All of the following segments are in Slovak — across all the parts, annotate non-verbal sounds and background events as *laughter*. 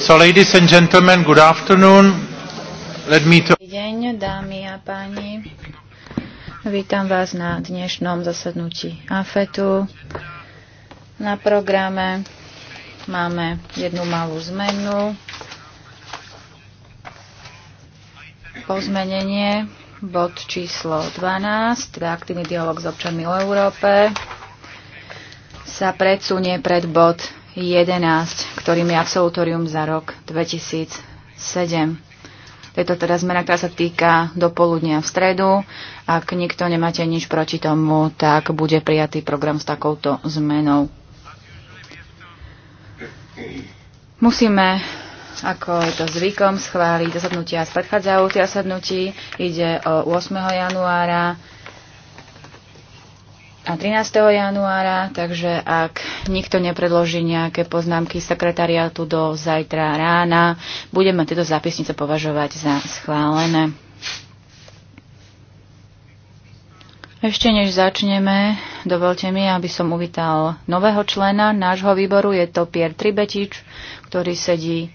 So ladies and gentlemen, good afternoon. Let me to... Deň, dámy a páni. Vítam vás na dnešnom zasadnutí AFETu. Na programe máme jednu malú zmenu. Pozmenenie bod číslo 12, teda aktívny dialog s občanmi o Európe, sa predsunie pred bod 11, ktorým je absolutorium za rok 2007. Je to teda zmena, ktorá sa týka dopoludnia v stredu. Ak nikto nemáte nič proti tomu, tak bude prijatý program s takouto zmenou. Musíme, ako je to zvykom, schváliť zasadnutia z predchádzajúcich zasadnutí. Ide o 8. januára a 13. januára, takže ak nikto nepredloží nejaké poznámky sekretariátu do zajtra rána, budeme tieto zápisnice považovať za schválené. Ešte než začneme, dovolte mi, aby som uvítal nového člena nášho výboru. Je to Pier Tribetič, ktorý sedí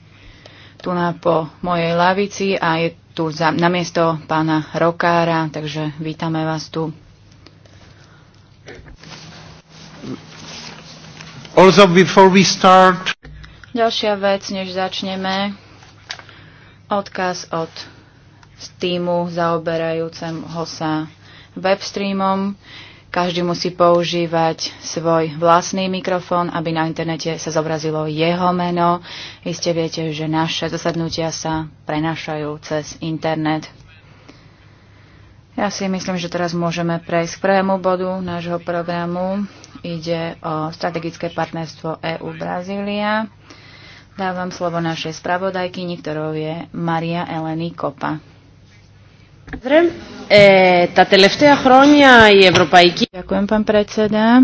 tu na po mojej lavici a je tu za, na miesto pána Rokára, takže vítame vás tu. Also before we start... Ďalšia vec, než začneme, odkaz od týmu zaoberajúceho sa webstreamom. Každý musí používať svoj vlastný mikrofón, aby na internete sa zobrazilo jeho meno. ste viete, že naše zasadnutia sa prenašajú cez internet. Ja si myslím, že teraz môžeme prejsť k prvému bodu nášho programu ide o strategické partnerstvo EU-Brazília. Dávam slovo našej spravodajkyni, ktorou je Maria Eleni Kopa. E, Ďakujem, pán predseda.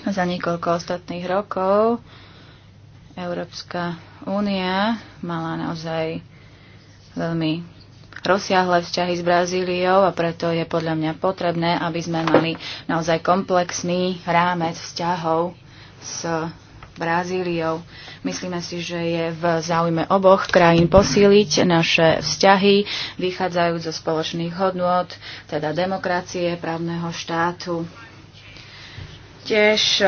Za niekoľko ostatných rokov Európska únia mala naozaj veľmi rozsiahle vzťahy s Brazíliou a preto je podľa mňa potrebné, aby sme mali naozaj komplexný rámec vzťahov s Brazíliou. Myslíme si, že je v záujme oboch krajín posíliť naše vzťahy, vychádzajúc zo spoločných hodnôt, teda demokracie, právneho štátu. Tiež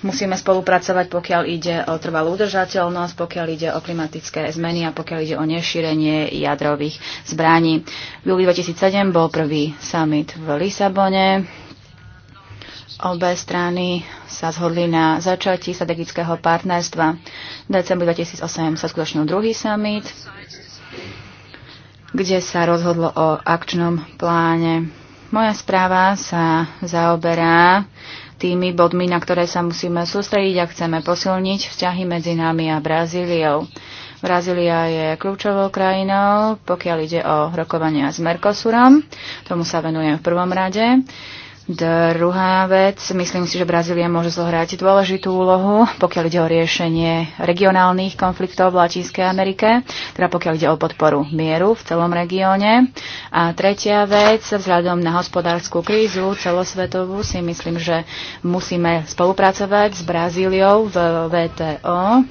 Musíme spolupracovať, pokiaľ ide o trvalú udržateľnosť, pokiaľ ide o klimatické zmeny a pokiaľ ide o nešírenie jadrových zbraní. V júli 2007 bol prvý summit v Lisabone. Obe strany sa zhodli na začatí strategického partnerstva. V decembri 2008 sa skutočnil druhý summit, kde sa rozhodlo o akčnom pláne. Moja správa sa zaoberá tými bodmi, na ktoré sa musíme sústrediť a chceme posilniť vzťahy medzi nami a Brazíliou. Brazília je kľúčovou krajinou, pokiaľ ide o rokovania s Mercosurom. Tomu sa venujem v prvom rade. Druhá vec, myslím si, že Brazília môže zohrať dôležitú úlohu, pokiaľ ide o riešenie regionálnych konfliktov v Latinskej Amerike, teda pokiaľ ide o podporu mieru v celom regióne. A tretia vec, vzhľadom na hospodárskú krízu celosvetovú si myslím, že musíme spolupracovať s Brazíliou v VTO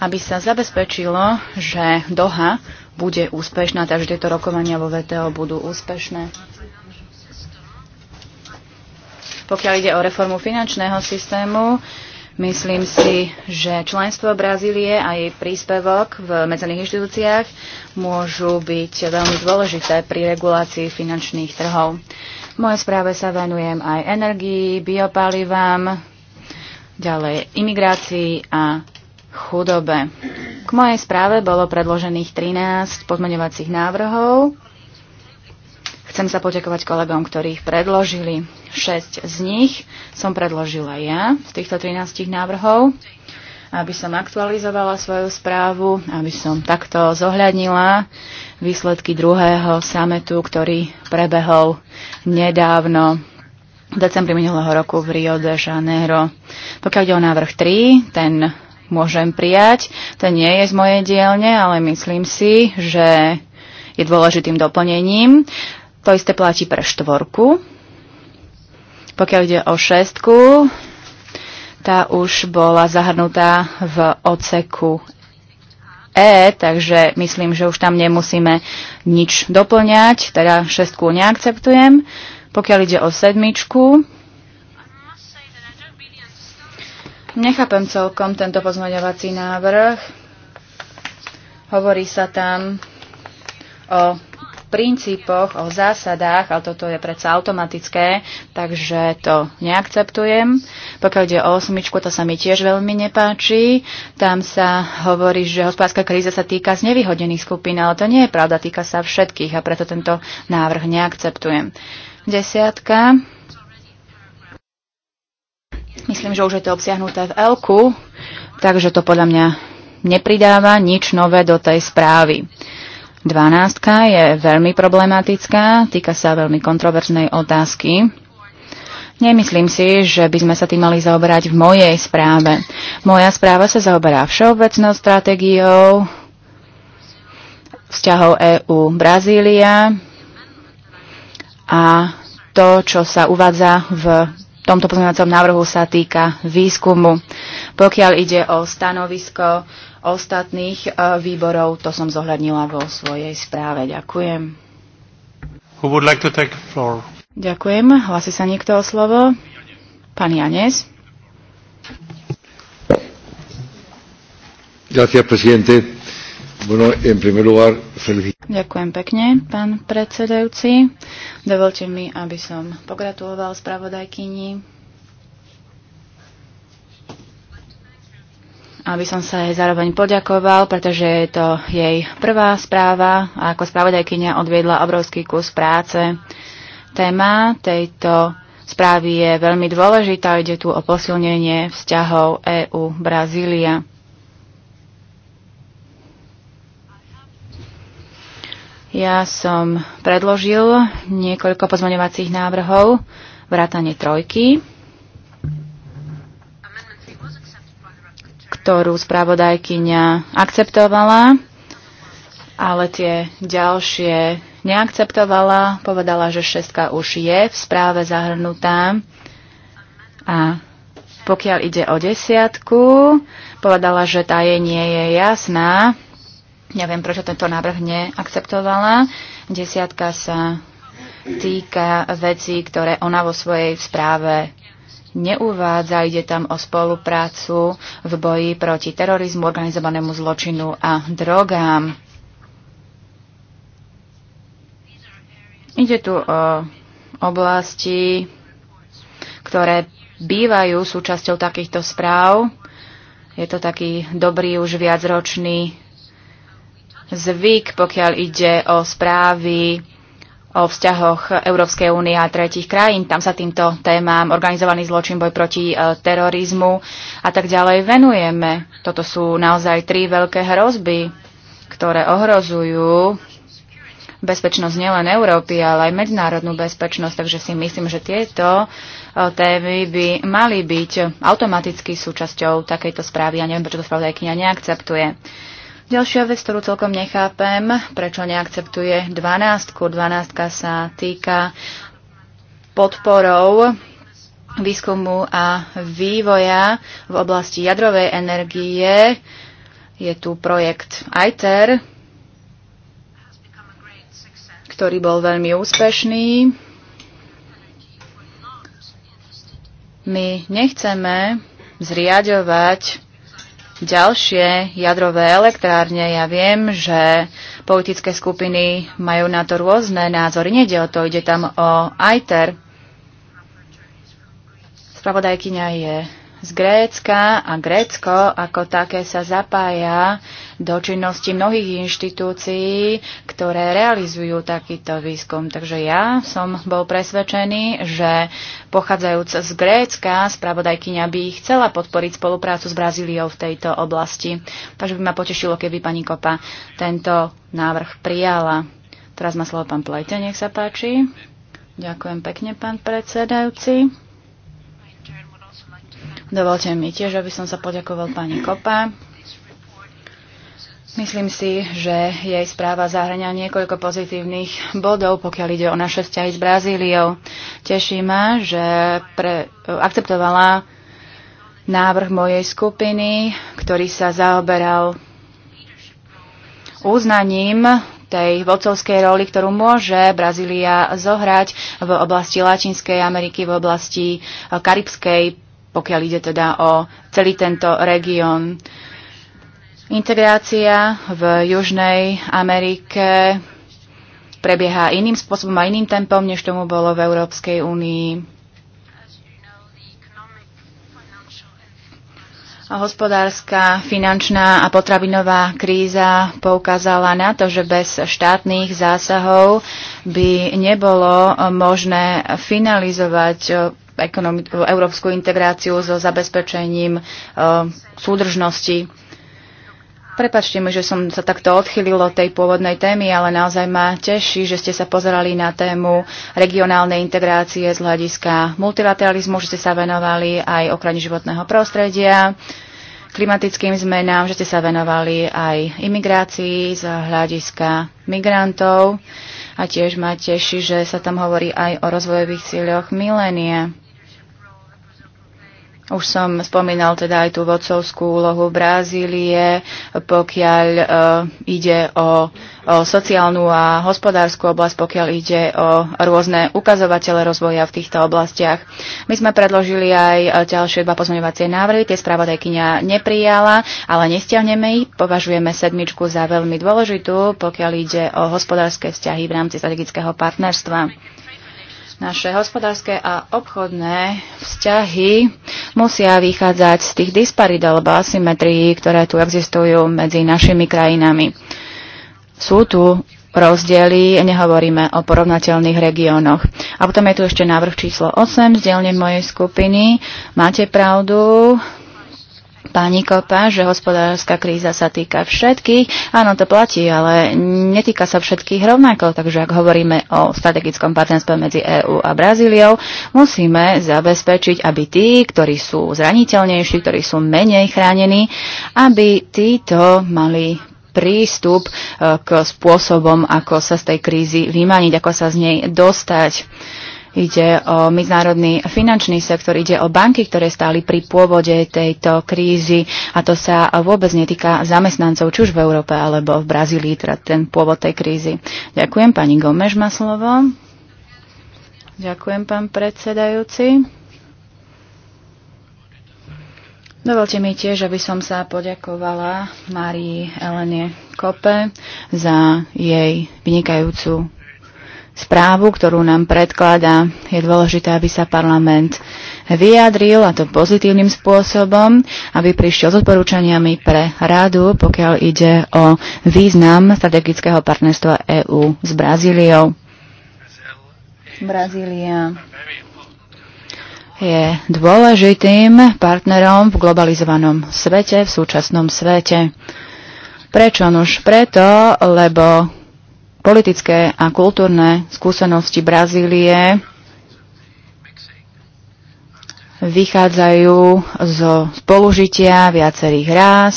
aby sa zabezpečilo, že Doha bude úspešná, takže tieto rokovania vo VTO budú úspešné. Pokiaľ ide o reformu finančného systému, myslím si, že členstvo Brazílie a jej príspevok v medzených inštitúciách môžu byť veľmi dôležité pri regulácii finančných trhov. V mojej správe sa venujem aj energii, biopalivám, ďalej imigrácii a chudobe. K mojej správe bolo predložených 13 pozmeňovacích návrhov. Chcem sa poďakovať kolegom, ktorí ich predložili. 6 z nich som predložila ja z týchto 13 návrhov, aby som aktualizovala svoju správu, aby som takto zohľadnila výsledky druhého sametu, ktorý prebehol nedávno v decembri minulého roku v Rio de Janeiro. Pokiaľ ide o návrh 3, ten môžem prijať. To nie je z mojej dielne, ale myslím si, že je dôležitým doplnením. To isté platí pre štvorku. Pokiaľ ide o šestku, tá už bola zahrnutá v oceku E, takže myslím, že už tam nemusíme nič doplňať, teda šestku neakceptujem. Pokiaľ ide o sedmičku, Nechápem celkom tento pozmeňovací návrh. Hovorí sa tam o princípoch, o zásadách, ale toto je predsa automatické, takže to neakceptujem. Pokiaľ ide o osmičku, to sa mi tiež veľmi nepáči. Tam sa hovorí, že hospodárska kríza sa týka z nevyhodených skupín, ale to nie je pravda, týka sa všetkých a preto tento návrh neakceptujem. Desiatka Myslím, že už je to obsiahnuté v l takže to podľa mňa nepridáva nič nové do tej správy. Dvanáctka je veľmi problematická, týka sa veľmi kontroverznej otázky. Nemyslím si, že by sme sa tým mali zaoberať v mojej správe. Moja správa sa zaoberá všeobecnou stratégiou vzťahov EU brazília a to, čo sa uvádza v tomto pozmeňovacom návrhu sa týka výskumu. Pokiaľ ide o stanovisko ostatných e, výborov, to som zohľadnila vo svojej správe. Ďakujem. Who would like to take floor? Ďakujem. Hlasí sa niekto o slovo? Pán Janes. Gracias, presidente. Bueno, en primer lugar, Ďakujem pekne, pán predsedajúci. Dovolte mi, aby som pogratuloval spravodajkyni. Aby som sa jej zároveň poďakoval, pretože je to jej prvá správa a ako spravodajkynia odviedla obrovský kus práce. Téma tejto správy je veľmi dôležitá. Ide tu o posilnenie vzťahov EU-Brazília. Ja som predložil niekoľko pozmaňovacích návrhov, vrátane trojky, ktorú spravodajkyňa akceptovala, ale tie ďalšie neakceptovala. Povedala, že šestka už je v správe zahrnutá a pokiaľ ide o desiatku, povedala, že tá jej nie je jasná Neviem, prečo tento návrh neakceptovala. Desiatka sa týka vecí, ktoré ona vo svojej správe neuvádza. Ide tam o spoluprácu v boji proti terorizmu, organizovanému zločinu a drogám. Ide tu o oblasti, ktoré bývajú súčasťou takýchto správ. Je to taký dobrý už viacročný zvyk, pokiaľ ide o správy o vzťahoch Európskej únie a tretich krajín. Tam sa týmto témam organizovaný zločin, boj proti e, terorizmu a tak ďalej venujeme. Toto sú naozaj tri veľké hrozby, ktoré ohrozujú bezpečnosť nielen Európy, ale aj medzinárodnú bezpečnosť. Takže si myslím, že tieto e, témy by mali byť automaticky súčasťou takejto správy. Ja neviem, prečo to spravodajkynia neakceptuje. Ďalšia vec, ktorú celkom nechápem, prečo neakceptuje 12. 12 sa týka podporou výskumu a vývoja v oblasti jadrovej energie. Je tu projekt ITER, ktorý bol veľmi úspešný. My nechceme zriadovať ďalšie jadrové elektrárne. Ja viem, že politické skupiny majú na to rôzne názory. Nede o to, ide tam o ITER. Spravodajkyňa je z Grécka a Grécko ako také sa zapája do činnosti mnohých inštitúcií, ktoré realizujú takýto výskum. Takže ja som bol presvedčený, že pochádzajúc z Grécka, spravodajkyňa by chcela podporiť spoluprácu s Brazíliou v tejto oblasti. Takže by ma potešilo, keby pani Kopa tento návrh prijala. Teraz má slovo pán Plejte, nech sa páči. Ďakujem pekne, pán predsedajúci. Dovolte mi tiež, aby som sa poďakoval pani Kopa Myslím si, že jej správa zahrania niekoľko pozitívnych bodov, pokiaľ ide o naše vzťahy s Brazíliou. Teší ma, že pre, akceptovala návrh mojej skupiny, ktorý sa zaoberal uznaním tej vodcovskej roli, ktorú môže Brazília zohrať v oblasti Latinskej Ameriky, v oblasti Karibskej, pokiaľ ide teda o celý tento región. Integrácia v Južnej Amerike prebieha iným spôsobom a iným tempom, než tomu bolo v Európskej únii. Hospodárska, finančná a potravinová kríza poukázala na to, že bez štátnych zásahov by nebolo možné finalizovať eh, európsku integráciu so zabezpečením eh, súdržnosti Prepačte mi, že som sa takto odchylil od tej pôvodnej témy, ale naozaj ma teší, že ste sa pozerali na tému regionálnej integrácie z hľadiska multilateralizmu, že ste sa venovali aj ochrane životného prostredia, klimatickým zmenám, že ste sa venovali aj imigrácii z hľadiska migrantov a tiež ma teší, že sa tam hovorí aj o rozvojových cieľoch milénie. Už som spomínal teda aj tú vodcovskú úlohu Brazílie, pokiaľ uh, ide o, o sociálnu a hospodárskú oblasť, pokiaľ ide o rôzne ukazovatele rozvoja v týchto oblastiach. My sme predložili aj e, ďalšie dva pozmeňovacie návrhy, tie spravodajkyňa neprijala, ale nestiahneme ich. Považujeme sedmičku za veľmi dôležitú, pokiaľ ide o hospodárske vzťahy v rámci strategického partnerstva. Naše hospodárske a obchodné vzťahy musia vychádzať z tých disparit alebo asymetrií, ktoré tu existujú medzi našimi krajinami. Sú tu rozdiely, nehovoríme o porovnateľných regiónoch. A potom je tu ešte návrh číslo 8 z dielne mojej skupiny. Máte pravdu, pani Kopa, že hospodárska kríza sa týka všetkých. Áno, to platí, ale netýka sa všetkých rovnako. Takže ak hovoríme o strategickom partnerstve medzi EÚ a Brazíliou, musíme zabezpečiť, aby tí, ktorí sú zraniteľnejší, ktorí sú menej chránení, aby títo mali prístup eh, k spôsobom, ako sa z tej krízy vymaniť, ako sa z nej dostať. Ide o medzinárodný finančný sektor, ide o banky, ktoré stáli pri pôvode tejto krízy a to sa vôbec netýka zamestnancov, či už v Európe alebo v Brazílii, teda ten pôvod tej krízy. Ďakujem, pani Gomež má slovo. Ďakujem, pán predsedajúci. Dovolte mi tiež, aby som sa poďakovala Márii Elene Kope za jej vynikajúcu správu, ktorú nám predkladá. Je dôležité, aby sa parlament vyjadril, a to pozitívnym spôsobom, aby prišiel s odporúčaniami pre radu, pokiaľ ide o význam strategického partnerstva EÚ s Brazíliou. Brazília je dôležitým partnerom v globalizovanom svete, v súčasnom svete. Prečo? už preto, lebo politické a kultúrne skúsenosti Brazílie vychádzajú zo spolužitia viacerých rás,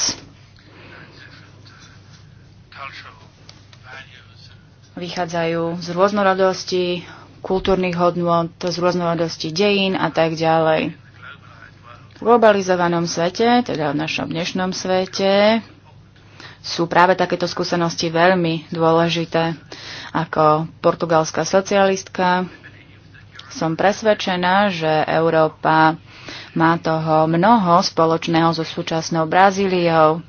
vychádzajú z rôznorodosti kultúrnych hodnot, z rôznorodosti dejín a tak ďalej. V globalizovanom svete, teda v našom dnešnom svete, sú práve takéto skúsenosti veľmi dôležité. Ako portugalská socialistka som presvedčená, že Európa má toho mnoho spoločného so súčasnou Brazíliou.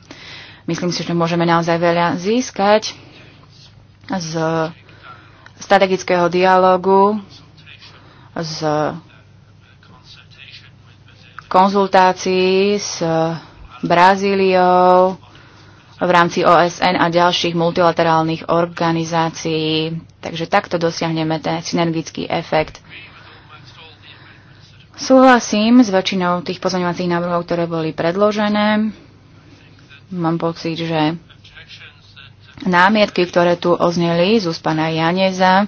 Myslím si, že môžeme naozaj veľa získať z strategického dialogu, z konzultácií s Brazíliou, v rámci OSN a ďalších multilaterálnych organizácií. Takže takto dosiahneme ten synergický efekt. Súhlasím s väčšinou tých pozorňovacích návrhov, ktoré boli predložené. Mám pocit, že námietky, ktoré tu ozneli z úst pana Janeza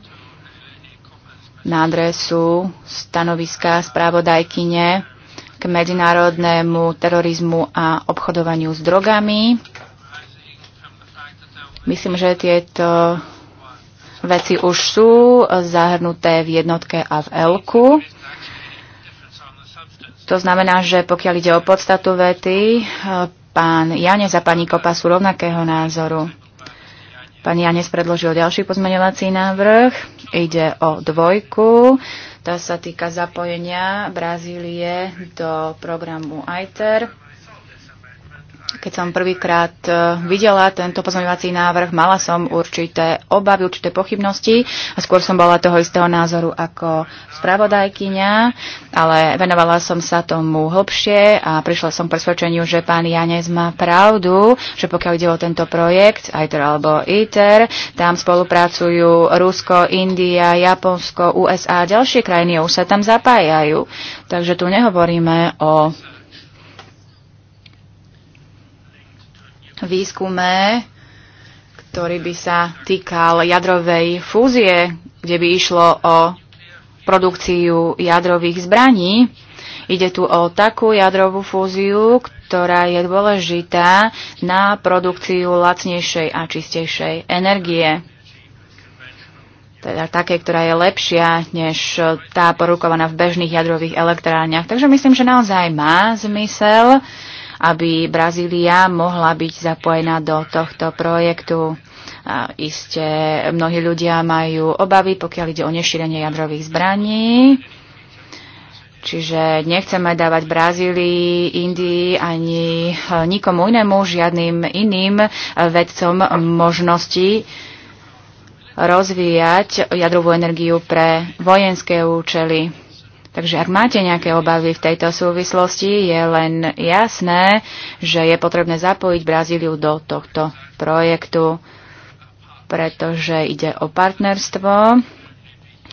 na adresu stanoviska správodajkyne k medzinárodnému terorizmu a obchodovaniu s drogami. Myslím, že tieto veci už sú zahrnuté v jednotke a v l -ku. To znamená, že pokiaľ ide o podstatu vety, pán Janec a pani Kopa sú rovnakého názoru. Pán Janec predložil ďalší pozmeňovací návrh. Ide o dvojku. Tá sa týka zapojenia Brazílie do programu ITER. Keď som prvýkrát e, videla tento pozmeňovací návrh, mala som určité obavy, určité pochybnosti a skôr som bola toho istého názoru ako spravodajkyňa, ale venovala som sa tomu hlbšie a prišla som k presvedčeniu, že pán Janez má pravdu, že pokiaľ ide o tento projekt, ITER teda, alebo ITER, tam spolupracujú Rusko, India, Japonsko, USA a ďalšie krajiny už sa tam zapájajú. Takže tu nehovoríme o výskume, ktorý by sa týkal jadrovej fúzie, kde by išlo o produkciu jadrových zbraní. Ide tu o takú jadrovú fúziu, ktorá je dôležitá na produkciu lacnejšej a čistejšej energie. Teda také, ktorá je lepšia než tá porukovaná v bežných jadrových elektrárniach. Takže myslím, že naozaj má zmysel uh, aby Brazília mohla byť zapojená do tohto projektu. A iste mnohí ľudia majú obavy, pokiaľ ide o nešírenie jadrových zbraní. Čiže nechceme dávať Brazílii, Indii ani e, nikomu inému, žiadnym iným e, vedcom možnosti rozvíjať jadrovú energiu pre vojenské účely. Takže ak máte nejaké obavy v tejto súvislosti, je len jasné, že je potrebné zapojiť Brazíliu do tohto projektu, pretože ide o partnerstvo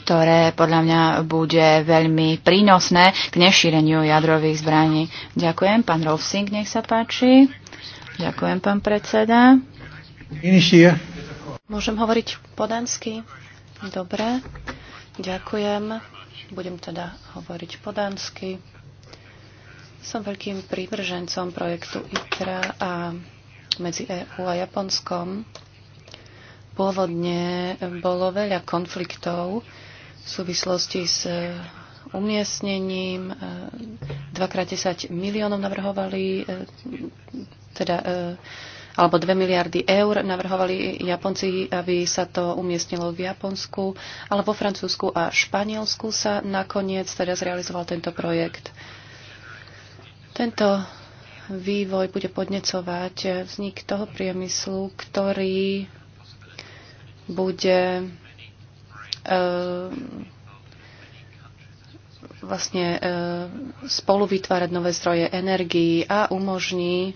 ktoré podľa mňa bude veľmi prínosné k nešíreniu jadrových zbraní. Ďakujem. Pán Rolfsing, nech sa páči. Ďakujem, pán predseda. Môžem hovoriť po dánsky? Dobre. Ďakujem. Budem teda hovoriť po dánsky. Som veľkým prívržencom projektu ITRA a medzi EU a Japonskom. Pôvodne bolo veľa konfliktov v súvislosti s e, umiestnením. E, dvakrát 10 miliónov navrhovali, e, teda alebo 2 miliardy eur. Navrhovali Japonci, aby sa to umiestnilo v Japonsku, ale vo Francúzsku a Španielsku sa nakoniec teda zrealizoval tento projekt. Tento vývoj bude podnecovať vznik toho priemyslu, ktorý bude e, vlastne e, spolu vytvárať nové zdroje energií a umožní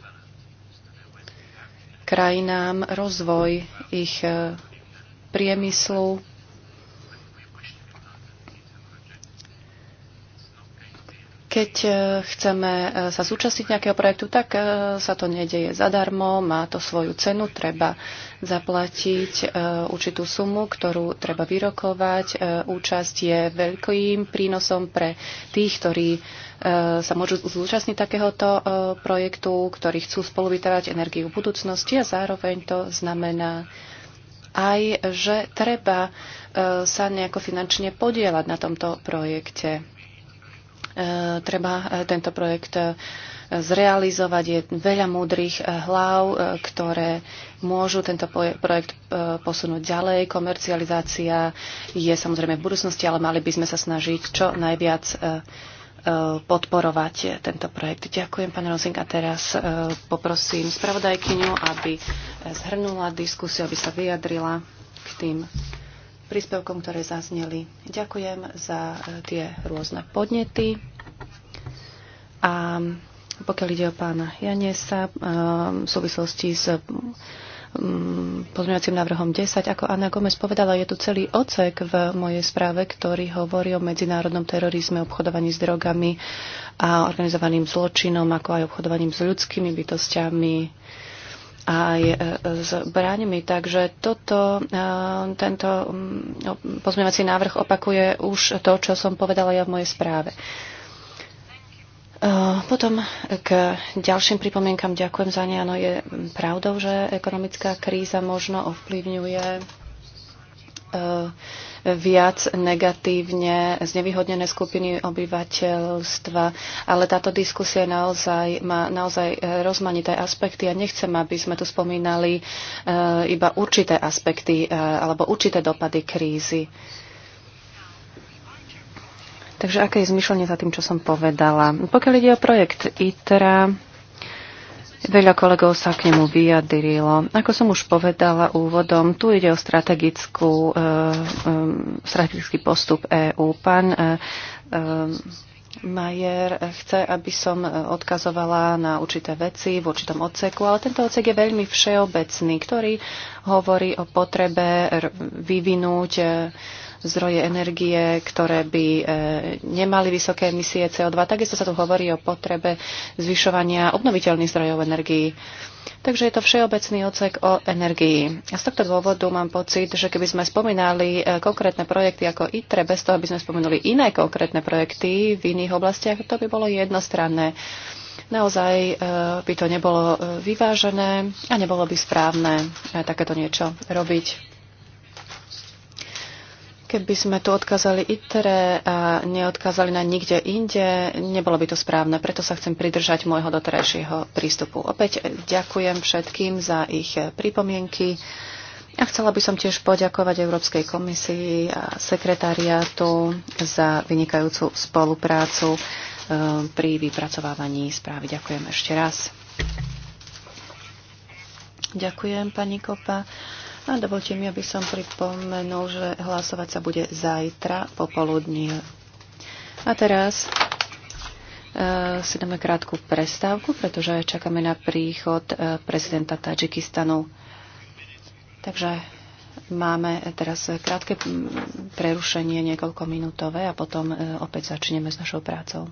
krajinám rozvoj ich e, priemyslu, keď e, chceme e, sa zúčastniť nejakého projektu, tak sa to nedeje zadarmo, má to svoju cenu, treba zaplatiť určitú sumu, ktorú treba vyrokovať. Účasť je veľkým prínosom pre tých, ktorí E, sa môžu zúčastniť takéhoto e, projektu, ktorí chcú spolu vytvárať energiu v budúcnosti a zároveň to znamená aj, že treba e, sa nejako finančne podielať na tomto projekte. Treba tento projekt zrealizovať. Je veľa múdrych hlav, ktoré môžu tento projekt posunúť ďalej. Komercializácia je samozrejme v budúcnosti, ale mali by sme sa snažiť čo najviac Eh, podporovať tento projekt. Ďakujem, pán Rosing. A teraz eh, poprosím spravodajkyňu, aby zhrnula diskusiu, aby sa vyjadrila k tým príspevkom, ktoré zazneli. Ďakujem za eh, tie rôzne podnety. A pokiaľ ide o pána Janesa, v súvislosti s Mm, pozmeňovacím návrhom 10. Ako Anna Gomez povedala, je tu celý ocek v mojej správe, ktorý hovorí o medzinárodnom terorizme, obchodovaní s drogami a organizovaným zločinom, ako aj obchodovaním s ľudskými bytostiami aj e, s bráňmi. Takže toto, e, tento mm, no, pozmeňovací návrh opakuje už to, čo som povedala ja v mojej správe. Ehm, potom k ďalším pripomienkam ďakujem za ne. Áno, je pravdou, že ekonomická kríza možno ovplyvňuje ehm, viac negatívne znevýhodnené skupiny obyvateľstva. Ale táto diskusia naozaj, má naozaj e, rozmanité aspekty a nechcem, aby sme tu spomínali e, iba určité aspekty e, alebo určité dopady krízy. Takže aké je zmyšľanie za tým, čo som povedala? Pokiaľ ide o projekt ITRA, veľa kolegov sa k nemu vyjadrilo. Ako som už povedala úvodom, tu ide o strategickú, e, e, strategický postup EÚ. Pán e, Majer chce, aby som odkazovala na určité veci v určitom odseku, ale tento odsek je veľmi všeobecný, ktorý hovorí o potrebe vyvinúť zdroje energie, ktoré by e, nemali vysoké emisie CO2. Takisto sa tu hovorí o potrebe zvyšovania obnoviteľných zdrojov energií. Takže je to všeobecný odsek o energii. A z tohto dôvodu mám pocit, že keby sme spomínali e, konkrétne projekty ako ITRE, bez toho, aby sme spomenuli iné konkrétne projekty v iných oblastiach, to by bolo jednostranné. Naozaj e, by to nebolo vyvážené a nebolo by správne takéto niečo robiť. Keby sme tu odkázali ITRE a neodkázali na nikde inde, nebolo by to správne. Preto sa chcem pridržať môjho doterajšieho prístupu. Opäť ďakujem všetkým za ich pripomienky. A chcela by som tiež poďakovať Európskej komisii a sekretariátu za vynikajúcu spoluprácu e, pri vypracovávaní správy. Ďakujem ešte raz. Ďakujem, pani Kopa. A dovolte mi, aby som pripomenul, že hlasovať sa bude zajtra popoludní. A teraz e, si dáme krátku prestávku, pretože čakáme na príchod e, prezidenta Tadžikistanu. Takže máme teraz krátke prerušenie, niekoľko minútové a potom e, opäť začneme s našou prácou.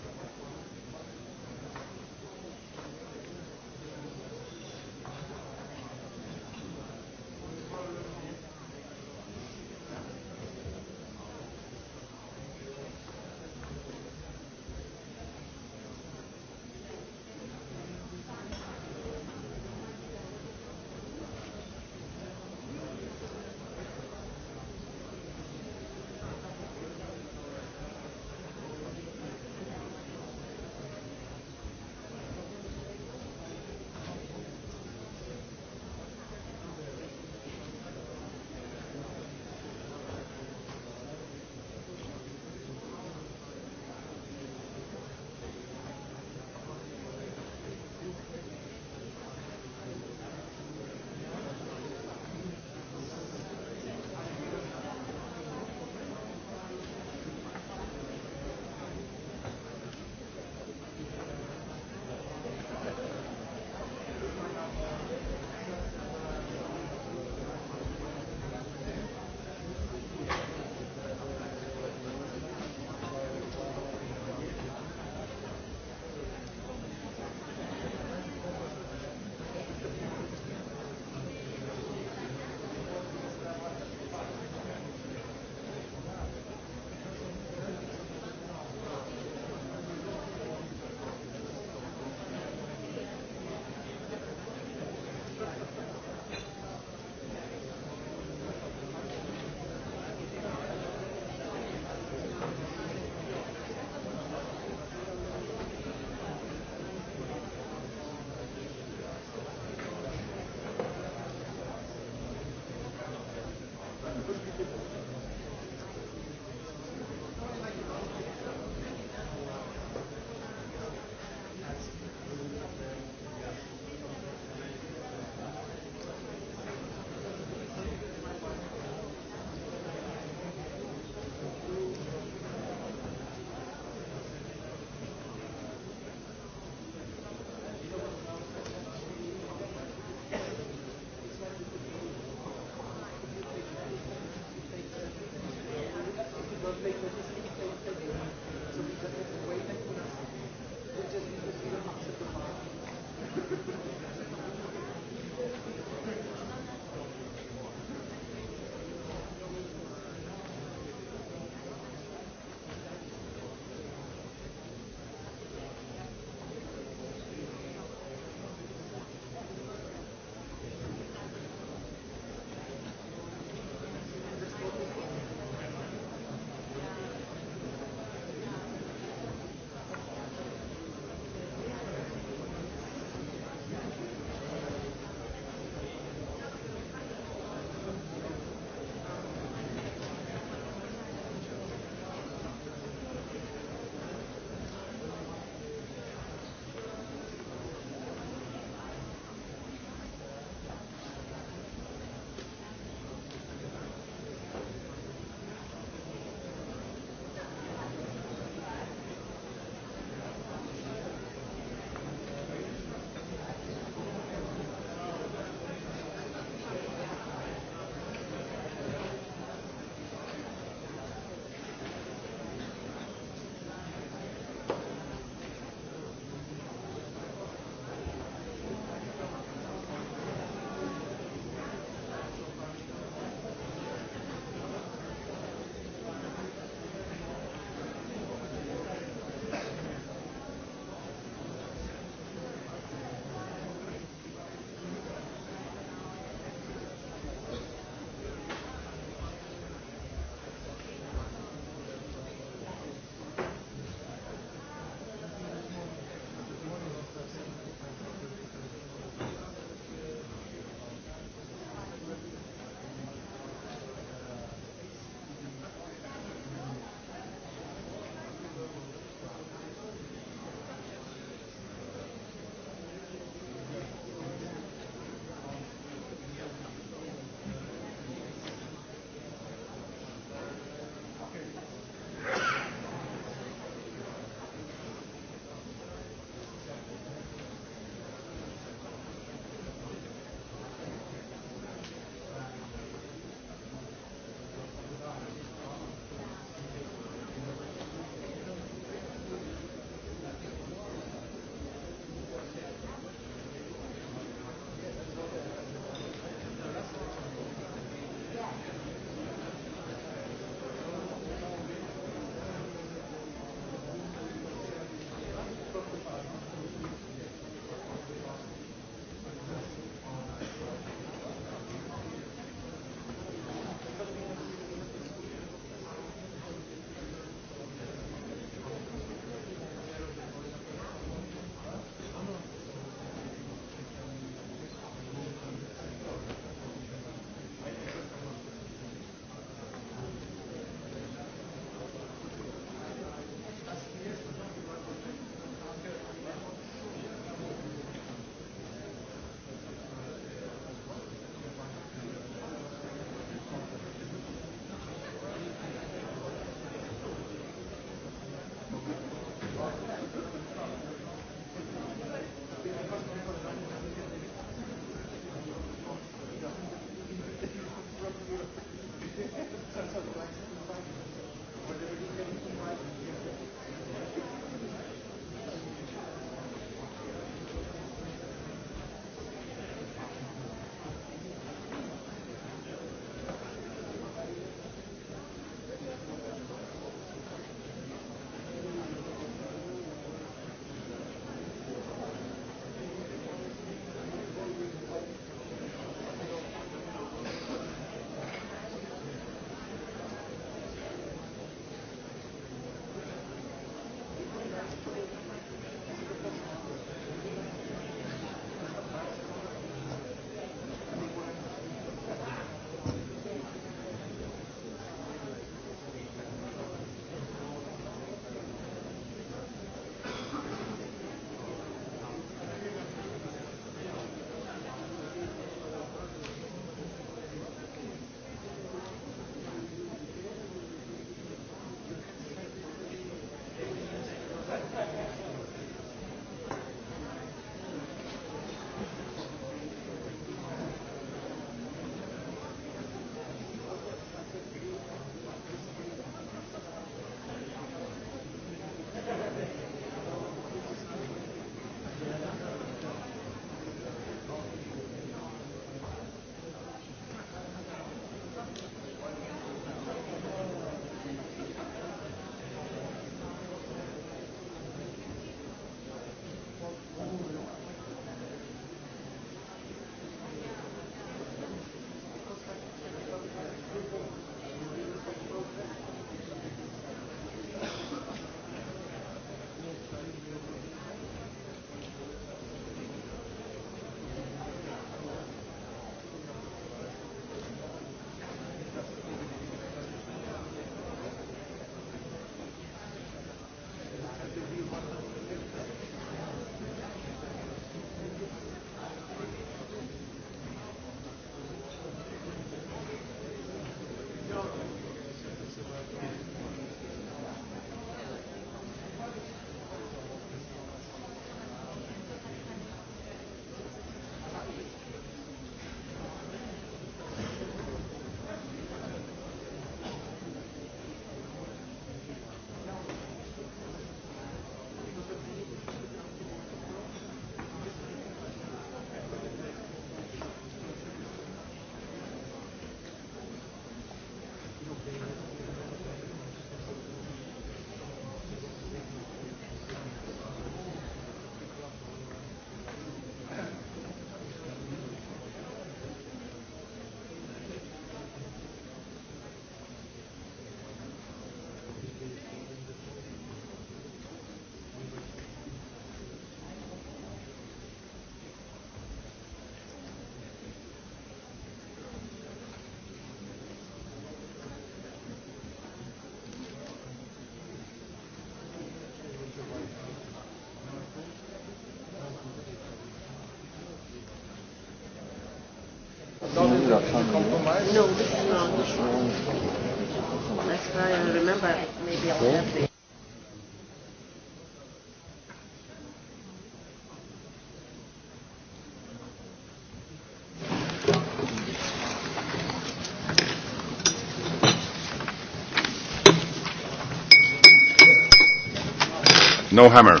No, hammer.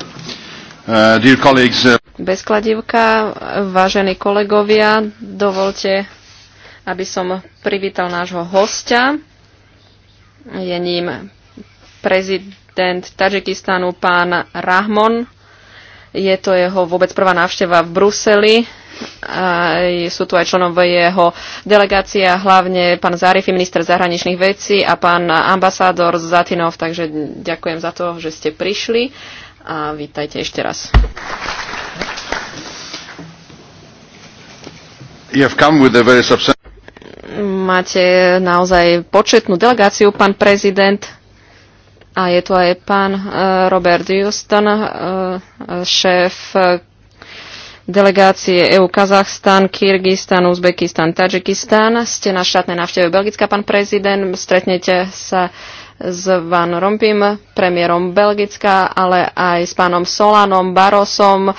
Uh, dear colleagues, uh... Bez kladivka, vážení kolegovia, dovolte, aby som privítal nášho hostia. Je ním prezident Tadžikistánu pán Rahmon. Je to jeho vôbec prvá návšteva v Bruseli. A sú tu aj členové jeho delegácia, hlavne pán Zárifi, minister zahraničných vecí a pán ambasádor Zatinov, takže ďakujem za to, že ste prišli a vítajte ešte raz. You have come with a very substantial máte naozaj početnú delegáciu, pán prezident. A je tu aj pán eh, Robert Houston, eh, šéf eh, delegácie EU Kazachstan, Kyrgyzstan, Uzbekistan, Tadžikistan. Ste na štátnej návšteve Belgická, pán prezident. Stretnete sa s Van Rompim, premiérom Belgická, ale aj s pánom Solanom, Barosom,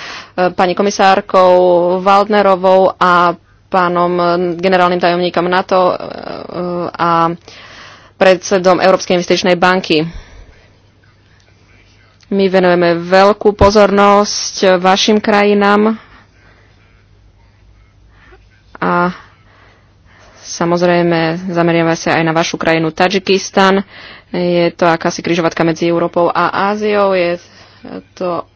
pani komisárkou Waldnerovou a pánom eh, generálnym tajomníkom NATO eh, a predsedom Európskej investičnej banky. My venujeme veľkú pozornosť vašim krajinám a samozrejme zameriame sa aj na vašu krajinu Tadžikistan. Je to akási križovatka medzi Európou a Áziou. Je to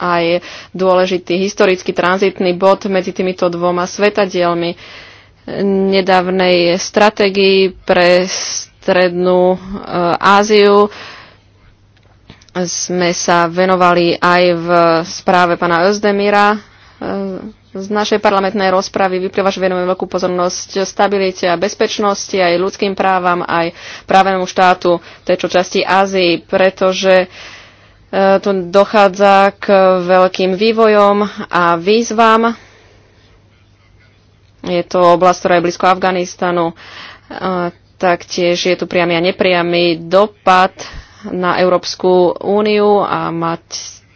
aj dôležitý historický tranzitný bod medzi týmito dvoma svetadielmi eh, nedávnej stratégii pre strednú eh, Áziu. Sme sa venovali aj v správe pána Özdemira. Eh, z našej parlamentnej rozpravy vyplýva, že venujeme veľkú pozornosť stabilite a bezpečnosti, aj ľudským právam, aj právnemu štátu tejto časti Ázii, pretože e, E, tu dochádza k veľkým vývojom a výzvam. Je to oblasť, ktorá je blízko Afganistanu. E, taktiež je tu priamy a nepriamy dopad na Európsku úniu a mať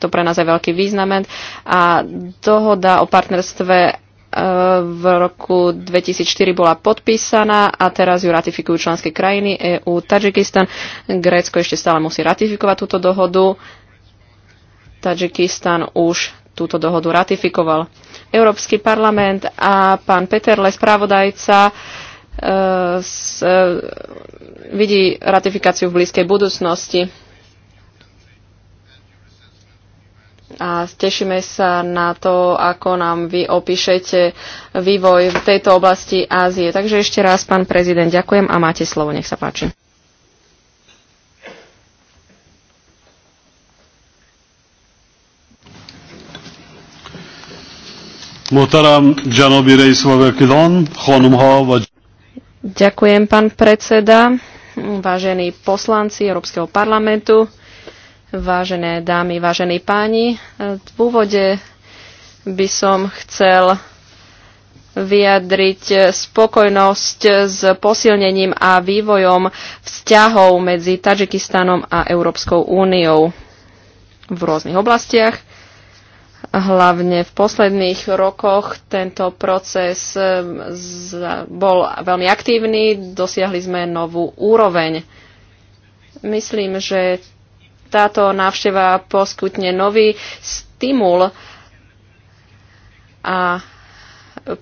to pre nás aj veľký význam. A dohoda o partnerstve e, v roku 2004 bola podpísaná a teraz ju ratifikujú členské krajiny EU, Tadžikistan. Grécko ešte stále musí ratifikovať túto dohodu Tadžikistan už túto dohodu ratifikoval. Európsky parlament a pán Peterle, spravodajca, e, s, e, vidí ratifikáciu v blízkej budúcnosti. A tešíme sa na to, ako nám vy opíšete vývoj v tejto oblasti Ázie. Takže ešte raz, pán prezident, ďakujem a máte slovo. Nech sa páči. Muhtaram Janobi Reis Vavekilan, Ďakujem, pán predseda, vážení poslanci Európskeho parlamentu, vážené dámy, vážení páni. V úvode by som chcel vyjadriť spokojnosť s posilnením a vývojom vzťahov medzi Tadžikistanom a Európskou úniou v rôznych oblastiach. Hlavne v posledných rokoch tento proces bol veľmi aktívny, dosiahli sme novú úroveň. Myslím, že táto návšteva poskytne nový stimul a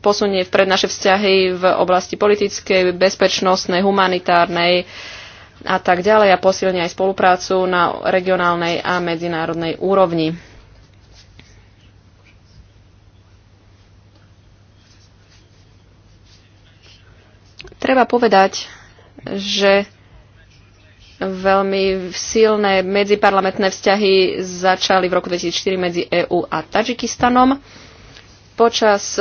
posunie vpred naše vzťahy v oblasti politickej, bezpečnostnej, humanitárnej a tak ďalej a posilní aj spoluprácu na regionálnej a medzinárodnej úrovni. Treba povedať, že veľmi silné medziparlamentné vzťahy začali v roku 2004 medzi EÚ a Tadžikistanom. Počas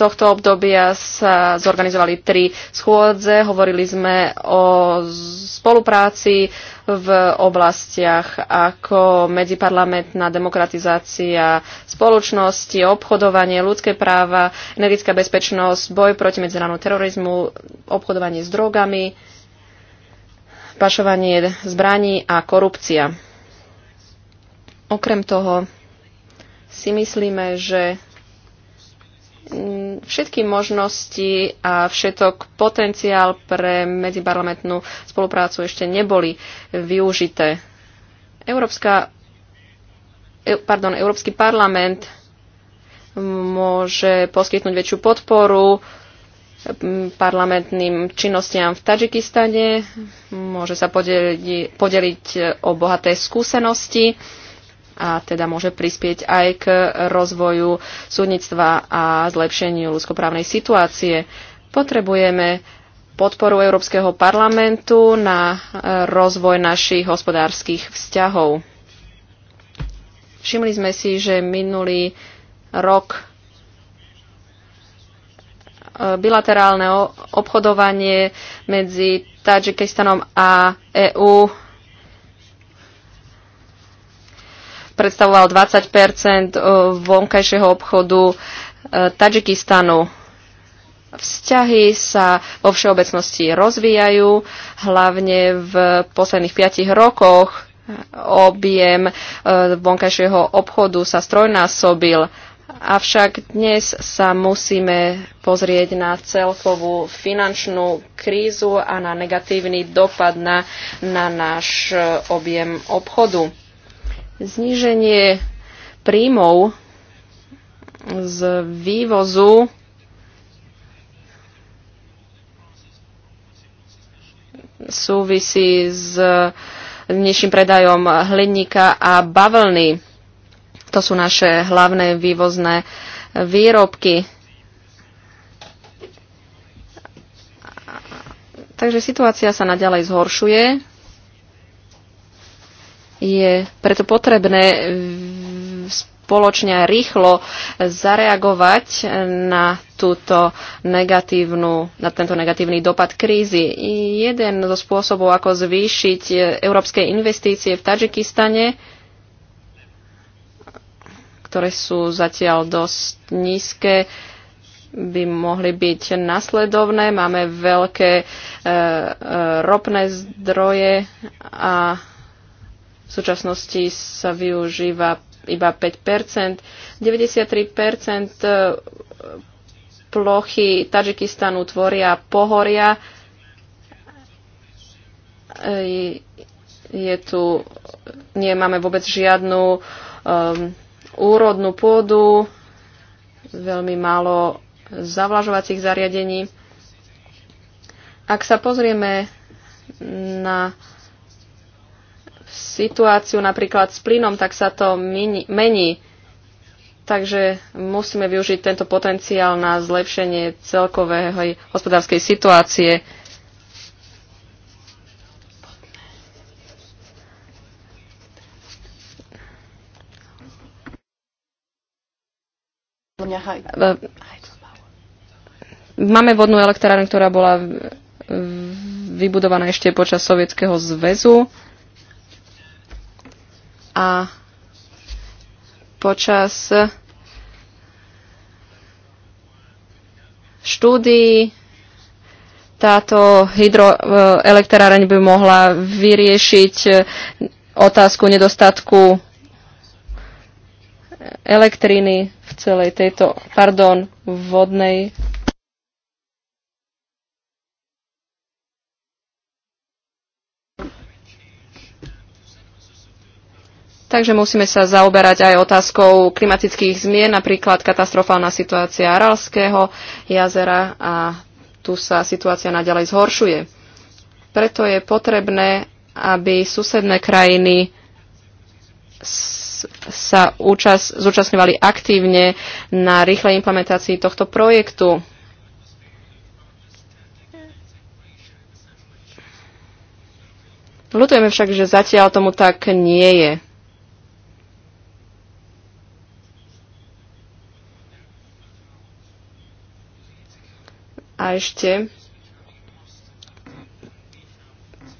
tohto obdobia sa zorganizovali tri schôdze. Hovorili sme o spolupráci v oblastiach ako medziparlamentná demokratizácia spoločnosti, obchodovanie, ľudské práva, energetická bezpečnosť, boj proti medzinárodnému terorizmu, obchodovanie s drogami, pašovanie zbraní a korupcia. Okrem toho si myslíme, že Mm, všetky možnosti a všetok potenciál pre medziparlamentnú spoluprácu ešte neboli využité. Európska, e, pardon, Európsky parlament môže poskytnúť väčšiu podporu mm, parlamentným činnostiam v Tadžikistane, môže sa podeliť, podeliť o bohaté skúsenosti a teda môže prispieť aj k rozvoju súdnictva a zlepšeniu ľudskoprávnej situácie. Potrebujeme podporu Európskeho parlamentu na e, rozvoj našich hospodárskych vzťahov. Všimli sme si, že minulý rok e, bilaterálne obchodovanie medzi Tadžikistanom a EÚ predstavoval 20 eh, vonkajšieho obchodu eh, Tadžikistanu. Vzťahy sa vo všeobecnosti rozvíjajú, hlavne v posledných piatich rokoch objem eh, vonkajšieho obchodu sa strojnásobil, avšak dnes sa musíme pozrieť na celkovú finančnú krízu a na negatívny dopad na, na náš objem obchodu. Zníženie príjmov z vývozu súvisí s dnešným predajom hliníka a bavlny. To sú naše hlavné vývozné výrobky. Takže situácia sa naďalej zhoršuje. Je preto potrebné spoločne a rýchlo zareagovať na túto negatívnu, na tento negatívny dopad krízy. Jeden zo spôsobov, ako zvýšiť európske investície v Tadžikistane, ktoré sú zatiaľ dosť nízke, by mohli byť nasledovné. Máme veľké e, e, ropné zdroje a v súčasnosti sa využíva iba 5 93 e, plochy Tadžikistanu tvoria pohoria. E, je tu, nemáme vôbec žiadnu um, úrodnú pôdu, veľmi málo zavlažovacích zariadení. Ak sa pozrieme na situáciu napríklad s plynom, tak sa to mení. Takže musíme využiť tento potenciál na zlepšenie celkovej hospodárskej situácie. Máme vodnú elektrárnu, ktorá bola vybudovaná ešte počas Sovietskeho zväzu a počas štúdií táto hydroelektráreň by mohla vyriešiť otázku nedostatku elektriny v celej tejto, pardon, vodnej Takže musíme sa zaoberať aj otázkou klimatických zmien, napríklad katastrofálna situácia Aralského jazera a tu sa situácia naďalej zhoršuje. Preto je potrebné, aby susedné krajiny sa účas, zúčastňovali aktívne na rýchlej implementácii tohto projektu. Ľutujeme však, že zatiaľ tomu tak nie je. A ešte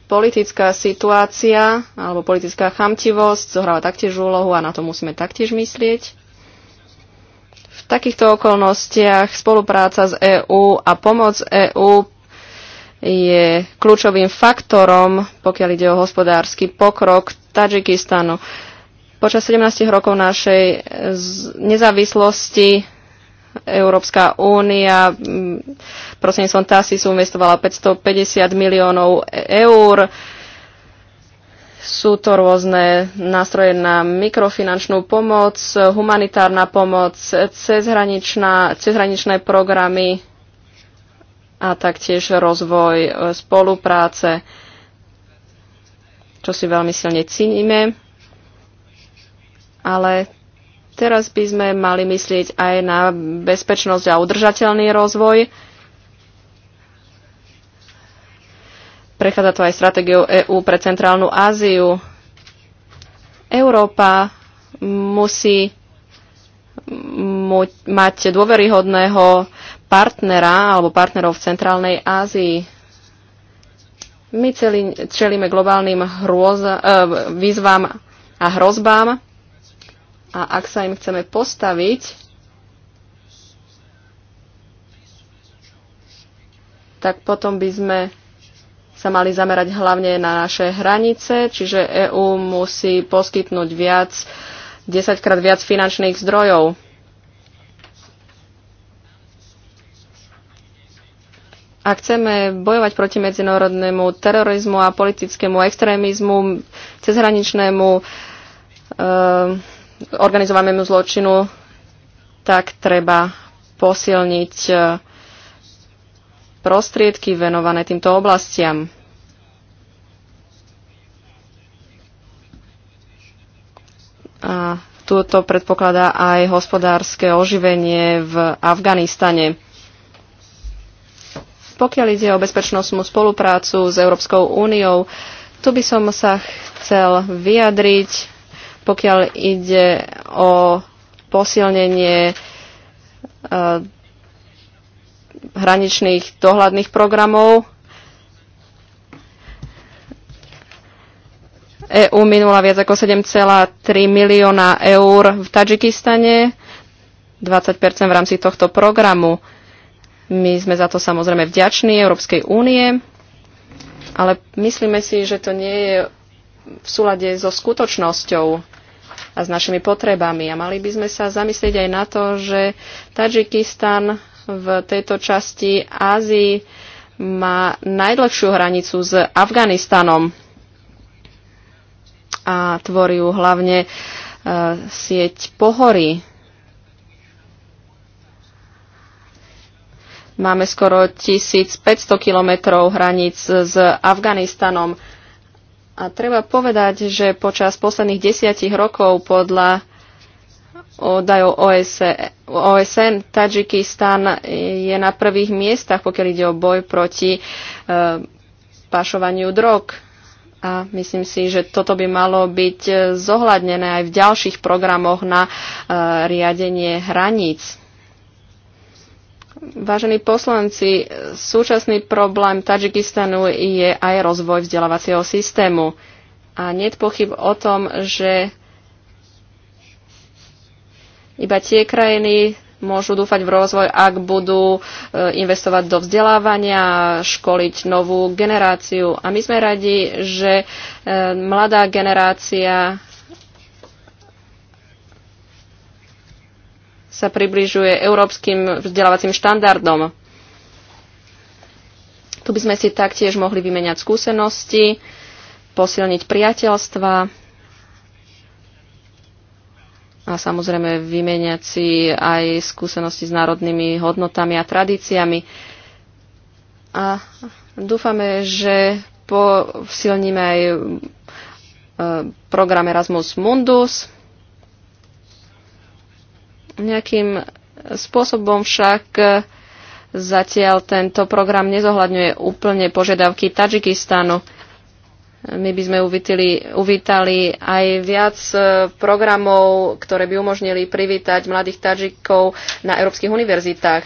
politická situácia alebo politická chamtivosť zohráva taktiež úlohu a na to musíme taktiež myslieť. V takýchto okolnostiach spolupráca s EÚ a pomoc EÚ je kľúčovým faktorom, pokiaľ ide o hospodársky pokrok Tadžikistanu. Počas 17 rokov našej nezávislosti Európska únia prosím som TASI sú investovala 550 miliónov eur. Sú to rôzne nástroje na mikrofinančnú pomoc, humanitárna pomoc, cezhraničné programy a taktiež rozvoj e, spolupráce, čo si veľmi silne ciníme. Ale Teraz by sme mali myslieť aj na bezpečnosť a udržateľný rozvoj. Prechádza to aj stratégiou EÚ pre Centrálnu Áziu. Európa musí mať dôveryhodného partnera alebo partnerov v Centrálnej Ázii. My celý, čelíme globálnym hrôz, eh, výzvam a hrozbám. A ak sa im chceme postaviť, tak potom by sme sa mali zamerať hlavne na naše hranice, čiže EÚ musí poskytnúť viac, 10 krát viac finančných zdrojov. Ak chceme bojovať proti medzinárodnému terorizmu a politickému extrémizmu, cezhraničnému ehm, organizovanému zločinu, tak treba posilniť e, prostriedky venované týmto oblastiam. A túto predpokladá aj hospodárske oživenie v Afganistane. Pokiaľ ide o bezpečnostnú spoluprácu s Európskou úniou, tu by som sa chcel vyjadriť pokiaľ ide o posilnenie e, hraničných dohľadných programov. EU minula viac ako 7,3 milióna eur v Tadžikistane, 20 v rámci tohto programu. My sme za to samozrejme vďační Európskej únie, ale myslíme si, že to nie je v súlade so skutočnosťou a s našimi potrebami. A mali by sme sa zamyslieť aj na to, že Tadžikistan v tejto časti Ázii má najdlhšiu hranicu s Afganistanom a tvorí ju hlavne e, sieť pohory. Máme skoro 1500 kilometrov hraníc s Afganistanom a treba povedať, že počas posledných desiatich rokov podľa údajov OSN, e, Tadžikistan je na prvých miestach, pokiaľ ide o boj proti e, pašovaniu drog. A myslím si, že toto by malo byť e, zohľadnené aj v ďalších programoch na e, riadenie hraníc. Vážení poslanci, súčasný problém Tadžikistanu je aj rozvoj vzdelávacieho systému. A nie pochyb o tom, že iba tie krajiny môžu dúfať v rozvoj, ak budú e, investovať do vzdelávania, školiť novú generáciu. A my sme radi, že e, mladá generácia sa približuje európskym vzdelávacím štandardom. Tu by sme si taktiež mohli vymeniať skúsenosti, posilniť priateľstva a samozrejme vymeniať si aj skúsenosti s národnými hodnotami a tradíciami. A dúfame, že posilníme aj e, program Erasmus Mundus, Nejakým spôsobom však zatiaľ tento program nezohľadňuje úplne požiadavky Tadžikistánu. My by sme uvítali, uvítali aj viac e, programov, ktoré by umožnili privítať mladých Tadžikov na európskych univerzitách.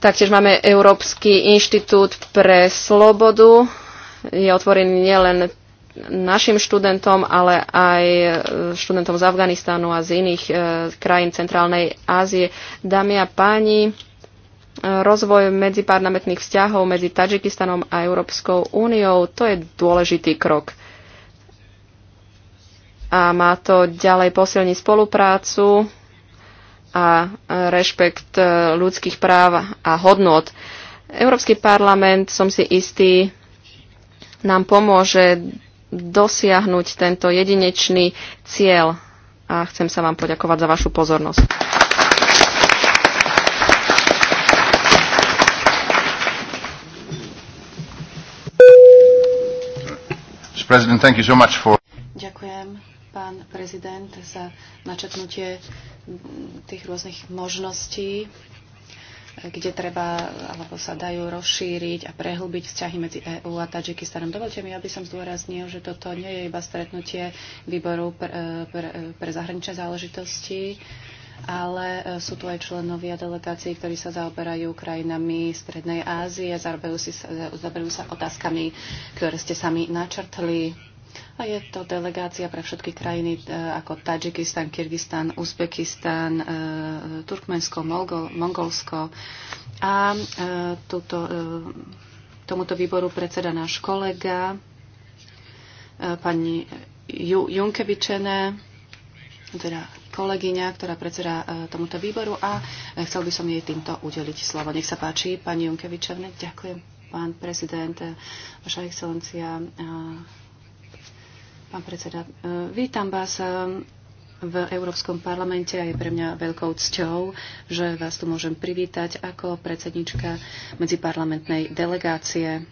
Taktiež máme Európsky inštitút pre slobodu. Je otvorený nielen našim študentom, ale aj e, študentom z Afganistánu a z iných e, krajín Centrálnej Ázie. Dámy a páni, e, rozvoj medziparlamentných vzťahov medzi Tadžikistanom a Európskou úniou, to je dôležitý krok. A má to ďalej posilniť spoluprácu a rešpekt ľudských práv a hodnot. Európsky parlament, som si istý, nám pomôže dosiahnuť tento jedinečný cieľ. A chcem sa vám poďakovať za vašu pozornosť. Ďakujem, pán prezident, za načetnutie tých rôznych možností kde treba alebo sa dajú rozšíriť a prehlbiť vzťahy medzi EÚ a Tadžikistanom. Dovolte mi, aby som zdôraznil, že toto nie je iba stretnutie výboru pre, pre, pre zahraničné záležitosti, ale e, sú tu aj členovia delegácií, ktorí sa zaoberajú krajinami Strednej Ázie, a zaoberajú sa otázkami, ktoré ste sami načrtli a je to delegácia pre všetky krajiny e, ako Tadžikistan, Kyrgyzstan, Uzbekistan, e, Turkmensko, Mongol, Mongolsko. A e, tuto, tomuto výboru predseda náš kolega, pani Junkevičené, teda kolegyňa, ktorá predseda tomuto výboru a chcel by som jej týmto udeliť slovo. Nech sa páči, pani Junkevičené. ďakujem, pán prezident, vaša excelencia, Pán predseda, e, vítam vás e, v Európskom parlamente a je pre mňa veľkou cťou, že vás tu môžem privítať ako predsednička medziparlamentnej delegácie.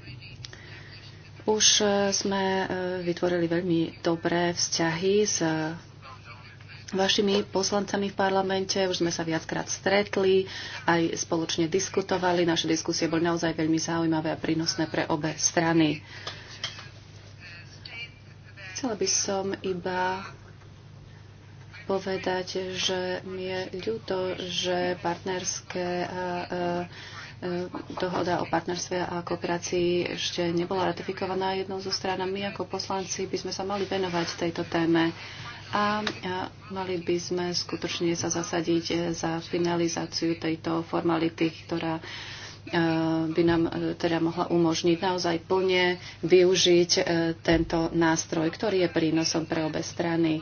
Už e, sme vytvorili veľmi dobré vzťahy s vašimi poslancami v parlamente. Už sme sa viackrát stretli, aj spoločne diskutovali. Naše diskusie boli naozaj veľmi zaujímavé a prínosné pre obe strany. Chcela by som iba povedať, že mi je ľúto, že partnerské dohoda o partnerstve a kooperácii ešte nebola ratifikovaná jednou zo stran, My ako poslanci by sme sa mali venovať tejto téme a mali by sme skutočne sa zasadiť za finalizáciu tejto formality, ktorá E, by nám e, teda mohla umožniť naozaj plne využiť e, tento nástroj, ktorý je prínosom pre obe strany.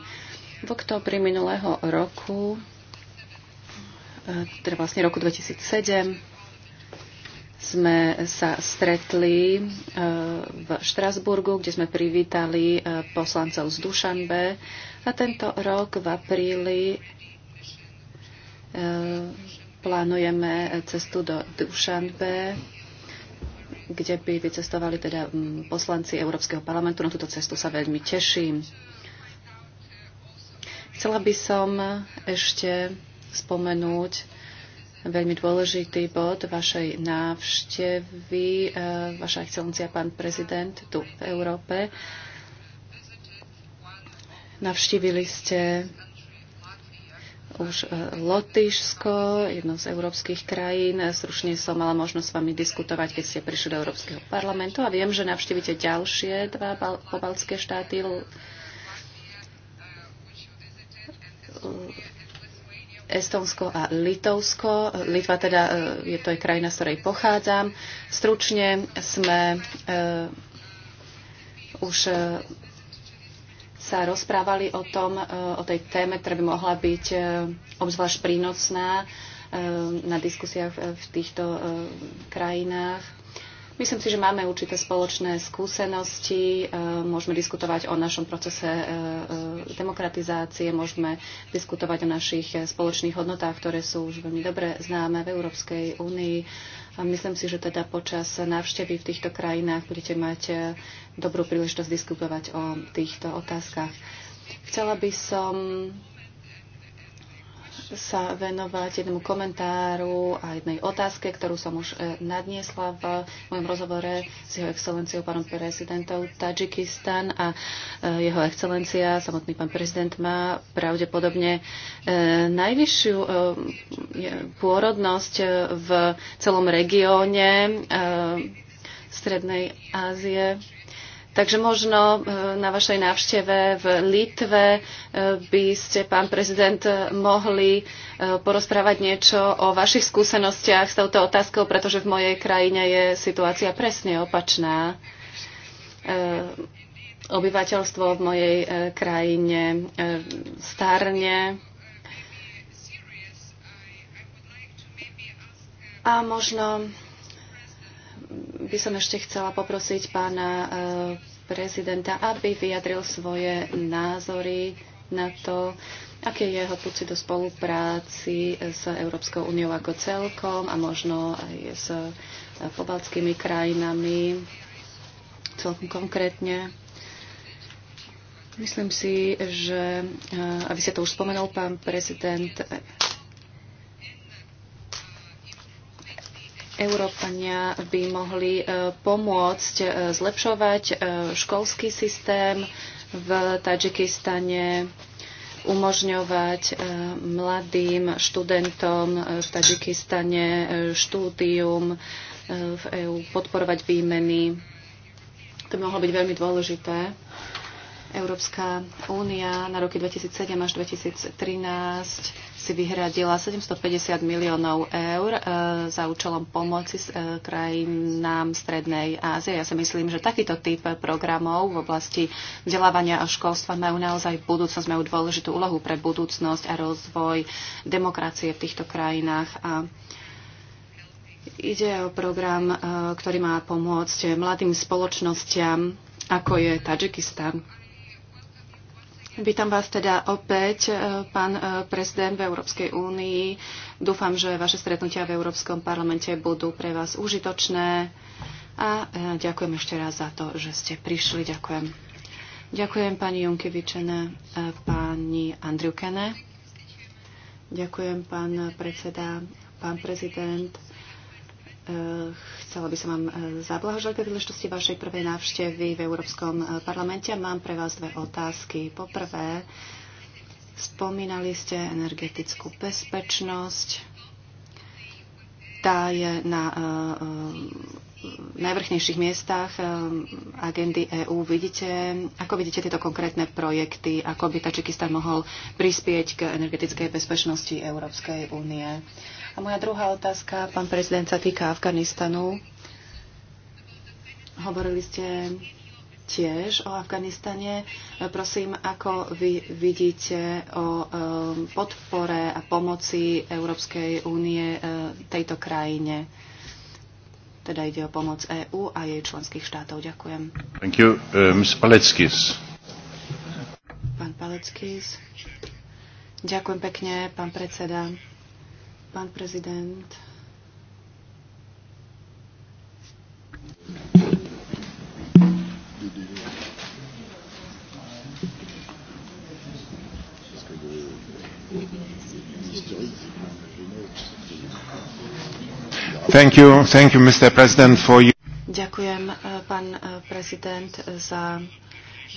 V oktobri minulého roku, teda vlastne roku 2007, sme sa stretli v Štrasburgu, kde sme privítali poslancov z Dušanbe a tento rok v apríli Plánujeme cestu do Dušanbe, kde by vycestovali teda poslanci Európskeho parlamentu. Na túto cestu sa veľmi teším. Chcela by som ešte spomenúť veľmi dôležitý bod vašej návštevy, e, vaša excelencia, pán prezident, tu v Európe. Navštívili ste už e, Lotyšsko, jedno z európskych krajín. E, Stručne som mala možnosť s vami diskutovať, keď ste prišli do Európskeho parlamentu a viem, že navštívite ďalšie dva pobaltské štáty, e, Estonsko a Litovsko. Litva teda je to aj krajina, z ktorej pochádzam. Stručne sme uh, už uh, sa rozprávali o, tom, e, o tej téme, ktorá by mohla byť e, obzvlášť prínosná e, na diskusiách v týchto krajinách. Myslím si, že máme určité spoločné skúsenosti, e, môžeme diskutovať o našom procese e, e, demokratizácie, môžeme diskutovať o našich spoločných hodnotách, ktoré sú už veľmi dobre známe v Európskej únii. A myslím si, že teda počas návštevy v týchto krajinách budete mať dobrú príležitosť diskutovať o týchto otázkach. Chcela by som sa venovať jednému komentáru a jednej otázke, ktorú som už e, nadniesla v mojom rozhovore s jeho excelenciou pánom prezidentom Tadžikistan a e, jeho excelencia, samotný pán prezident má pravdepodobne e, najvyššiu pôrodnosť v celom regióne Strednej Ázie Takže možno e, na vašej návšteve v Litve e, by ste, pán prezident, mohli e, porozprávať niečo o vašich skúsenostiach s touto otázkou, pretože v mojej krajine je situácia presne opačná. Obyvateľstvo v mojej krajine starne. A možno by som ešte chcela poprosiť pána eh, prezidenta, aby vyjadril svoje názory na to, aké je jeho pocit do spolupráci s Európskou úniou ako celkom a možno aj s eh, pobaltskými krajinami celkom konkrétne. Myslím si, že, eh, a vy ste to už spomenul, pán prezident, Európania by mohli e, pomôcť e, zlepšovať e, školský systém v Tadžikistane, umožňovať mladým študentom v Tadžikistane štúdium v EÚ, podporovať výmeny. To by mohlo byť veľmi dôležité Európska únia na roky 2007 až 2013 si vyhradila 750 miliónov eur e, za účelom pomoci e, krajinám Strednej Ázie. Ja si myslím, že takýto typ programov v oblasti vzdelávania a školstva majú naozaj budúcnosť, majú dôležitú úlohu pre budúcnosť a rozvoj demokracie v týchto krajinách. A ide o program, e, ktorý má pomôcť mladým spoločnosťam, ako je Tadžikistan Vítam vás teda opäť, e, pán e, prezident v Európskej únii. Dúfam, že vaše stretnutia v Európskom parlamente budú pre vás užitočné. A e, ďakujem ešte raz za to, že ste prišli. Ďakujem. Ďakujem pani Junkevičene, pani Andriukene. Ďakujem, pán predseda, pán prezident Eh, chcela by som vám eh, zablahoželať pre príležitosti vašej prvej návštevy v Európskom eh, parlamente. Mám pre vás dve otázky. Poprvé, spomínali ste energetickú bezpečnosť. Tá je na najvrchnejších miestach eh, agendy EÚ vidíte, ako vidíte tieto konkrétne projekty, ako by Tačikistan mohol prispieť k energetickej bezpečnosti Európskej únie. A moja druhá otázka, pán prezident, sa týka Afganistanu. Hovorili ste tiež o Afganistane. Eh, prosím, ako vy vidíte o eh, podpore a pomoci Európskej únie tejto krajine? Teda ide o pomoc EÚ a jej členských štátov. Ďakujem. Thank you, uh, Ms. Paleckis. Pán Paleckis. Ďakujem pekne, pán predseda, pán prezident. historique, les Thank you, thank you, Mr. President, for you. Ďakujem, eh, pán eh, prezident, za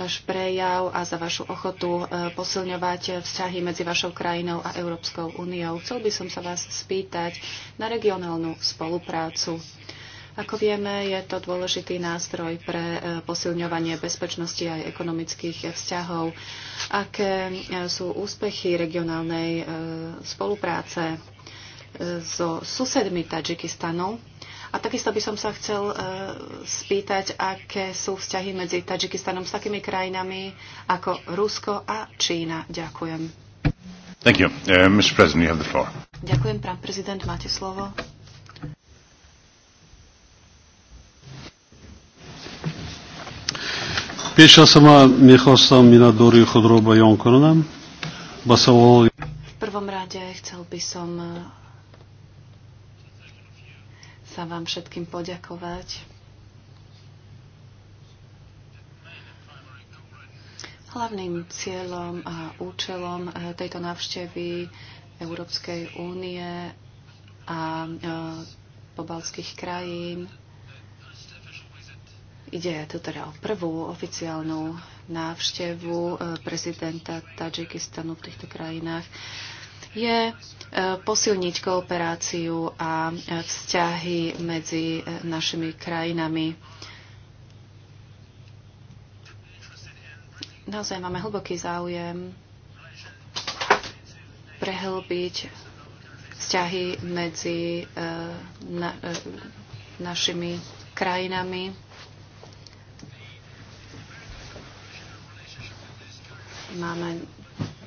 váš prejav a za vašu ochotu eh, posilňovať vzťahy medzi vašou krajinou a Európskou úniou. Chcel by som sa vás spýtať na regionálnu spoluprácu. Ako vieme, je to dôležitý nástroj pre posilňovanie bezpečnosti aj ekonomických vzťahov. Aké sú úspechy regionálnej spolupráce so susedmi Tadžikistanu. A takisto by som sa chcel uh, spýtať, aké sú vzťahy medzi Tadžikistanom s takými krajinami ako Rusko a Čína. Ďakujem. Thank you. Uh, Mr. President, you have the floor. Ďakujem, pán prezident, máte slovo. V prvom rade chcel by som e, sa vám všetkým poďakovať. Hlavným cieľom a účelom e, tejto návštevy Európskej únie a e, pobalských krajín ide tu teda o prvú oficiálnu návštevu e, prezidenta Tadžikistanu v týchto krajinách je e, posilniť kooperáciu a e, vzťahy medzi e, našimi krajinami. Naozaj máme hlboký záujem prehlbiť vzťahy medzi na, našimi krajinami. Máme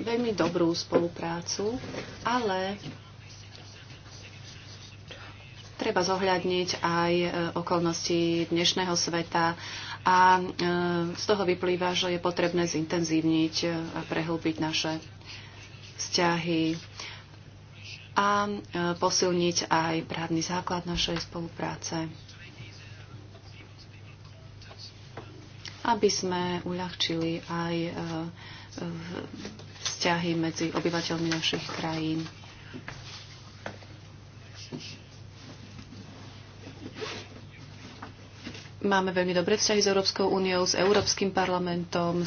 veľmi dobrú spoluprácu, ale treba zohľadniť aj e, okolnosti dnešného sveta a e, z toho vyplýva, že je potrebné zintenzívniť e, a prehlbiť naše vzťahy a posilniť aj právny základ našej spolupráce, aby sme uľahčili aj vzťahy medzi obyvateľmi našich krajín. Máme veľmi dobré vzťahy s Európskou úniou, s Európskym parlamentom.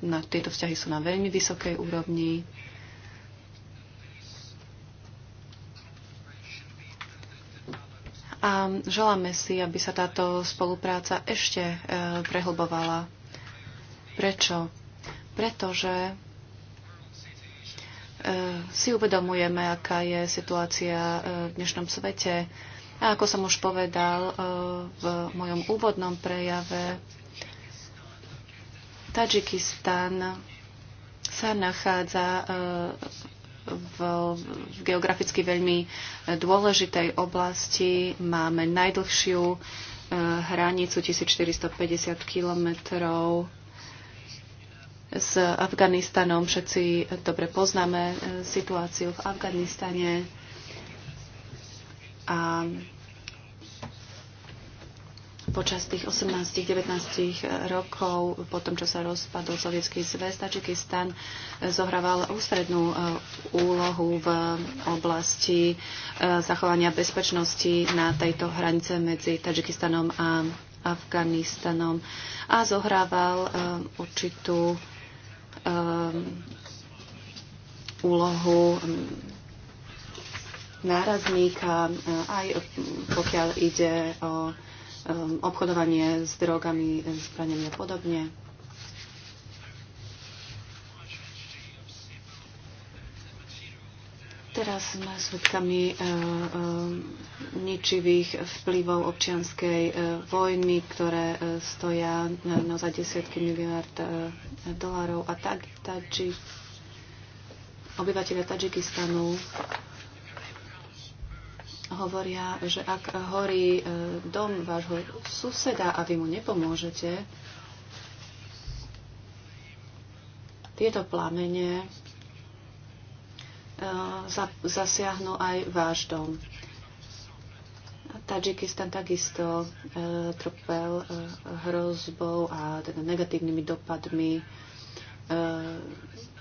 Na, tieto vzťahy sú na veľmi vysokej úrovni. A želáme si, aby sa táto spolupráca ešte eh, prehlbovala. Prečo? Pretože E, si uvedomujeme, aká je situácia e, v dnešnom svete. A ako som už povedal e, v mojom úvodnom prejave, Tadžikistan sa nachádza v, v geograficky veľmi dôležitej oblasti. Máme najdlhšiu hranicu 1450 kilometrov s Afganistanom. Všetci dobre poznáme e, situáciu v Afganistane a počas tých 18-19 rokov, po tom, čo sa rozpadol Sovietský zväz, Tačikistan e, zohrával ústrednú e, úlohu v oblasti zachovania bezpečnosti na tejto hranice medzi Tadžikistanom a Afganistanom a zohrával určitú Um, úlohu um, nárazníka, uh, aj pokiaľ ide o um, obchodovanie s drogami, zbraniami a podobne. Teraz sme svedkami e, e, ničivých vplyvov občianskej e, vojny, ktoré stoja za desiatky miliard dolárov a tak Tadži, obyvateľia Tadžikistanu hovoria, že ak horí dom vášho suseda a vy mu nepomôžete, tieto plamene Eh, zasiahnu aj váš dom. Tadžikistan takisto eh, trpel eh, hrozbou a teda negatívnymi dopadmi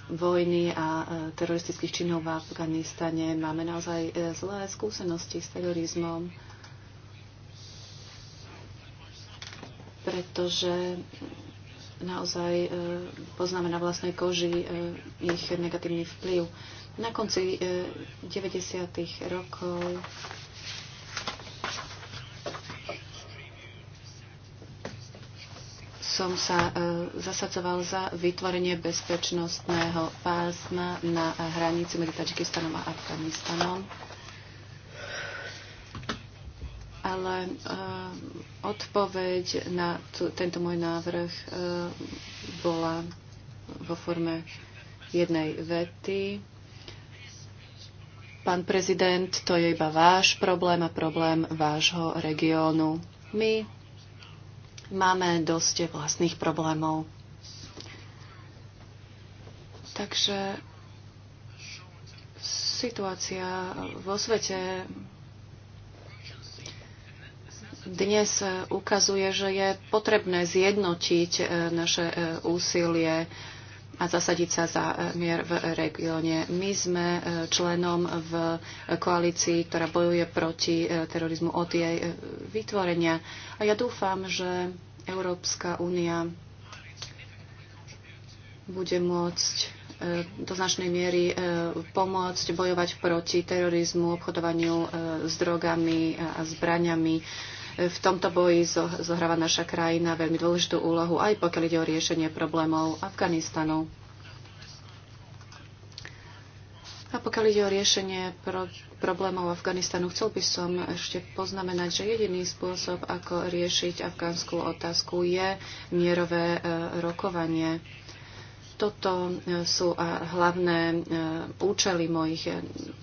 vojny a teroristických činov v Afganistane. Máme naozaj zlé skúsenosti s terorizmom, pretože naozaj poznáme na vlastnej koži ich negatívny vplyv. Na konci 90. E, rokov som sa e, zasadzoval za vytvorenie bezpečnostného pásma na hranici medzi Tadžikistanom a Afganistanom. Ale e, odpoveď na tento môj návrh bola vo forme jednej vety Pán prezident, to je iba váš problém a problém vášho regiónu. My máme dosť vlastných problémov. Takže situácia vo svete dnes ukazuje, že je potrebné zjednotiť naše e, úsilie a zasadiť sa za e, mier v regióne. My sme e, členom v koalícii, ktorá bojuje proti e, terorizmu od jej vytvorenia. A ja dúfam, že Európska únia bude môcť do značnej miery pomôcť bojovať proti terorizmu, obchodovaniu s drogami a zbraniami. V tomto boji zohráva naša krajina veľmi dôležitú úlohu, aj pokiaľ ide o riešenie problémov Afganistanu. A pokiaľ ide o riešenie pro problémov Afganistanu, chcel by som ešte poznamenať, že jediný spôsob, ako riešiť afgánskú otázku, je mierové e, rokovanie. Toto e, sú e, hlavné účely mojich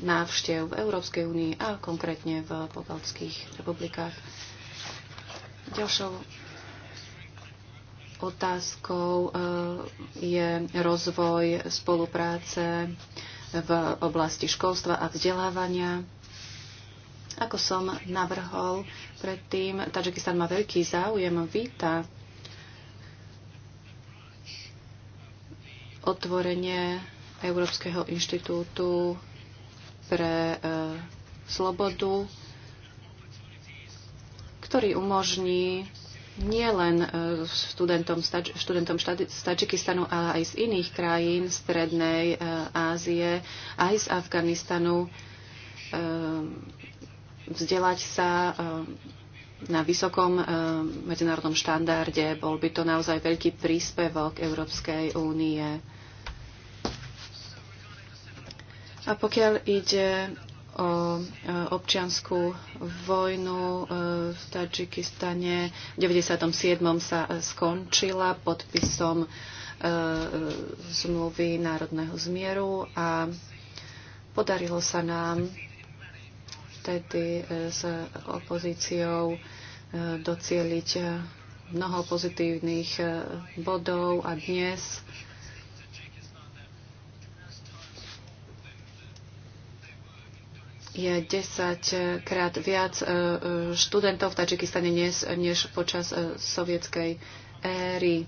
návštev v Európskej únii a konkrétne v pobaltských republikách. Ďalšou otázkou e, je rozvoj spolupráce v oblasti školstva a vzdelávania. Ako som navrhol predtým, Tadžikistan má veľký záujem, víta otvorenie Európskeho inštitútu pre e, slobodu ktorý umožní nielen e, študentom, študentom z Tadžikistanu, ale aj z iných krajín Strednej e, Ázie, aj z Afganistanu e, vzdelať sa na vysokom medzinárodnom štandarde. Bol by to naozaj veľký príspevok Európskej únie. A pokiaľ ide o e, občianskú vojnu e, v Tadžikistane. V 97. sa e, skončila podpisom zmluvy národného zmieru a podarilo sa nám vtedy s opozíciou docieliť mnoho pozitívnych bodov a dnes je 10 krát viac e, e, študentov v Tadžikistane dnes než počas e, sovietskej éry.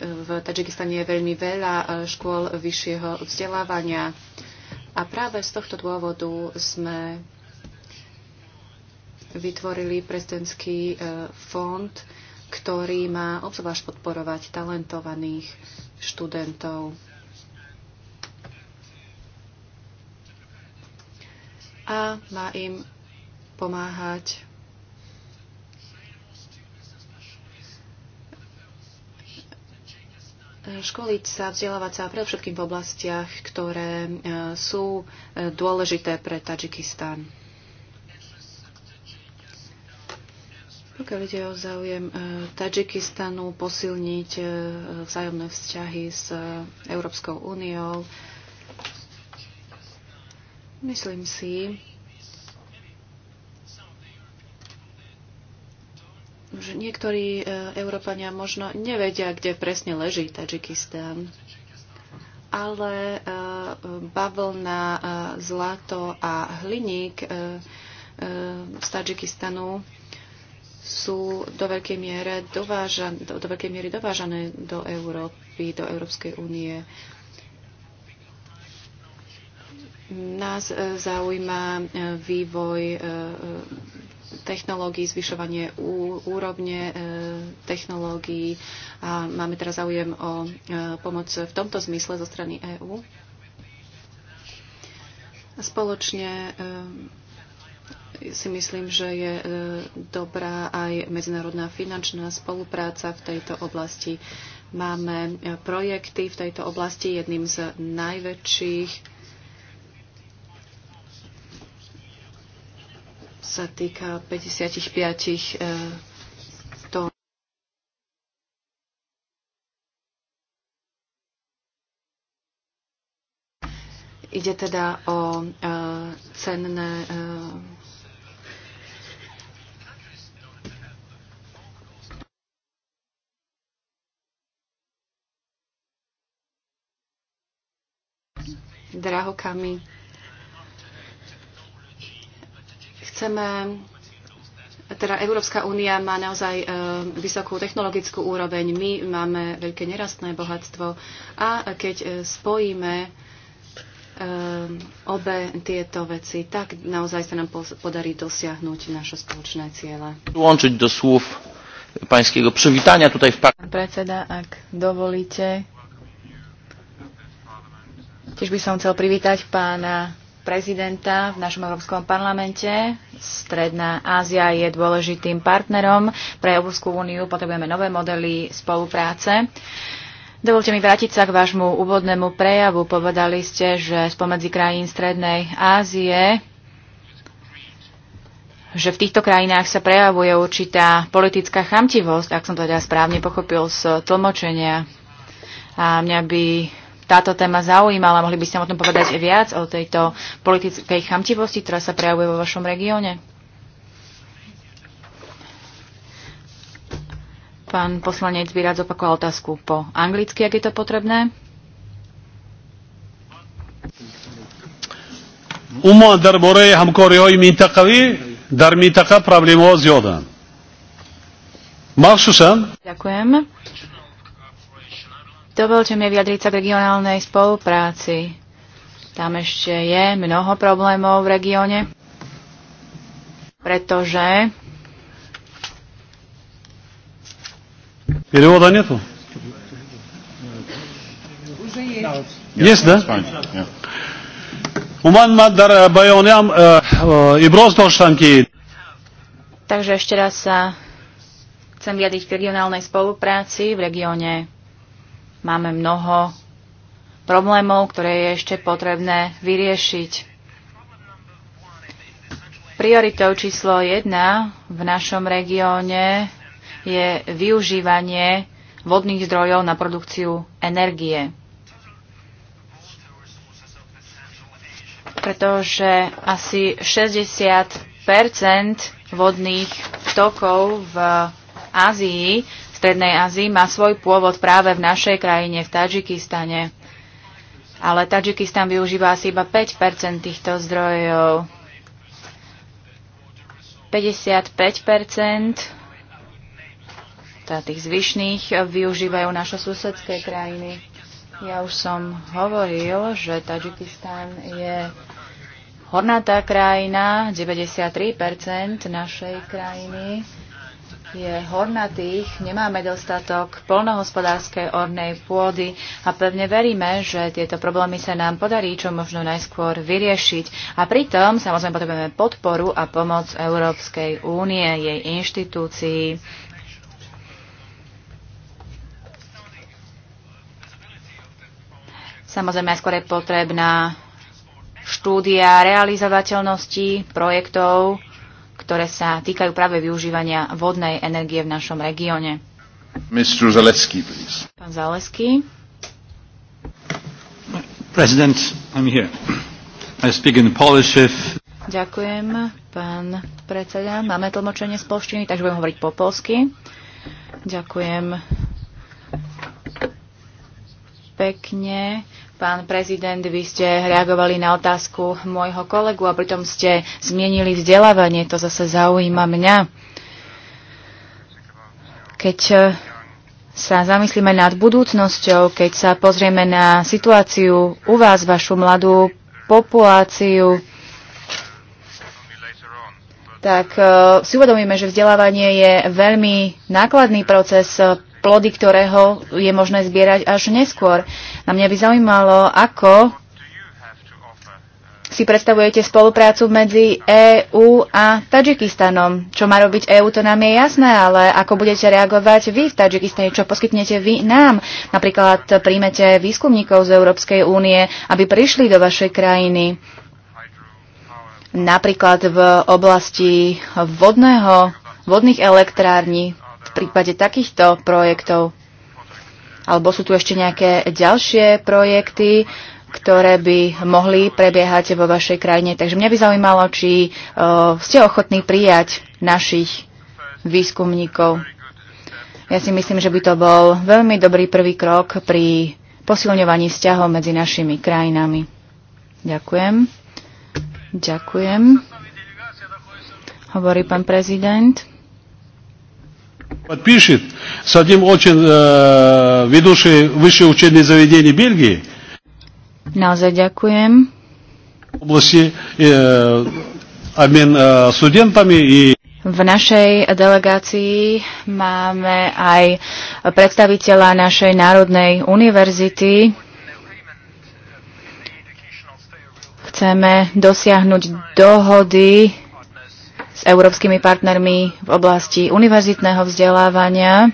V Tadžikistane je veľmi veľa škôl vyššieho vzdelávania a práve z tohto dôvodu sme vytvorili prezidentský fond, ktorý má obzvlášť podporovať talentovaných študentov. a má im pomáhať školiť sa, vzdelávať sa predovšetkým v oblastiach, ktoré e, sú e, dôležité pre Tadžikistán. Pokiaľ ide o záujem e, Tadžikistanu posilniť vzájomné vzťahy s Európskou úniou, Myslím si, že niektorí e, Európania možno nevedia, kde presne leží Tadžikistán ale e, bavlna, e, zlato a hliník z Tadžikistanu sú do veľkej, dovážan, do, do veľkej miery dovážané do Európy, do Európskej únie. Nás e, zaujíma e, vývoj e, technológií, zvyšovanie úrovne technológií a máme teraz záujem o pomoc v tomto zmysle zo strany EÚ. Spoločne si myslím, že je dobrá aj medzinárodná finančná spolupráca v tejto oblasti. Máme projekty v tejto oblasti, jedným z najväčších sa týka 55 eh, tón. Ide teda o eh, cenné eh, drahokami Chceme teda Európska únia má naozaj e, vysokú technologickú úroveň, my máme veľké nerastné bohatstvo a keď e, spojíme e, obe tieto veci, tak naozaj sa nám podarí dosiahnuť naše spoločné ciele. Vłączyć do słów pańskiego przywitania tutaj w Predseda, ak dovolíte, tiež by som chcel privítať pána prezidenta v našom Európskom parlamente. Stredná Ázia je dôležitým partnerom pre Európsku úniu. Potrebujeme nové modely spolupráce. Dovolte mi vrátiť sa k vášmu úvodnému prejavu. Povedali ste, že spomedzi krajín Strednej Ázie že v týchto krajinách sa prejavuje určitá politická chamtivosť, ak som to teda správne pochopil z tlmočenia. A mňa by táto téma zaujímala. Mohli by ste o tom povedať viac, o tejto politickej chamtivosti, ktorá sa prejavuje vo vašom regióne? Pán poslanec by rád zopakoval otázku po anglicky, ak je to potrebné. اما درباره همکاری های منطقوی در منطقه پرابلم ها زیادن Ďakujem. Dovolte mi vyjadriť sa k regionálnej spolupráci. Tam ešte je mnoho problémov v regióne, pretože... Перевода нету? Есть, да? Takže ešte raz sa chcem vyjadriť k regionálnej spolupráci v regióne Máme mnoho problémov, ktoré je ešte potrebné vyriešiť. Prioritou číslo jedna v našom regióne je využívanie vodných zdrojov na produkciu energie. Pretože asi 60 vodných tokov v Ázii Strednej Ázii má svoj pôvod práve v našej krajine, v Tadžikistane. Ale Tadžikistan využíva asi iba 5 týchto zdrojov. 55 teda tých zvyšných využívajú naše susedské krajiny. Ja už som hovoril, že Tadžikistan je hornatá krajina, 93% našej krajiny je hornatých, nemáme dostatok polnohospodárskej ornej pôdy a pevne veríme, že tieto problémy sa nám podarí čo možno najskôr vyriešiť. A pritom samozrejme potrebujeme podporu a pomoc Európskej únie, jej inštitúcií, Samozrejme, skôr je potrebná štúdia realizovateľnosti projektov, ktoré sa týkajú práve využívania vodnej energie v našom regióne. Mr. Zalesky, please. Pán Zalesky. President, I'm here. I speak in Polish if... Ďakujem, pán predseda. Máme tlmočenie z polštiny, takže budem hovoriť po polsky. Ďakujem pekne. Pán prezident, vy ste reagovali na otázku môjho kolegu a pritom ste zmienili vzdelávanie. To zase zaujíma mňa. Keď e, sa zamyslíme nad budúcnosťou, keď sa pozrieme na situáciu u vás, vašu mladú populáciu, tak e, si uvedomíme, že vzdelávanie je veľmi nákladný proces plody ktorého je možné zbierať až neskôr. Na mňa by zaujímalo, ako si predstavujete spoluprácu medzi EÚ a Tadžikistanom. Čo má robiť EÚ, to nám je jasné, ale ako budete reagovať vy v Tadžikistane, čo poskytnete vy nám? Napríklad príjmete výskumníkov z Európskej únie, aby prišli do vašej krajiny. Napríklad v oblasti vodného, vodných elektrární, v prípade takýchto projektov? Alebo sú tu ešte nejaké ďalšie projekty, ktoré by mohli prebiehať vo vašej krajine. Takže mňa by zaujímalo, či uh, ste ochotní prijať našich výskumníkov. Ja si myslím, že by to bol veľmi dobrý prvý krok pri posilňovaní vzťahov medzi našimi krajinami. Ďakujem. Ďakujem. Hovorí pán prezident. Подпишет с одним очень э, ведущий высшее учебное заведение Бельгии. Naozaj ďakujem. V oblasti e, обмен e, studentami i v našej delegácii máme aj predstaviteľa našej Národnej univerzity. Chceme dosiahnuť dohody s európskymi partnermi v oblasti univerzitného vzdelávania.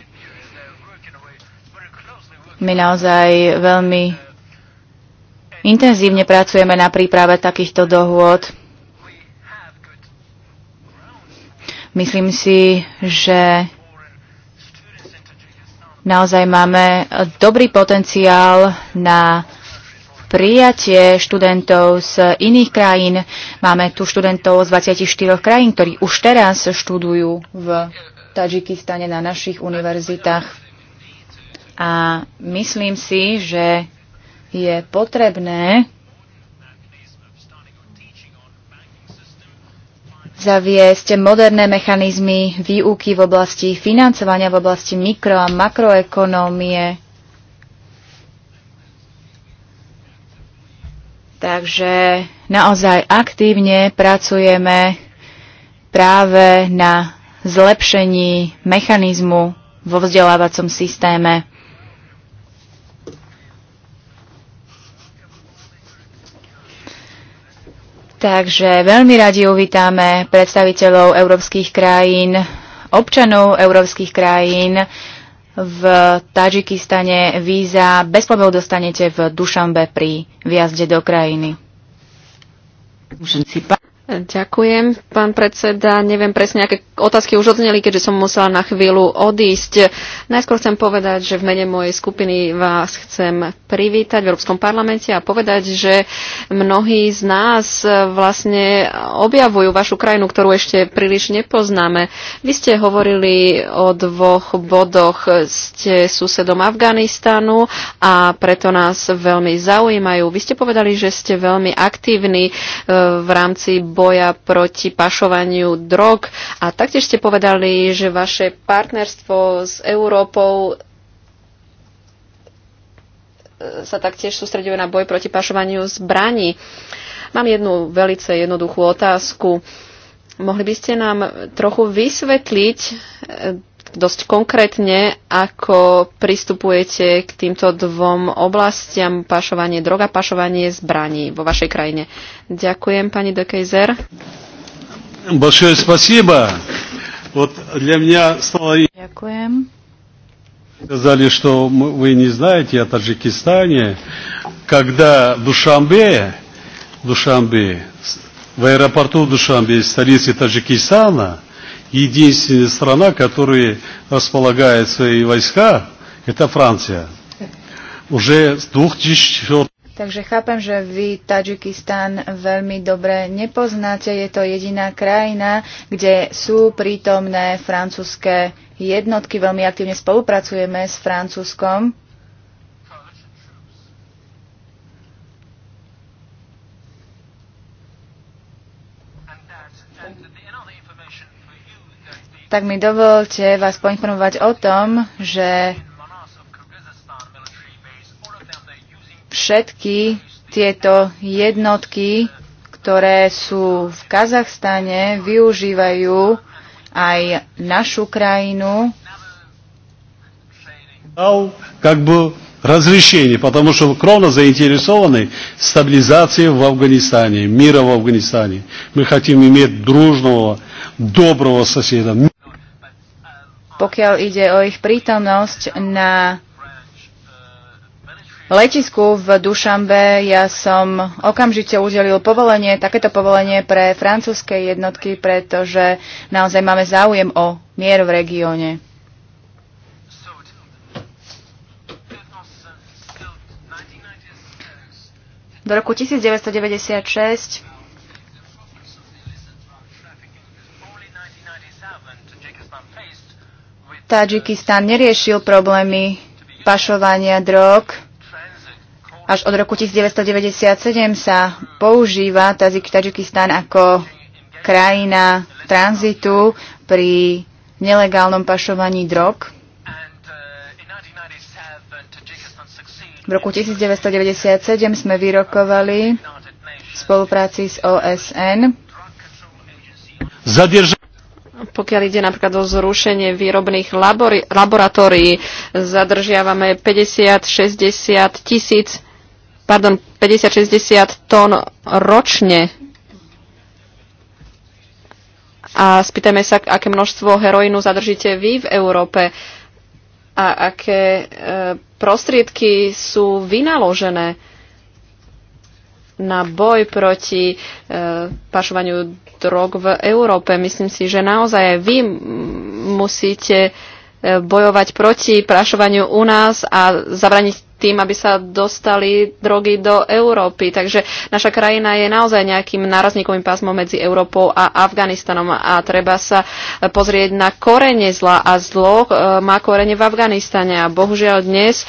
My naozaj veľmi intenzívne pracujeme na príprave takýchto dohôd. Myslím si, že naozaj máme dobrý potenciál na prijatie študentov z iných krajín. Máme tu študentov z 24 krajín, ktorí už teraz študujú v Tadžikistane na našich univerzitách. A myslím si, že je potrebné zaviesť moderné mechanizmy výuky v oblasti financovania, v oblasti mikro- a makroekonómie, Takže naozaj aktívne pracujeme práve na zlepšení mechanizmu vo vzdelávacom systéme. Takže veľmi radi uvítame predstaviteľov európskych krajín, občanov európskych krajín, v Tadžikistane víza bez problémov dostanete v Dušambe pri viazde do krajiny. Ďakujem, pán predseda. Neviem presne, aké otázky už odzneli, keďže som musela na chvíľu odísť. Najskôr chcem povedať, že v mene mojej skupiny vás chcem privítať v Európskom parlamente a povedať, že mnohí z nás vlastne objavujú vašu krajinu, ktorú ešte príliš nepoznáme. Vy ste hovorili o dvoch bodoch. Ste susedom Afganistanu a preto nás veľmi zaujímajú. Vy ste povedali, že ste veľmi aktívni eh, v rámci boja proti pašovaniu drog. A taktiež ste povedali, že vaše partnerstvo s Európou e, sa taktiež sústreduje na boj proti pašovaniu zbraní. Mám jednu velice jednoduchú otázku. Mohli by ste nám trochu vysvetliť e, dosť konkrétne, ako pristupujete k týmto dvom oblastiam, pašovanie droga, pašovanie zbraní vo vašej krajine. Ďakujem, pani de Kejzer. Большое спасибо. Вот для меня стало... Ďakujem. Сказали, что вы не знаете о Таджикистане, когда в Душамбе, в Душамбе, в аэропорту Душамбе, столицы Таджикистана, единственная страна, которая располагает свои войска, это Франция. Уже с 2004 Takže chápem, že vy Tadžikistán veľmi dobre nepoznáte. Je to jediná krajina, kde sú prítomné francúzske jednotky. Veľmi aktívne spolupracujeme s Francúzskom. tak mi dovolte vás poinformovať o tom, že všetky tieto jednotky, ktoré sú v Kazachstane, využívajú aj našu krajinu. Как бы разрешение, потому что кровно заинтересованы стабилизацией в Афганистане, мира в Афганистане. Мы хотим иметь дружного, доброго соседа pokiaľ ide o ich prítomnosť na letisku v Dušambe, ja som okamžite udelil povolenie, takéto povolenie pre francúzske jednotky, pretože naozaj máme záujem o mier v regióne. Do roku 1996 Tadžikistan neriešil problémy pašovania drog. Až od roku 1997 sa používa Tadžikistan ako krajina tranzitu pri nelegálnom pašovaní drog. V roku 1997 sme vyrokovali v spolupráci s OSN Zadierž- pokiaľ ide napríklad o zrušenie výrobných labori- laboratórií, zadržiavame 50-60 tisíc, pardon, 50-60 tón ročne. A spýtajme sa, aké množstvo heroínu zadržíte vy v Európe a aké e, prostriedky sú vynaložené na boj proti e, pašovaniu drog v Európe. Myslím si, že naozaj aj vy musíte e, bojovať proti prašovaniu u nás a zabraniť tým, aby sa dostali drogy do Európy. Takže naša krajina je naozaj nejakým nárazníkovým pásmom medzi Európou a Afganistanom a treba sa pozrieť na korene zla a zlo e, má korene v Afganistane a bohužiaľ dnes e,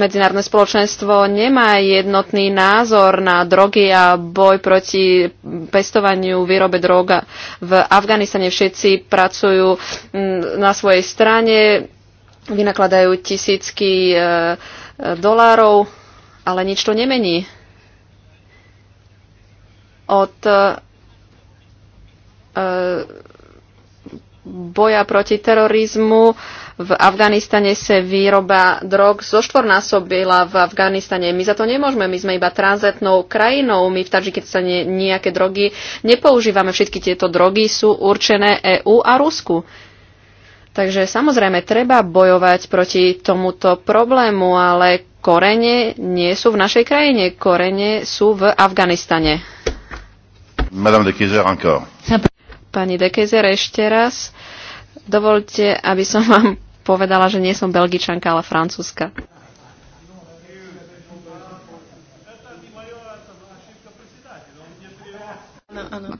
medzinárodné spoločenstvo nemá jednotný názor na drogy a boj proti pestovaniu výrobe droga v Afganistane. Všetci pracujú na svojej strane, vynakladajú tisícky e, e, dolárov, ale nič to nemení. Od e, boja proti terorizmu v Afganistane sa výroba drog zoštvornásobila v Afganistane. My za to nemôžeme, my sme iba tranzitnou krajinou, my v Tadžikistane nejaké drogy nepoužívame. Všetky tieto drogy sú určené EÚ a Rusku. Takže samozrejme, treba bojovať proti tomuto problému, ale korene nie sú v našej krajine, korene sú v Afganistane. Madame de Kizer, encore. Pani de Kizer, ešte raz. Dovolte, aby som vám povedala, že nie som belgičanka, ale francúzska.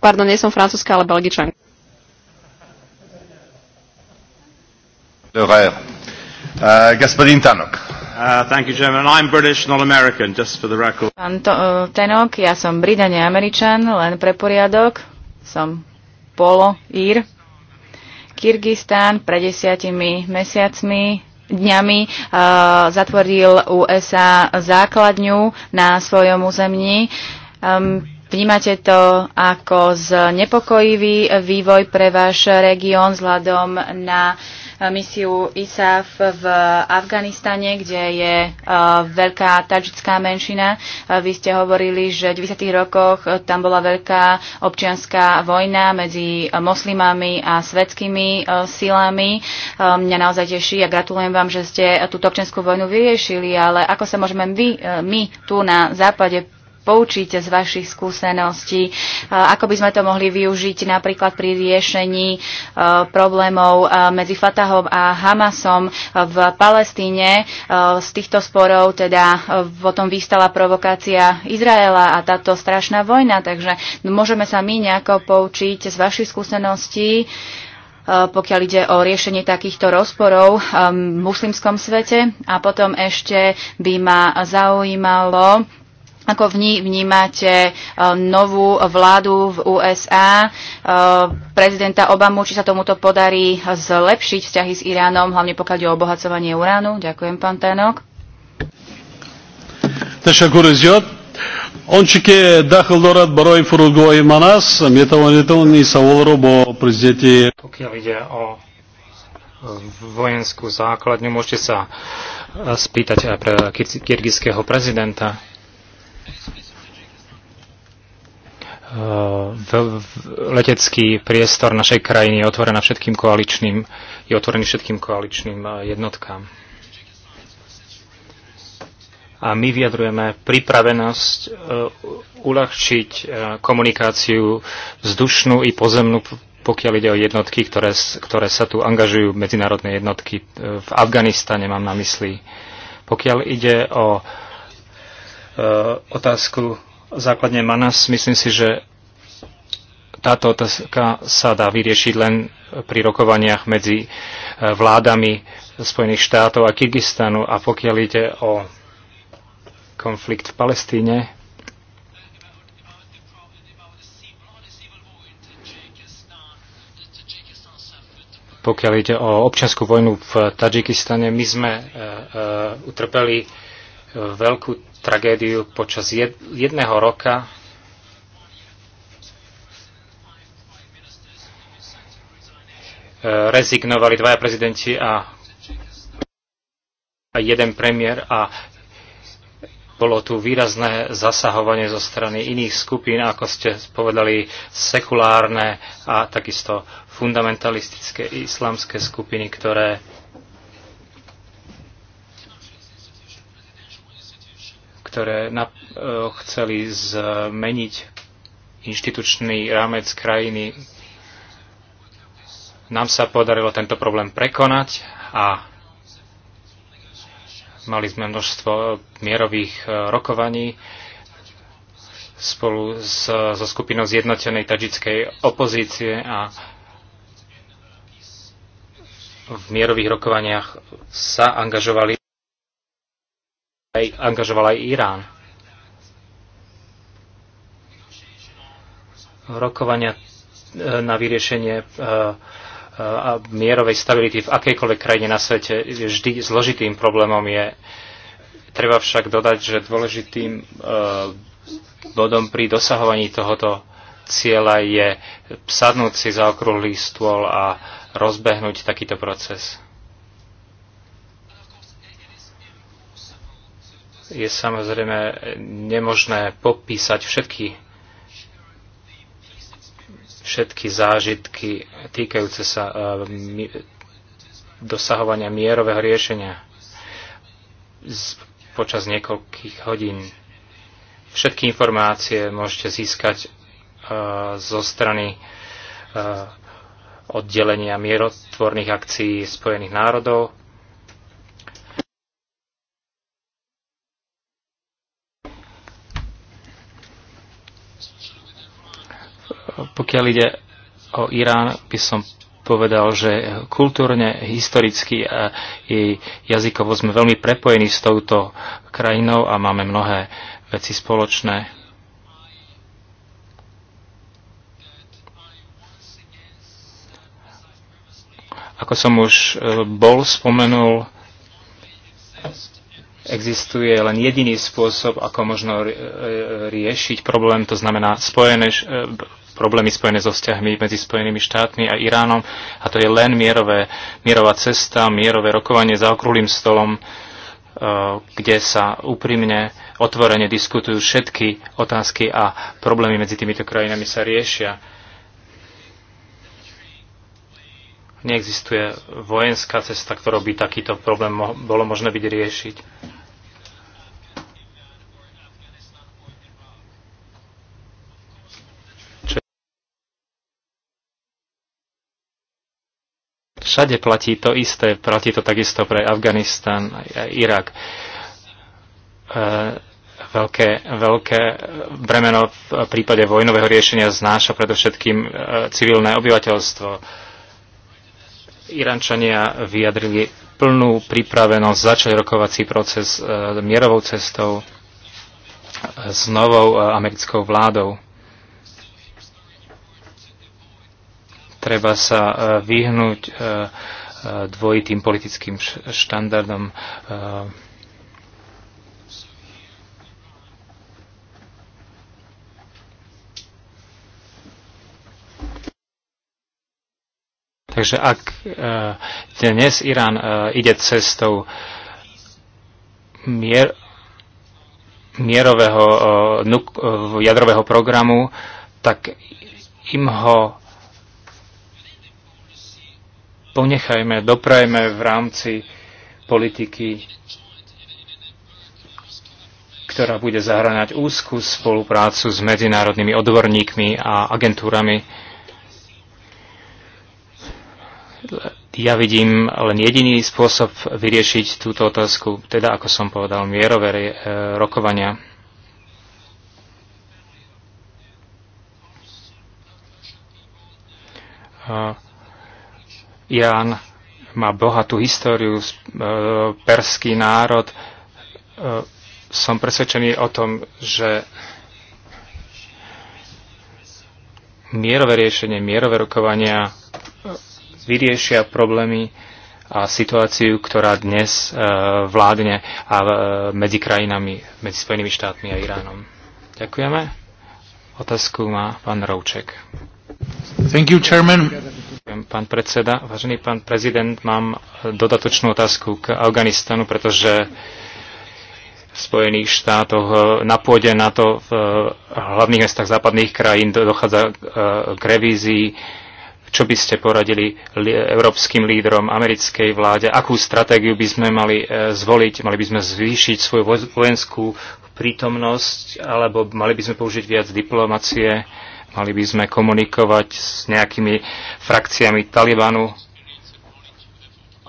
Pardon, nie som francúzska, ale belgičanka. Euh, Tanok. Uh, thank you, Chairman. I'm British, not American, just for the record. Pán Tenok, uh, ja som Bridan, nie Američan, len pre poriadok. Som Polo, Ír. Kyrgyzstan pre desiatimi mesiacmi dňami uh, zatvoril USA základňu na svojom území. Um, Vnímate to ako znepokojivý vývoj pre váš región vzhľadom na e, misiu ISAF v Afganistane, kde je e, veľká tadžická menšina. E, vy ste hovorili, že v 90. rokoch tam bola veľká občianská vojna medzi moslimami a svetskými silami. Mňa naozaj teší a gratulujem vám, že ste túto občianskú vojnu vyriešili, ale ako sa môžeme vy, my tu na západe poučíte z vašich skúseností, ako by sme to mohli využiť napríklad pri riešení e, problémov e, medzi Fatahom a Hamasom v Palestíne. E, z týchto sporov teda potom vystala provokácia Izraela a táto strašná vojna, takže môžeme sa my nejako poučiť z vašich skúseností pokiaľ ide o riešenie takýchto rozporov v muslimskom svete. A potom ešte by ma zaujímalo, ako v ní vnímate e, novú vládu v USA, uh, e, prezidenta Obamu, či sa tomuto podarí zlepšiť vzťahy s Iránom, hlavne pokiaľ je o obohacovanie uránu? Ďakujem, pán Tenok. Ончике ediyor. Ончики дахыл дорат барой фурго и манас, метавонетовни саволро бо президенти. Pokiaľ ide o e, vojenskú základňu, môžete sa spýtať aj pre kyrgyzského Eh, v, v, letecký priestor našej krajiny je, otvorená všetkým koaličným, je otvorený všetkým koaličným eh, jednotkám. A my vyjadrujeme pripravenosť eh, uľahčiť komunikáciu vzdušnú i pozemnú, pokiaľ ide o jednotky, ktoré, ktoré sa tu angažujú, medzinárodné jednotky v Afganistane mám na mysli. Pokiaľ ide o otázku základne Manas, myslím si, že táto otázka sa dá vyriešiť len pri rokovaniach medzi e, vládami Spojených štátov a Kyrgyzstanu. A pokiaľ ide o konflikt v Palestíne, pokiaľ ide o občianskú vojnu v Tadžikistane, my sme uh, uh, utrpeli veľkú tragédiu počas jedného roka rezignovali dvaja prezidenti a jeden premiér a bolo tu výrazné zasahovanie zo strany iných skupín, ako ste povedali, sekulárne a takisto fundamentalistické islamské skupiny, ktoré ktoré e, chceli zmeniť inštitučný rámec krajiny. Nám sa podarilo tento problém prekonať a mali sme množstvo mierových e, rokovaní spolu s, so skupinou zjednotenej tadžickej opozície a v mierových rokovaniach sa angažovali aj, angažoval aj Irán. Rokovania e, na vyriešenie e, e, a mierovej stability v akejkoľvek krajine na svete vždy zložitým problémom je. Treba však dodať, že dôležitým bodom pri dosahovaní tohoto cieľa je sadnúť si za okrúhly stôl a rozbehnúť takýto proces. je samozrejme nemožné popísať všetky, všetky zážitky týkajúce sa e, dosahovania mierového riešenia počas niekoľkých hodín. Všetky informácie môžete získať e, zo strany e, oddelenia mierotvorných akcií Spojených národov Pokiaľ ide o Irán, by som povedal, že kultúrne, historicky a i jazykovo sme veľmi prepojení s touto krajinou a máme mnohé veci spoločné. Ako som už e, bol spomenul, existuje len jediný spôsob, ako možno e, e, riešiť problém, to znamená spojené, problémy spojené so vzťahmi medzi Spojenými štátmi a Iránom a to je len mierové, mierová cesta, mierové rokovanie za okrúhlým stolom, e, kde sa úprimne, otvorene diskutujú všetky otázky a problémy medzi týmito krajinami sa riešia. Neexistuje vojenská cesta, ktorou by takýto problém bolo možné byť riešiť. Všade platí to isté, platí to takisto pre Afganistan a Irak. E, veľké, veľké bremeno v prípade vojnového riešenia znáša predovšetkým e, civilné obyvateľstvo. Irančania vyjadrili plnú pripravenosť začať rokovací proces e, mierovou cestou s novou americkou vládou. treba sa e, vyhnúť e, e, dvojitým politickým štandardom. Takže ak dnes Irán ide cestou mier, mierového jadrového programu, tak im ho ponechajme, doprajme v rámci politiky, ktorá bude zahraňať úzku spoluprácu s medzinárodnými odborníkmi a agentúrami. Ja vidím len jediný spôsob vyriešiť túto otázku, teda, ako som povedal, mierové e, rokovania. Uh, Ján má bohatú históriu, e, perský národ. E, som presvedčený o tom, že mierové riešenie, mierové rokovania e, vyriešia problémy a situáciu, ktorá dnes vládne a medzi krajinami, medzi Spojenými štátmi a Iránom. Ďakujeme. Otázku má pán Rouček. Thank you, chairman pán predseda. Vážený pán prezident, mám dodatočnú otázku k Afganistanu, pretože v Spojených štátoch eh, na pôde to v eh, hlavných mestách západných krajín dochádza eh, k revízii. Čo by ste poradili európskym lídrom, americkej vláde? Akú stratégiu by sme mali zvoliť? Mali by sme zvýšiť svoju vojenskú prítomnosť, alebo mali by sme použiť viac diplomacie? Mali by sme komunikovať s nejakými frakciami Talibanu.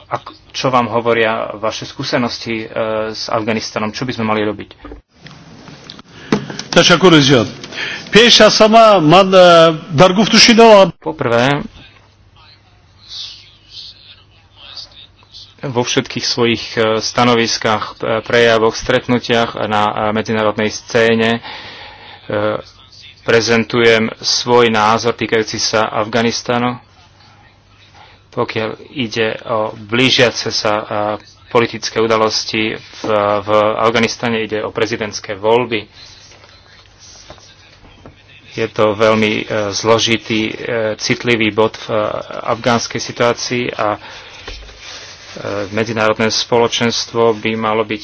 A čo vám hovoria vaše skúsenosti e, s Afganistanom? Čo by sme mali robiť? E, Poprvé, vo všetkých svojich e, stanoviskách, prejavoch, stretnutiach na medzinárodnej scéne prezentujem svoj názor týkajúci sa Afganistanu, pokiaľ ide o blížiace sa politické udalosti v, v Afganistane, ide o prezidentské voľby. Je to veľmi e, zložitý, e, citlivý bod v e, afgánskej situácii a medzinárodné spoločenstvo by malo byť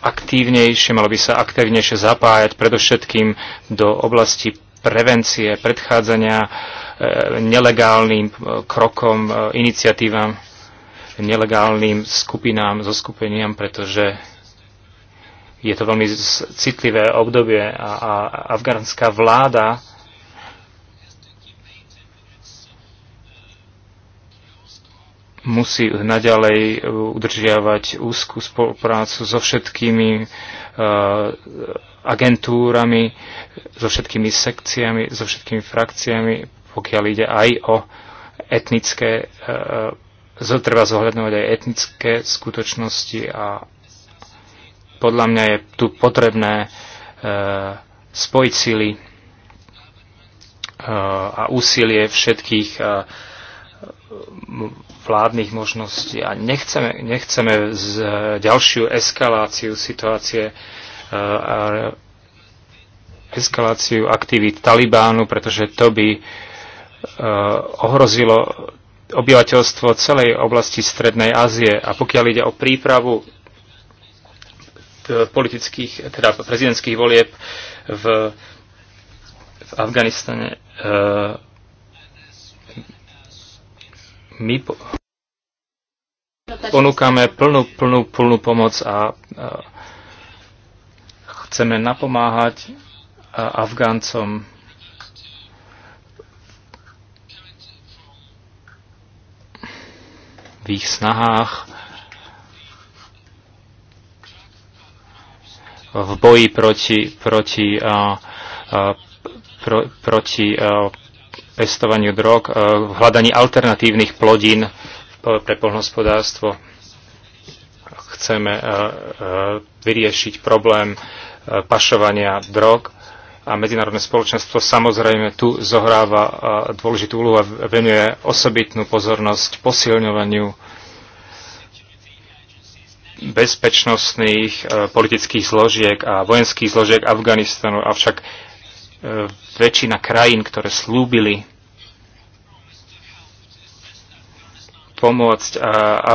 aktívnejšie, malo by sa aktívnejšie zapájať predovšetkým do oblasti prevencie, predchádzania e, nelegálnym e, krokom, e, iniciatívam, nelegálnym skupinám, zoskupeniam, pretože je to veľmi citlivé obdobie a, a afgánska vláda musí naďalej e, udržiavať úzkú spoluprácu so všetkými e, agentúrami, so všetkými sekciami, so všetkými frakciami, pokiaľ ide aj o etnické, e, treba zohľadňovať aj etnické skutočnosti a podľa mňa je tu potrebné spojiť síly a úsilie všetkých vládnych možností a nechceme, nechceme z, e, ďalšiu eskaláciu situácie e, a eskaláciu aktivít Talibánu, pretože to by e, ohrozilo obyvateľstvo celej oblasti Strednej Ázie. A pokiaľ ide o prípravu politických, teda prezidentských volieb v, v Afganistane, my ponúkame plnú, plnú, plnú pomoc a, a chceme napomáhať Afgáncom v ich snahách v boji proti, proti, a, a, pro, proti a, pestovaniu drog, eh, v hľadaní alternatívnych plodín pre poľnohospodárstvo. Chceme eh, eh, vyriešiť problém pašovania drog a medzinárodné spoločenstvo samozrejme tu zohráva dôležitú úlohu a venuje osobitnú pozornosť posilňovaniu bezpečnostných politických zložiek a vojenských zložiek Afganistanu, avšak E, väčšina krajín, ktoré slúbili pomôcť e,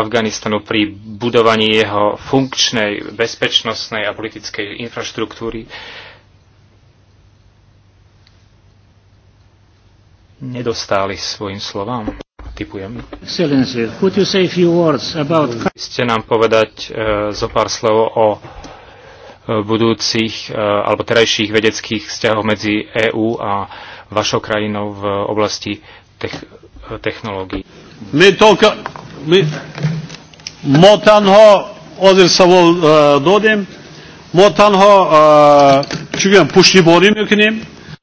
Afganistanu pri budovaní jeho funkčnej, bezpečnostnej a politickej infraštruktúry, nedostáli svojim slovám. Typujem. Ste nám povedať e, zo pár slov o budúcich e, alebo terajších vedeckých vzťahov medzi EÚ a vašou krajinou v oblasti tech- e, technológií. My toľko... My... Motanho sa vol e, dodem, Motanho čujem pušni k yukinim.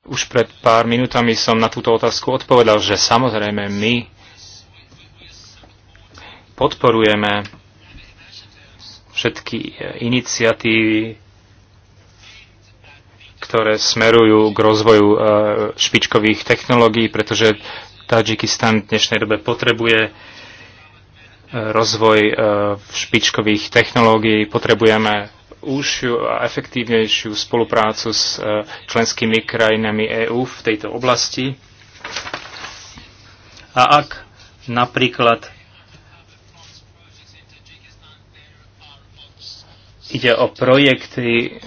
Už pred pár minútami som na túto otázku odpovedal, že samozrejme my podporujeme všetky iniciatívy ktoré smerujú k rozvoju e, špičkových technológií, pretože Tadžikistan v dnešnej dobe potrebuje e, rozvoj e, špičkových technológií, potrebujeme užšiu a efektívnejšiu spoluprácu s členskými krajinami EÚ v tejto oblasti. A ak napríklad ide o projekty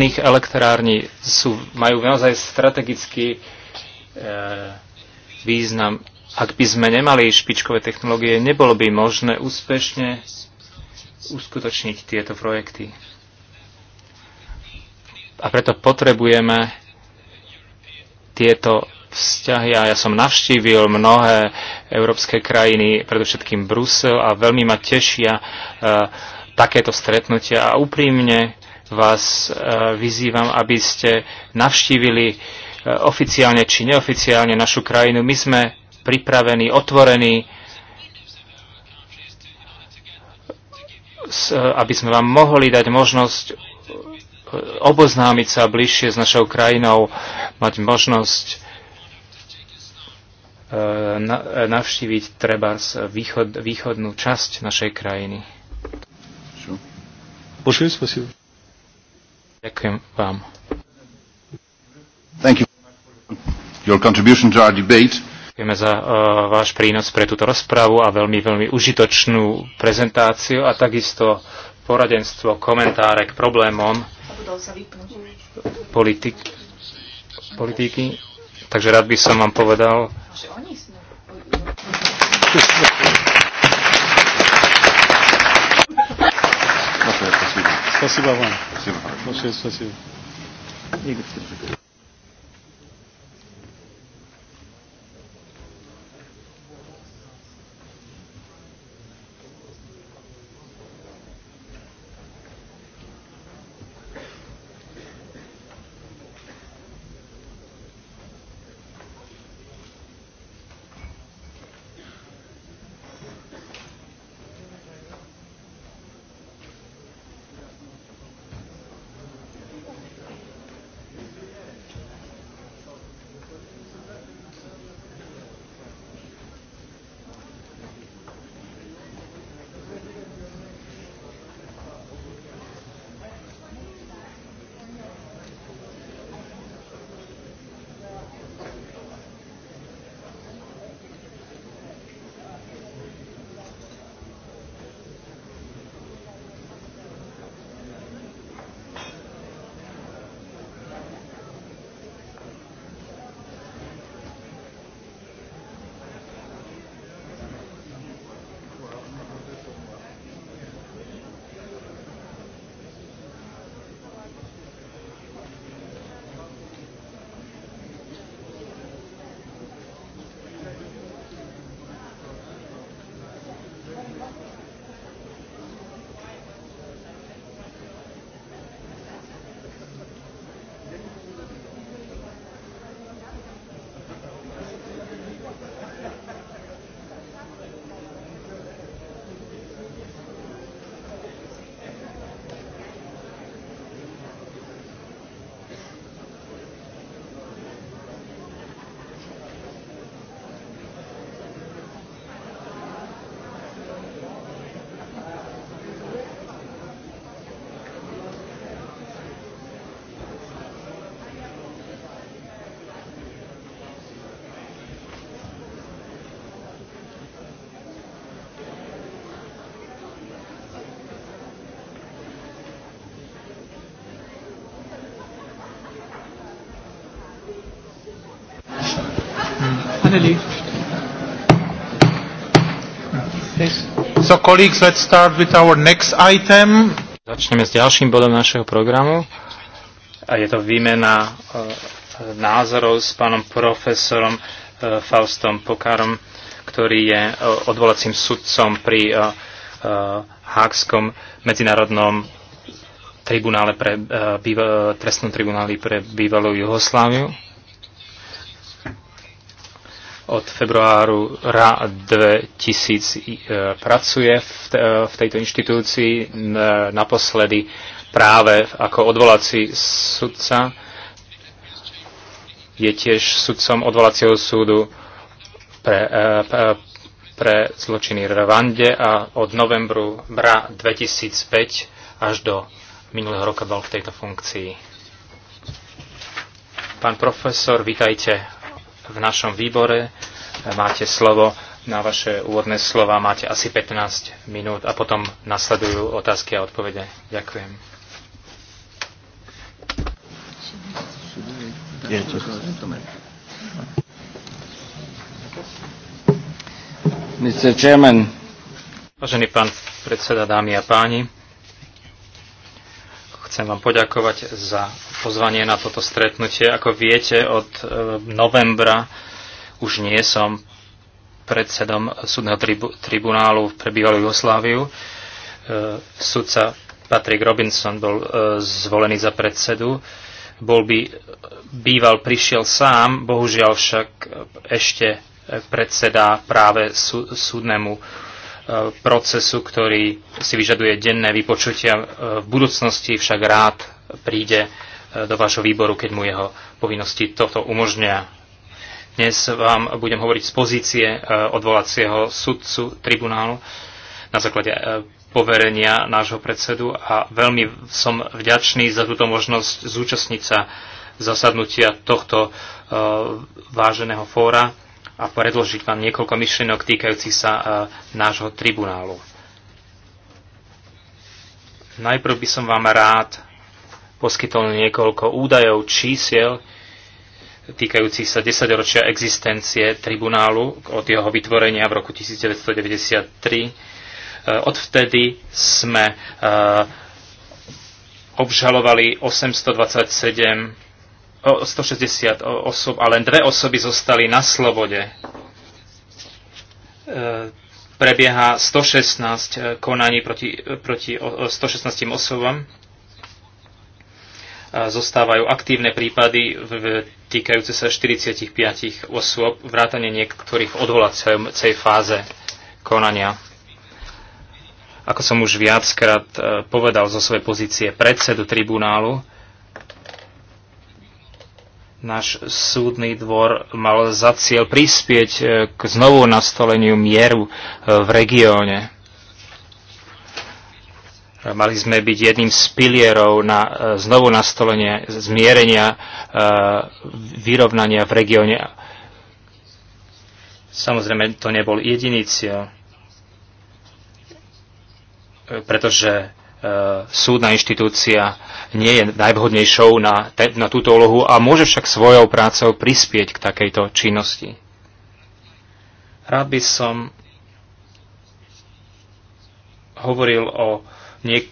jadrných elektrární sú, majú naozaj strategický e, význam. Ak by sme nemali špičkové technológie, nebolo by možné úspešne uskutočniť tieto projekty. A preto potrebujeme tieto vzťahy a ja som navštívil mnohé európske krajiny, predovšetkým Brusel a veľmi ma tešia e, takéto stretnutia a úprimne vás e, vyzývam, aby ste navštívili e, oficiálne či neoficiálne našu krajinu. My sme pripravení, otvorení, e, aby sme vám mohli dať možnosť oboznámiť sa bližšie s našou krajinou, mať možnosť navštíviť treba východ, východnú časť našej krajiny. Большое спасибо. Ďakujem vám. Thank you. Your contribution to our debate. Ďakujeme za uh, váš prínos pre túto rozprávu a veľmi, veľmi užitočnú prezentáciu a takisto poradenstvo, komentáre k problémom politik, politiky. Takže rád by som vám povedal. Že oni Спасибо вам. Спасибо. Большое спасибо. Finally. Please. So colleagues, let's start with our next item. Začneme s ďalším bodom našeho programu. A je to výmena uh, názorov s pánom profesorom uh, Faustom Pokárom, ktorý je uh, odvolacím sudcom pri uh, uh, Hákskom medzinárodnom tribunále pre, uh, býva, trestnom tribunáli pre bývalú Jugosláviu od februáru RA 2000 e, pracuje e, v tejto inštitúcii, e, naposledy práve ako odvolací sudca. Je tiež sudcom odvolacieho súdu pre, pre zločiny Rwande a od novembru RA 2005 až do minulého roka bol v tejto funkcii. Pán profesor, vítajte v našom výbore. Máte slovo na vaše úvodné slova, máte asi 15 minút a potom nasledujú otázky a odpovede. Ďakujem. Mr. Chairman. Vážený pán predseda, dámy a páni, Chcem vám poďakovať za pozvanie na toto stretnutie. Ako viete, od e, novembra už nie som predsedom súdneho tribu- tribunálu pre bývalú Jugosláviu. E, sudca Patrick Robinson bol e, zvolený za predsedu. Bol by, býval prišiel sám, bohužiaľ však ešte predseda práve sú, súdnemu procesu, ktorý si vyžaduje denné vypočutia. E, v budúcnosti však rád príde e, do vášho výboru, keď mu jeho povinnosti toto umožňuje. Dnes vám budem hovoriť z pozície e, odvolacieho sudcu tribunálu na základe poverenia nášho predsedu a veľmi som vďačný za túto možnosť zúčastniť sa zasadnutia tohto váženého fóra a predložiť vám niekoľko myšlienok týkajúcich sa e, nášho tribunálu. Najprv by som vám rád poskytol niekoľko údajov, čísiel týkajúcich sa desaťročia existencie tribunálu od jeho vytvorenia v roku 1993. E, odvtedy sme e, obžalovali 827 160 osob a len dve osoby zostali na slobode. E, prebieha 116 e, konaní proti, e, proti 116 osobám. Zostávajú aktívne prípady týkajúce sa 45 osôb, vrátane niektorých odvolacej fáze konania. Ako som už viackrát povedal zo svojej pozície predsedu tribunálu, náš súdny dvor mal za cieľ prispieť e, k znovu nastoleniu mieru e, v regióne. Mali sme byť jedným z pilierov na e, znovu nastolenie zmierenia, vyrovnania v regióne. Samozrejme, to nebol jediný cieľ, pretože E, súdna inštitúcia nie je najvhodnejšou na, te, na túto úlohu a môže však svojou prácou prispieť k takejto činnosti. Rád by som hovoril o niek-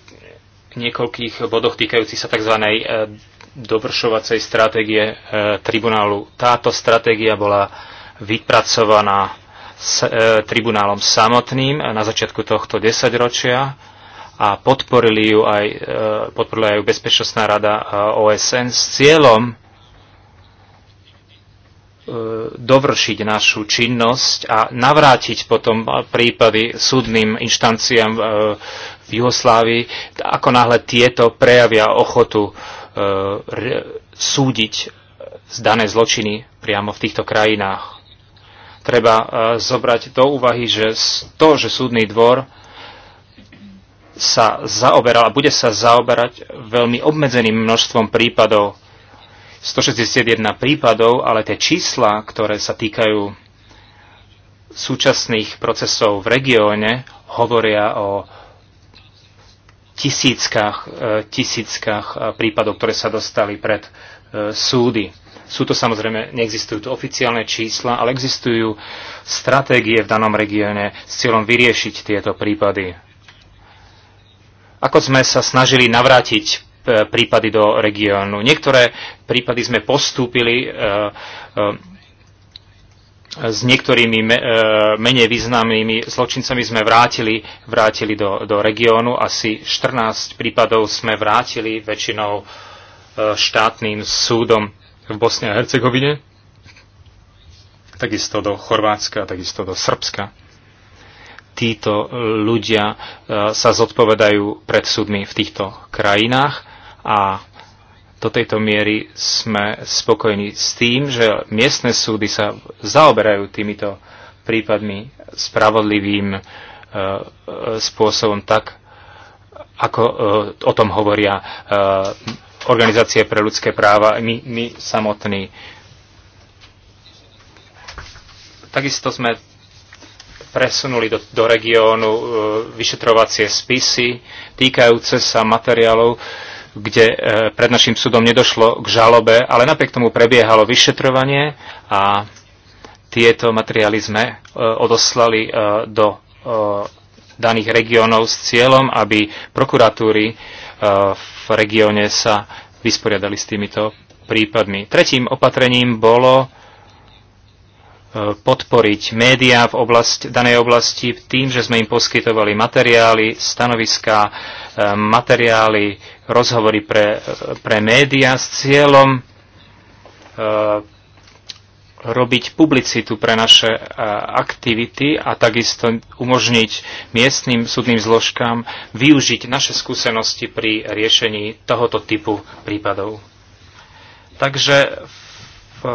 niekoľkých bodoch týkajúcich sa tzv. E, dovršovacej stratégie e, tribunálu. Táto stratégia bola vypracovaná s tribunálom samotným na začiatku tohto desaťročia a podporili ju aj, e, podporila ju Bezpečnostná rada e, OSN s cieľom e, dovršiť našu činnosť a navrátiť potom prípady súdnym inštanciám v Juhoslávii, ako náhle tieto prejavia ochotu súdiť zdané zločiny priamo v týchto krajinách. Treba zobrať do úvahy, že to, že súdny dvor sa zaoberal a bude sa zaoberať veľmi obmedzeným množstvom prípadov. 161 prípadov, ale tie čísla, ktoré sa týkajú súčasných procesov v regióne, hovoria o tisíckach, e, tisíckach e, prípadov, ktoré sa dostali pred e, súdy. Sú to samozrejme, neexistujú tu oficiálne čísla, ale existujú stratégie v danom regióne s cieľom vyriešiť tieto prípady ako sme sa snažili navrátiť e, prípady do regiónu. Niektoré prípady sme postúpili e, e, s niektorými menej významnými zločincami sme vrátili, vrátili do, do regiónu. Asi 14 prípadov sme vrátili väčšinou štátnym súdom v Bosne a Hercegovine, takisto do Chorvátska, takisto do Srbska títo e, ľudia e, sa zodpovedajú pred súdmi v týchto krajinách a do tejto miery sme spokojní s tým, že miestne súdy sa zaoberajú týmito prípadmi spravodlivým e, e spôsobom tak, ako e, o tom hovoria e, organizácie pre ľudské práva, my, my samotní. Takisto sme presunuli do, do regiónu e, vyšetrovacie spisy týkajúce sa materiálov, kde e, pred našim súdom nedošlo k žalobe, ale napriek tomu prebiehalo vyšetrovanie a tieto materiály sme e, odoslali do daných regiónov s cieľom, aby prokuratúry v regióne sa vysporiadali s týmito prípadmi. Tretím opatrením bolo podporiť médiá v oblast, danej oblasti tým, že sme im poskytovali materiály, stanoviská, e, materiály, rozhovory pre, pre médiá s cieľom e, robiť publicitu pre naše e, aktivity a takisto umožniť miestnym súdnym zložkám využiť naše skúsenosti pri riešení tohoto typu prípadov. Takže v v eh,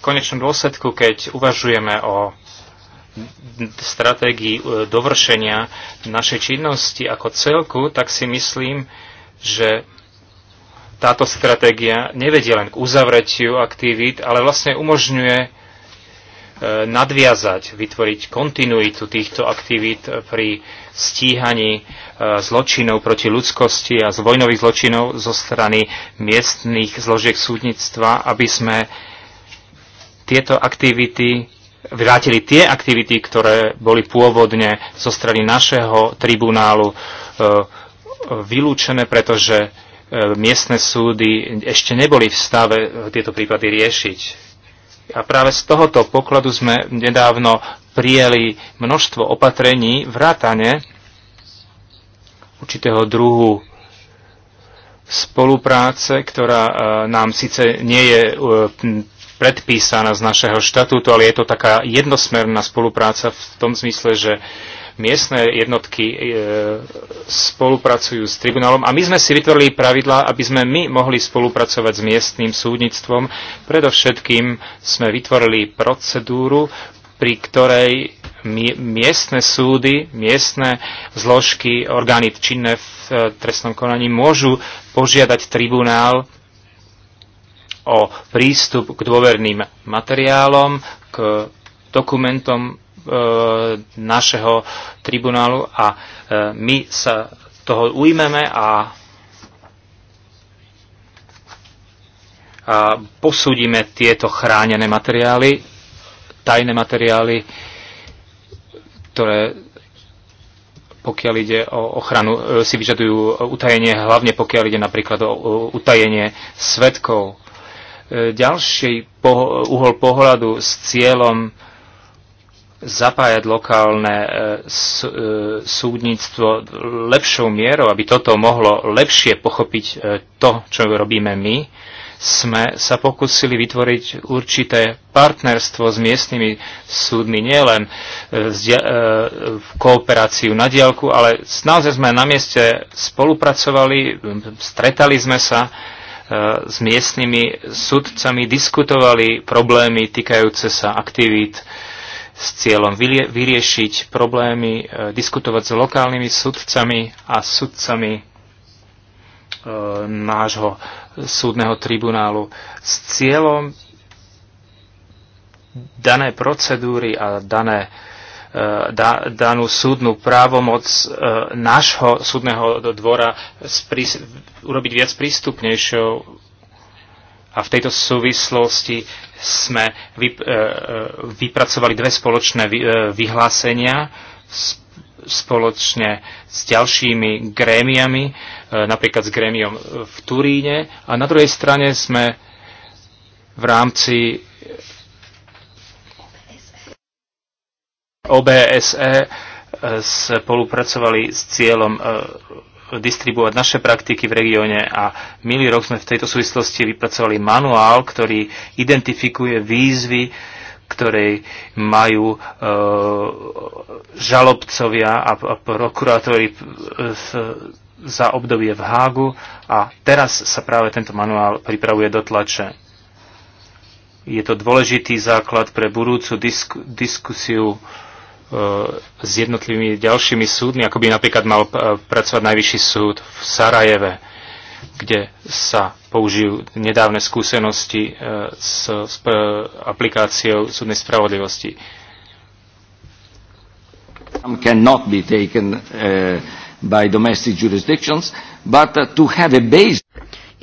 konečnom dôsledku, keď uvažujeme o stratégii eh, dovršenia našej činnosti ako celku, tak si myslím, že táto stratégia nevedie len k uzavretiu aktivít, ale vlastne umožňuje eh, nadviazať, vytvoriť kontinuitu týchto aktivít pri stíhaní zločinov proti ľudskosti a z vojnových zločinov zo strany miestných zložiek súdnictva, aby sme tieto aktivity vrátili tie aktivity, ktoré boli pôvodne zo strany našeho tribunálu e, vylúčené, pretože e, miestne súdy ešte neboli v stave e, tieto prípady riešiť. A práve z tohoto pokladu sme nedávno prijeli množstvo opatrení vrátane určitého druhu spolupráce, ktorá nám síce nie je predpísaná z našeho štatútu, ale je to taká jednosmerná spolupráca v tom zmysle, že miestne jednotky e, spolupracujú s tribunálom a my sme si vytvorili pravidlá, aby sme my mohli spolupracovať s miestnym súdnictvom. Predovšetkým sme vytvorili procedúru, pri ktorej miestne súdy, miestne zložky, orgány činné v e, trestnom konaní môžu požiadať tribunál o prístup k dôverným materiálom, k dokumentom e, našeho tribunálu a e, my sa toho ujmeme a, a posúdime tieto chránené materiály, tajné materiály, ktoré pokiaľ ide o ochranu, e, si vyžadujú utajenie, hlavne pokiaľ ide napríklad o utajenie svetkov ďalší uhol pohľadu s cieľom zapájať lokálne e, e, súdnictvo lepšou mierou, aby toto mohlo lepšie pochopiť e, to, čo robíme my, sme sa pokúsili vytvoriť určité partnerstvo s miestnymi súdmi, nielen v kooperáciu na diálku, ale naozaj sme na mieste spolupracovali, stretali sme sa, E, s miestnymi sudcami diskutovali problémy týkajúce sa aktivít s cieľom vyriešiť problémy, e, diskutovať s lokálnymi sudcami a sudcami e, nášho súdneho tribunálu s cieľom dané procedúry a dané E, danú súdnu právomoc e, nášho súdneho dvora urobiť viac prístupnejšou. A v tejto súvislosti sme e, vypracovali dve spoločné vyhlásenia spoločne s ďalšími grémiami, napríklad s grémiom v Turíne. A na druhej strane sme v rámci OBSE e, spolupracovali s cieľom e, distribuovať naše praktiky v regióne a milý rok sme v tejto súvislosti vypracovali manuál, ktorý identifikuje výzvy, ktoré majú e, žalobcovia a, a prokurátori za obdobie v Hágu a teraz sa práve tento manuál pripravuje do tlače. Je to dôležitý základ pre budúcu disk, diskusiu s jednotlivými ďalšími súdmi, ako by napríklad mal e, pracovať Najvyšší súd v Sarajeve, kde sa použijú nedávne skúsenosti e, s, s e, aplikáciou súdnej spravodlivosti. Uh,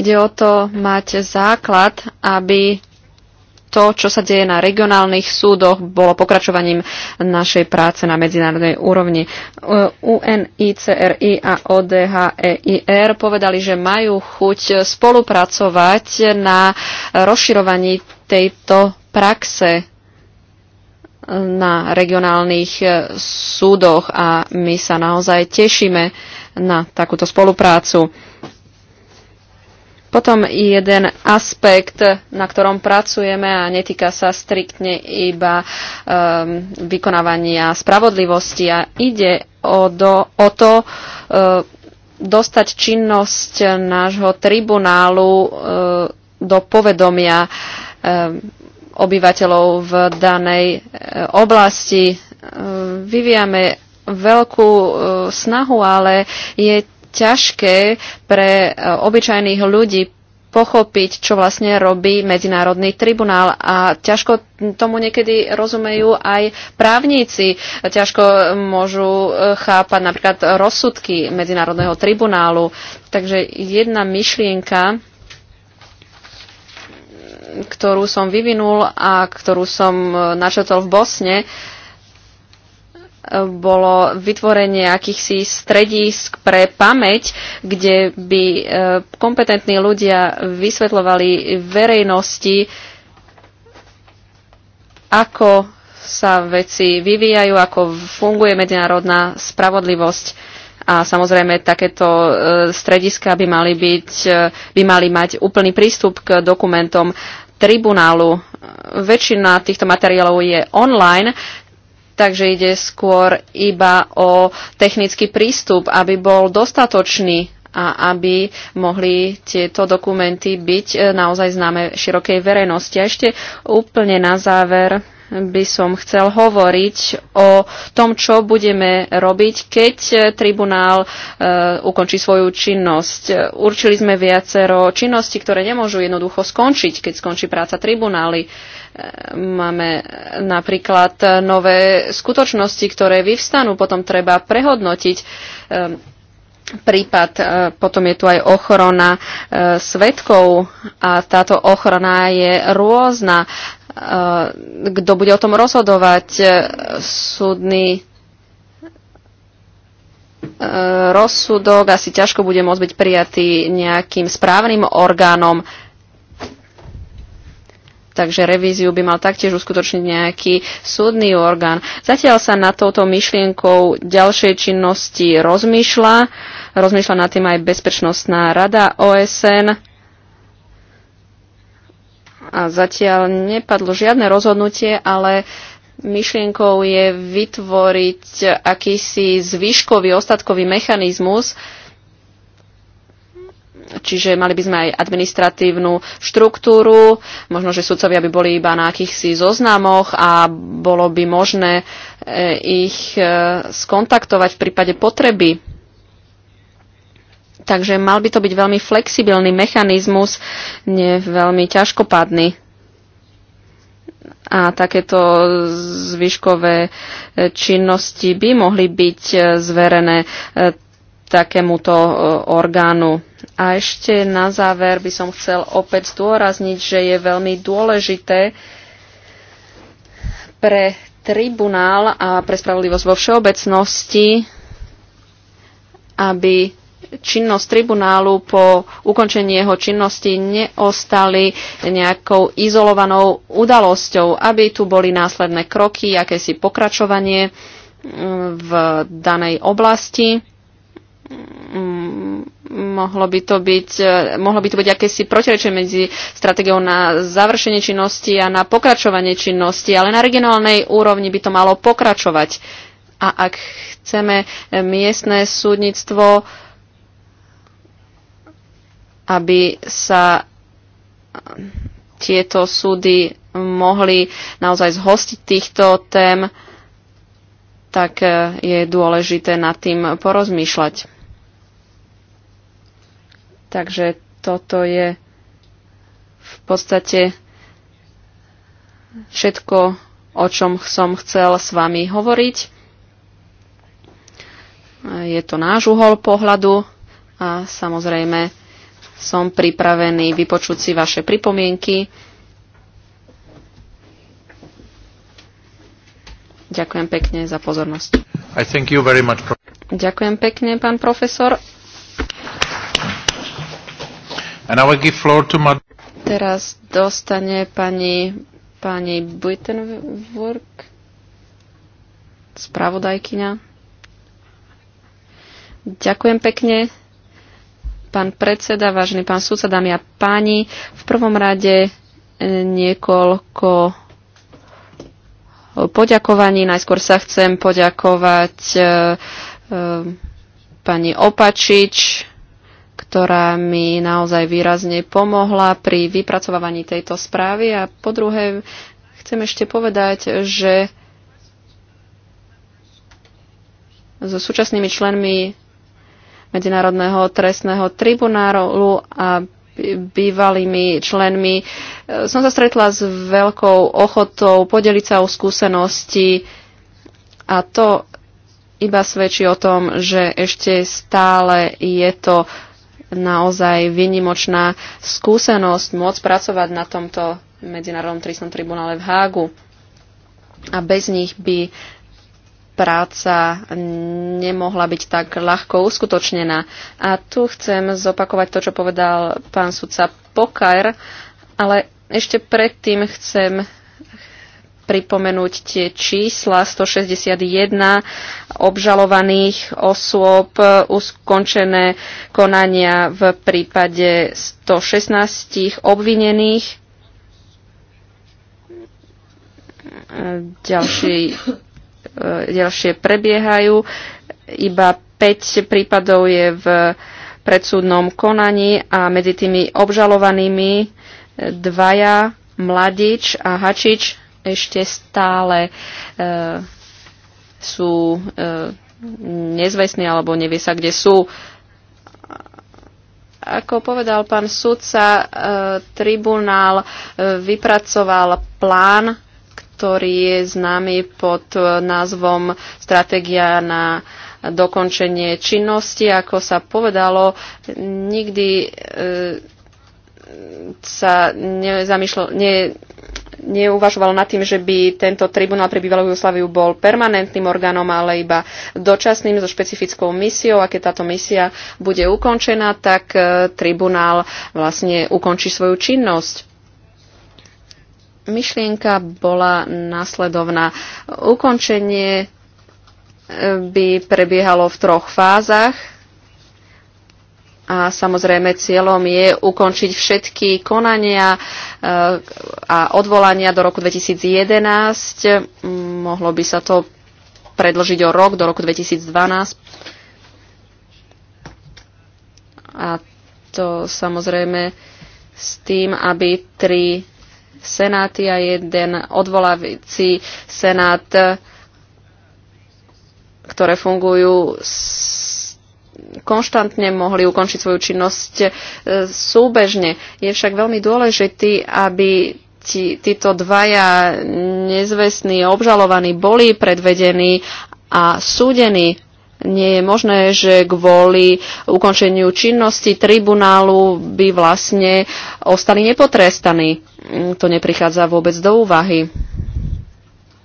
Ide o to mať základ, aby to, čo sa deje na regionálnych súdoch, bolo pokračovaním našej práce na medzinárodnej úrovni. UNICRI a ODHEIR povedali, že majú chuť spolupracovať na rozširovaní tejto praxe na regionálnych e, súdoch a my sa naozaj tešíme na takúto spoluprácu. Potom jeden aspekt, na ktorom pracujeme a netýka sa striktne iba um, vykonávania spravodlivosti a ide o, do, o to uh, dostať činnosť nášho tribunálu uh, do povedomia um, obyvateľov v danej uh, oblasti. Uh, vyvíjame veľkú uh, snahu, ale je ťažké pre e, obyčajných ľudí pochopiť, čo vlastne robí Medzinárodný tribunál. A ťažko tomu niekedy rozumejú aj právníci. Ťažko môžu e, chápať napríklad rozsudky Medzinárodného tribunálu. Takže jedna myšlienka, ktorú som vyvinul a ktorú som e, načetol v Bosne, bolo vytvorenie akýchsi stredísk pre pamäť, kde by e, kompetentní ľudia vysvetľovali verejnosti, ako sa veci vyvíjajú, ako funguje medzinárodná spravodlivosť. A samozrejme, takéto e, strediska by mali, byť, e, by mali mať úplný prístup k dokumentom tribunálu. Väčšina týchto materiálov je online, Takže ide skôr iba o technický prístup, aby bol dostatočný a aby mohli tieto dokumenty byť e, naozaj známe širokej verejnosti. A ešte úplne na záver by som chcel hovoriť o tom, čo budeme robiť, keď e, tribunál e, ukončí svoju činnosť. Určili sme viacero činností, ktoré nemôžu jednoducho skončiť, keď skončí práca tribunály. E, Máme napríklad nové skutočnosti, ktoré vyvstanú, potom treba prehodnotiť e, prípad. E, potom je tu aj ochrona e, svetkov a táto ochrona je rôzna. Kto bude o tom rozhodovať? Súdny rozsudok asi ťažko bude môcť byť prijatý nejakým správnym orgánom takže revíziu by mal taktiež uskutočniť nejaký súdny orgán. Zatiaľ sa na touto myšlienkou ďalšej činnosti rozmýšľa. Rozmýšľa nad tým aj Bezpečnostná rada OSN. A zatiaľ nepadlo žiadne rozhodnutie, ale myšlienkou je vytvoriť akýsi zvyškový, ostatkový mechanizmus, Čiže mali by sme aj administratívnu štruktúru, možno, že sudcovia by boli iba na akýchsi zoznamoch a bolo by možné e, ich e, skontaktovať v prípade potreby. Takže mal by to byť veľmi flexibilný mechanizmus, nie veľmi ťažkopádny. A takéto zvyškové e, činnosti by mohli byť zverené takémuto e, orgánu. A ešte na záver by som chcel opäť zdôrazniť, že je veľmi dôležité pre tribunál a pre spravodlivosť vo všeobecnosti, aby činnosť tribunálu po ukončení jeho činnosti neostali nejakou izolovanou udalosťou, aby tu boli následné kroky, akési pokračovanie mm, v danej oblasti Mm, mohlo by to byť, e, mohlo by to byť akési protirečie medzi stratégiou na završenie činnosti a na pokračovanie činnosti, ale na regionálnej úrovni by to malo pokračovať. A ak chceme e, miestne súdnictvo, aby sa e, tieto súdy mohli naozaj zhostiť týchto tém, tak je dôležité nad tým porozmýšľať. Takže toto je v podstate všetko, o čom som chcel s vami hovoriť. Je to náš uhol pohľadu a samozrejme som pripravený vypočuť si vaše pripomienky. Ďakujem pekne za pozornosť. Ďakujem pekne, pán profesor. Teraz dostane pani, pani Buitenwurk, spravodajkyňa. Ďakujem pekne, pán predseda, vážený pán súca, dámy a páni. V prvom rade e, niekoľko poďakovaní. Najskôr sa chcem poďakovať e, e, pani Opačič, ktorá mi naozaj výrazne pomohla pri vypracovávaní tejto správy. A po druhé, chcem ešte povedať, že so súčasnými členmi Medzinárodného trestného tribunálu a bývalými členmi. E, som sa stretla s veľkou ochotou podeliť sa o skúsenosti a to iba svedčí o tom, že ešte stále je to naozaj vynimočná skúsenosť môcť pracovať na tomto Medzinárodnom trestnom tribunále v Hágu. A bez nich by práca nemohla byť tak ľahko uskutočnená. A tu chcem zopakovať to, čo povedal pán sudca Pokajr, ale ešte predtým chcem pripomenúť tie čísla 161 obžalovaných osôb, uskončené konania v prípade 116 obvinených. Ďalší, e, ďalšie prebiehajú. Iba 5 prípadov je v predsúdnom konaní a medzi tými obžalovanými dvaja Mladič a Hačič ešte stále e, sú e, nezvestní alebo nevie sa, kde sú. Ako povedal pán sudca, e, tribunál e, vypracoval plán, ktorý je známy pod e, názvom Stratégia na dokončenie činnosti. Ako sa povedalo, nikdy e, sa nezamýšľal, ne, neuvažoval nad tým, že by tento tribunál pre bývalú Jugosláviu bol permanentným orgánom, ale iba dočasným so špecifickou misiou a keď táto misia bude ukončená, tak e, tribunál vlastne ukončí svoju činnosť. Myšlienka bola následovná. Ukončenie e, by prebiehalo v troch fázach a samozrejme cieľom je ukončiť všetky konania e, a odvolania do roku 2011. Mohlo by sa to predložiť o rok do roku 2012. A to samozrejme s tým, aby tri senáty a jeden odvolávací senát, ktoré fungujú s konštantne mohli ukončiť svoju činnosť e, súbežne. Je však veľmi dôležitý, aby tí, títo dvaja nezvestní obžalovaní boli predvedení a súdení. Nie je možné, že kvôli ukončeniu činnosti tribunálu by vlastne ostali nepotrestaní. Mm, to neprichádza vôbec do úvahy.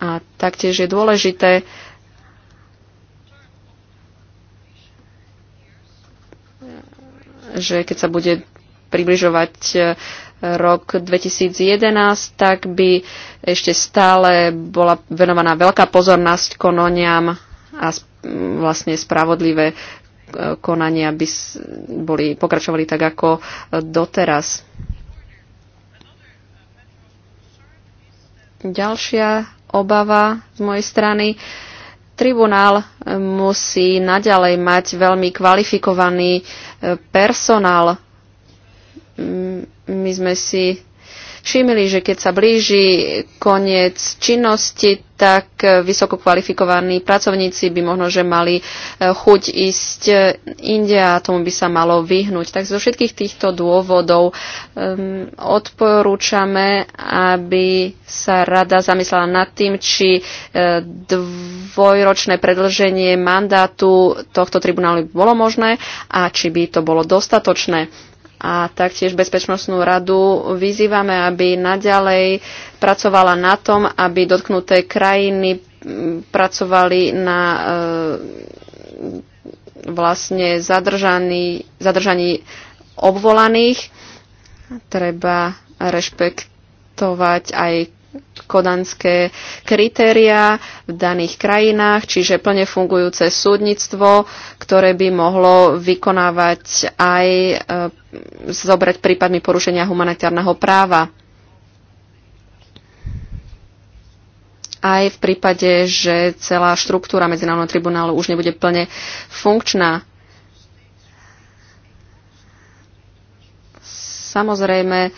A taktiež je dôležité, že keď sa bude približovať e, rok 2011, tak by ešte stále bola venovaná veľká pozornosť kononiam a vlastne spravodlivé e, konania by boli, pokračovali tak ako e, doteraz. Ďalšia obava z mojej strany Tribunál eh, musí naďalej mať veľmi kvalifikovaný eh, personál. My sme si všimli, že keď sa blíži koniec činnosti, tak e, vysoko kvalifikovaní pracovníci by možno, že mali e, chuť ísť e, inde a tomu by sa malo vyhnúť. Tak zo všetkých týchto dôvodov um, odporúčame, aby sa rada zamyslela nad tým, či dvojročné predlženie mandátu tohto tribunálu by bolo možné a či by to bolo dostatočné a taktiež Bezpečnostnú radu vyzývame, aby naďalej pracovala na tom, aby dotknuté krajiny pracovali na e, vlastne zadržaní, zadržaní obvolaných. Treba rešpektovať aj kodanské kritéria v daných krajinách, čiže plne fungujúce súdnictvo, ktoré by mohlo vykonávať aj e, zobrať prípadmi porušenia humanitárneho práva. Aj v prípade, že celá štruktúra Medzinárodného tribunálu už nebude plne funkčná, samozrejme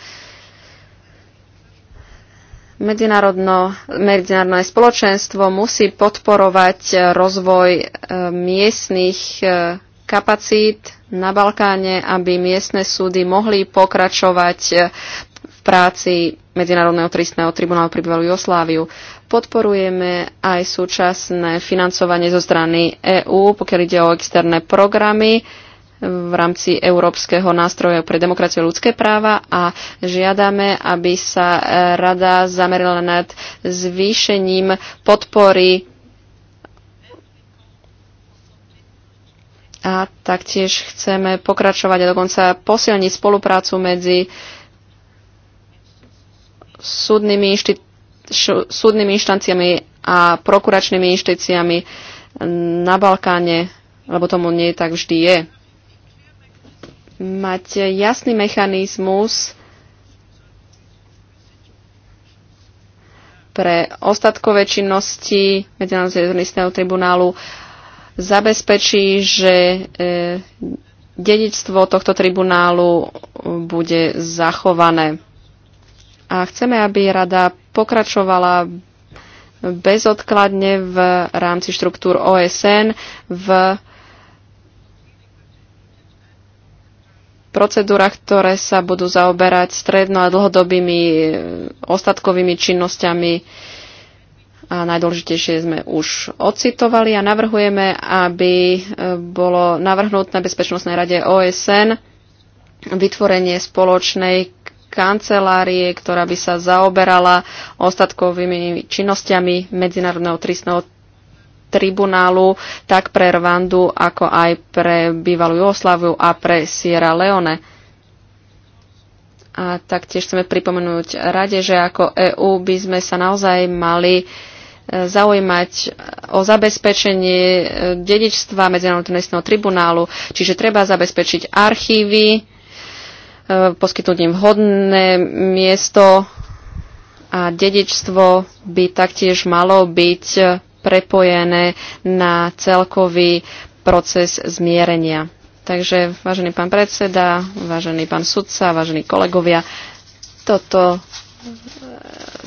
medzinárodné spoločenstvo musí podporovať e, rozvoj e, miestnych e, kapacít na Balkáne, aby miestne súdy mohli pokračovať v práci Medzinárodného trestného tribunálu pri bývalú Jugosláviu. Podporujeme aj súčasné financovanie zo strany EÚ, pokiaľ ide o externé programy v rámci Európskeho nástroja pre demokraciu a ľudské práva a žiadame, aby sa e, rada zamerila nad zvýšením podpory a taktiež chceme pokračovať a dokonca posilniť spoluprácu medzi súdnymi, inšti- súdnymi inštanciami a prokuračnými inštíciami na Balkáne, lebo tomu nie tak vždy je mať jasný mechanizmus pre ostatkové činnosti Medzinárodného zrnistného tribunálu zabezpečí, že e, dedičstvo tohto tribunálu bude zachované. A chceme, aby rada pokračovala bezodkladne v rámci štruktúr OSN v procedúrach, ktoré sa budú zaoberať stredno- a dlhodobými e, ostatkovými činnosťami. A najdôležitejšie sme už ocitovali a navrhujeme, aby e, bolo navrhnuté na Bezpečnostnej rade OSN vytvorenie spoločnej kancelárie, ktorá by sa zaoberala ostatkovými činnosťami Medzinárodného trestného tribunálu tak pre Rwandu, ako aj pre bývalú Jugoslaviu a pre Sierra Leone. A taktiež chceme pripomenúť rade, že ako EÚ by sme sa naozaj mali e, zaujímať o zabezpečenie e, dedičstva Medzinárodného trestného tribunálu, čiže treba zabezpečiť archívy, e, poskytnúť im vhodné miesto a dedičstvo by taktiež malo byť prepojené na celkový proces zmierenia. Takže, vážený pán predseda, vážený pán sudca, vážení kolegovia, toto e,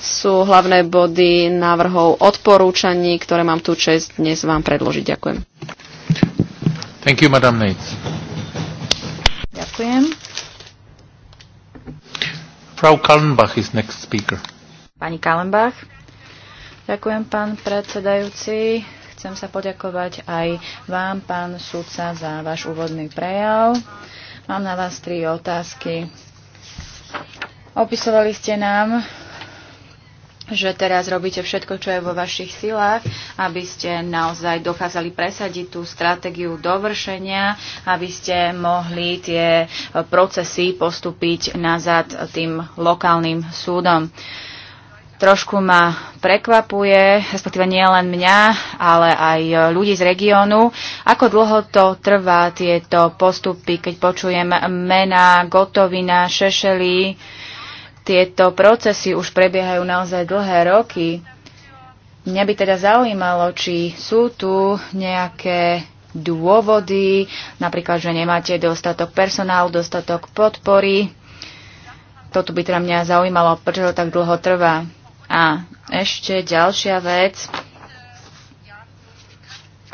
sú hlavné body návrhov odporúčaní, ktoré mám tu čest dnes vám predložiť. Ďakujem. Thank you, Madam Nates. Ďakujem. Frau Kallenbach is next speaker. Pani Kallenbach. Ďakujem, pán predsedajúci. Chcem sa poďakovať aj vám, pán sudca, za váš úvodný prejav. Mám na vás tri otázky. Opisovali ste nám, že teraz robíte všetko, čo je vo vašich silách, aby ste naozaj dokázali presadiť tú stratégiu dovršenia, aby ste mohli tie procesy postúpiť nazad tým lokálnym súdom. Uh, Trošku ma prekvapuje, respektíve nie len mňa, ale aj e, ľudí z regiónu, ako dlho to trvá tieto postupy, keď počujem mena, gotovina, šešely. Tieto procesy už prebiehajú naozaj dlhé roky. Mňa by teda zaujímalo, či sú tu nejaké dôvody, napríklad, že nemáte dostatok personálu, dostatok podpory. Toto by teda mňa zaujímalo, prečo to tak dlho trvá. A ešte ďalšia vec,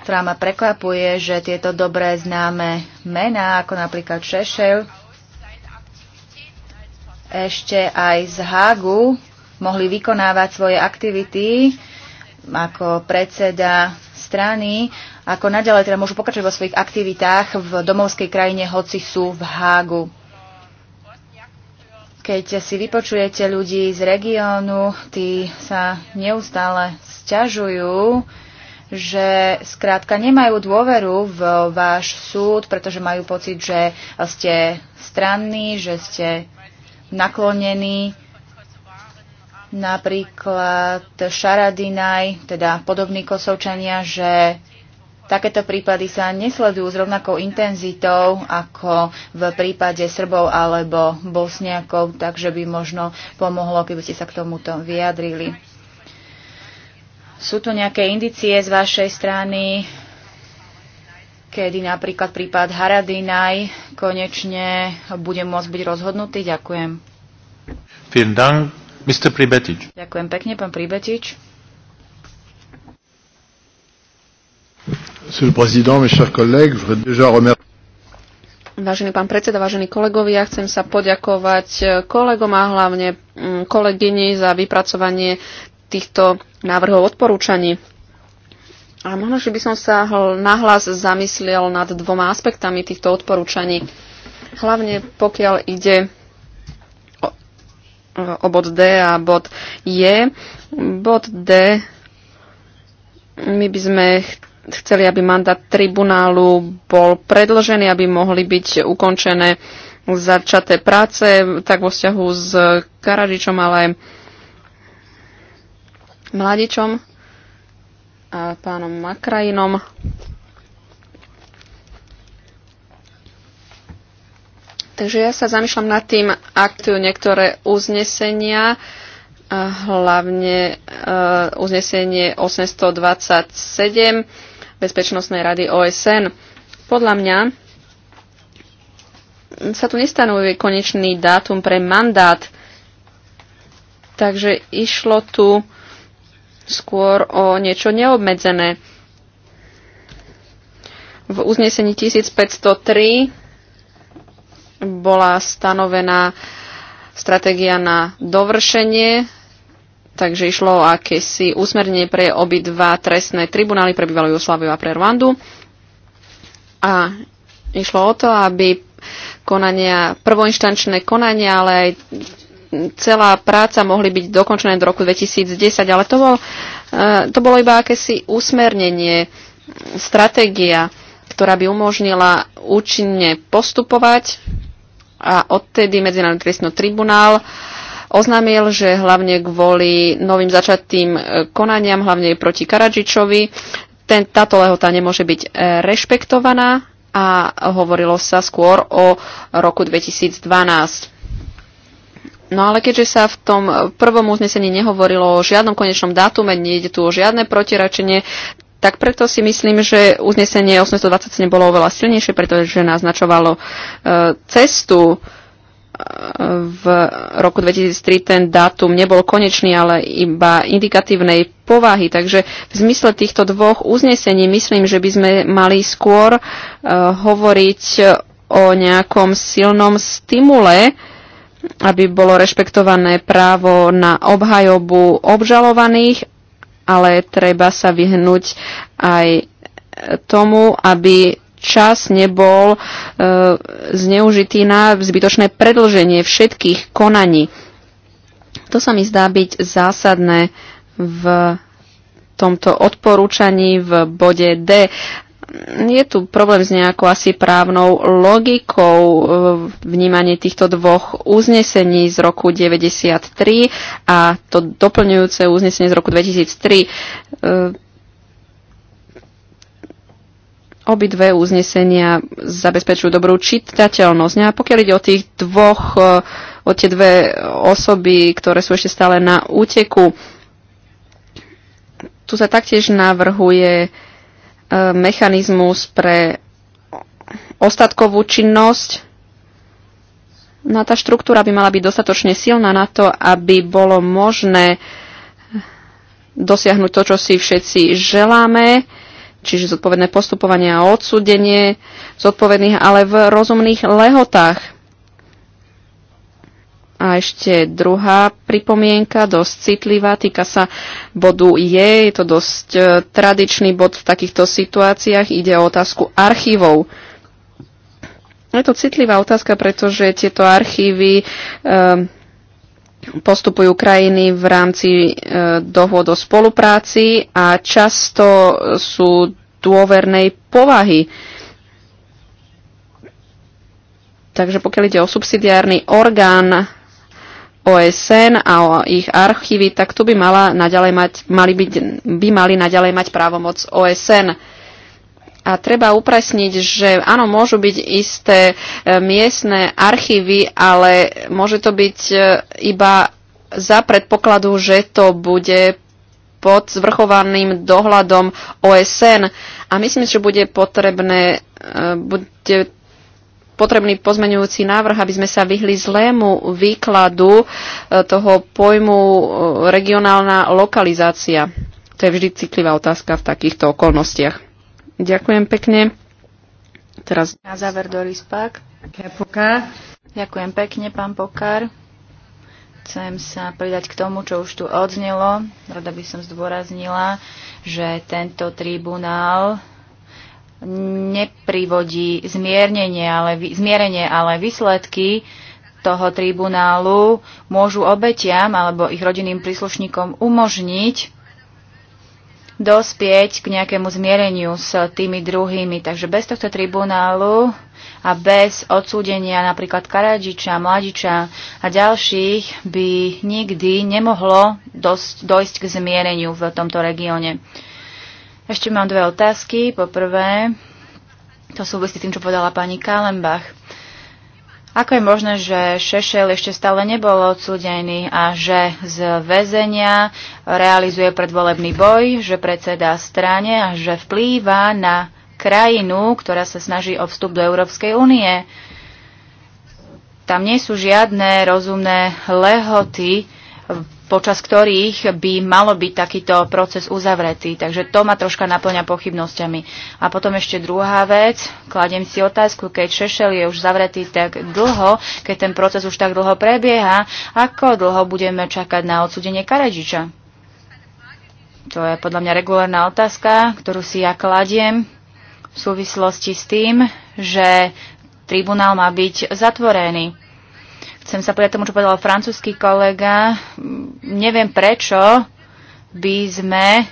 ktorá ma prekvapuje, že tieto dobré známe mená, ako napríklad Šešel, ešte aj z Hagu mohli vykonávať svoje aktivity ako predseda strany, ako naďalej teda môžu pokračovať vo svojich aktivitách v domovskej krajine, hoci sú v HAGU. Keď si vypočujete ľudí z regiónu, tí sa neustále sťažujú, že skrátka nemajú dôveru v váš súd, pretože majú pocit, že ste stranní, že ste naklonení. Napríklad Šaradinaj, teda podobní kosovčania, že Takéto prípady sa nesledujú s rovnakou intenzitou ako v prípade Srbov alebo Bosniakov, takže by možno pomohlo, keby ste sa k tomuto vyjadrili. Sú tu nejaké indicie z vašej strany, kedy napríklad prípad Haradinaj konečne bude môcť byť rozhodnutý? Ďakujem. Dank, Mr. Ďakujem pekne, pán Pribetič. Monsieur le Président, mes chers collègues, je voudrais déjà remercier. Vážený pán predseda, vážení kolegovia, chcem sa poďakovať eh, kolegom a hlavne mm, kolegyni za vypracovanie týchto návrhov odporúčaní. A možno, že by som sa nahlas zamyslel nad dvoma aspektami týchto odporúčaní. Hlavne pokiaľ ide o, o bod D a bod J, Bod D my by sme chceli, aby mandát tribunálu bol predlžený, aby mohli byť ukončené začaté práce, tak vo vzťahu s Karadžičom, ale Mladičom a pánom Makrajinom. Takže ja sa zamýšľam nad tým, aktujú niektoré uznesenia, hlavne e, uznesenie 827 Bezpečnostnej rady OSN. Podľa mňa sa tu nestanovuje konečný dátum pre mandát, takže išlo tu skôr o niečo neobmedzené. V uznesení 1503 bola stanovená stratégia na dovršenie Takže išlo o akési úsmernenie pre obidva trestné tribunály pre bývalú Jugosláviu a pre Rwandu. A išlo o to, aby konania, prvoinštančné konania, ale aj celá práca mohli byť dokončené do roku 2010, ale to, bol, eh, to bolo iba akési usmernenie, stratégia, ktorá by umožnila účinne postupovať a odtedy Medzinárodný trestný tribunál uh, oznámil, že hlavne kvôli novým začatým e, konaniam, hlavne proti Karadžičovi, ten, táto lehota nemôže byť e, rešpektovaná a hovorilo sa skôr o roku 2012. No ale keďže sa v tom e, prvom uznesení nehovorilo o žiadnom konečnom dátume, ide tu o žiadne protiračenie, tak preto si myslím, že uznesenie 827 bolo oveľa silnejšie, pretože naznačovalo cestu v roku 2003 ten dátum nebol konečný, ale iba indikatívnej povahy. Takže v zmysle týchto dvoch uznesení myslím, že by sme mali skôr uh, hovoriť o nejakom silnom stimule, aby bolo rešpektované právo na obhajobu obžalovaných, ale treba sa vyhnúť aj tomu, aby čas nebol e, zneužitý na zbytočné predlženie všetkých konaní. To sa mi zdá byť zásadné v tomto odporúčaní v bode D. Je tu problém s nejakou asi právnou logikou e, vnímanie týchto dvoch uznesení z roku 93 a to doplňujúce uznesenie z roku 2003. Obidve uznesenia zabezpečujú dobrú čitateľnosť. No a pokiaľ ide o tých dvoch, e, o tie dve osoby, ktoré sú ešte stále na úteku, tu sa taktiež navrhuje e, mechanizmus pre ostatkovú činnosť. No a tá štruktúra by mala byť dostatočne silná na to, aby bolo možné dosiahnuť to, čo si všetci želáme čiže zodpovedné postupovanie a odsúdenie zodpovedných, ale v rozumných lehotách. A ešte druhá pripomienka, dosť citlivá, týka sa bodu je, je to dosť e, tradičný bod v takýchto situáciách, ide o otázku archívov. Je to citlivá otázka, pretože tieto archívy e, postupujú krajiny v rámci e, dohôd o spolupráci a často sú dôvernej povahy. Takže pokiaľ ide o subsidiárny orgán OSN a o ich archívy, tak tu by, mala mať, mali byť, by mali naďalej mať právomoc OSN. A treba upresniť, že áno, môžu byť isté e, miestne archívy, ale môže to byť e, iba za predpokladu, že to bude pod zvrchovaným dohľadom OSN. A myslím, že bude potrebné, e, bude potrebný pozmeňujúci návrh, aby sme sa vyhli zlému výkladu toho pojmu regionálna lokalizácia. To je vždy citlivá otázka v takýchto okolnostiach. Ďakujem pekne. Teraz... Na záver Doris Pak. Ďakujem pekne, pán Pokar. Chcem sa pridať k tomu, čo už tu odznelo. Rada by som zdôraznila, že tento tribunál neprivodí zmiernenie, ale, zmierenie, ale výsledky toho tribunálu môžu obetiam alebo ich rodinným príslušníkom umožniť dospieť k nejakému zmiereniu s tými druhými. Takže bez tohto tribunálu a bez odsúdenia napríklad Karadžiča, Mladiča a ďalších by nikdy nemohlo dosť, dojsť k zmiereniu v tomto regióne. Ešte mám dve otázky. Poprvé, to súvisí s tým, čo povedala pani Kalembach. Ako je možné, že Šešel ešte stále nebol odsudený a že z väzenia realizuje predvolebný boj, že predseda strane a že vplýva na krajinu, ktorá sa snaží o vstup do Európskej únie? Tam nie sú žiadne rozumné lehoty počas ktorých by malo byť takýto proces uzavretý. Takže to ma troška naplňa pochybnosťami. A potom ešte druhá vec, kladiem si otázku, keď Šešel je už zavretý tak dlho, keď ten proces už tak dlho prebieha, ako dlho budeme čakať na odsudenie Karadžiča? To je podľa mňa regulárna otázka, ktorú si ja kladiem v súvislosti s tým, že tribunál má byť zatvorený. Chcem sa povedať tomu, čo povedal francúzsky kolega. Neviem prečo by sme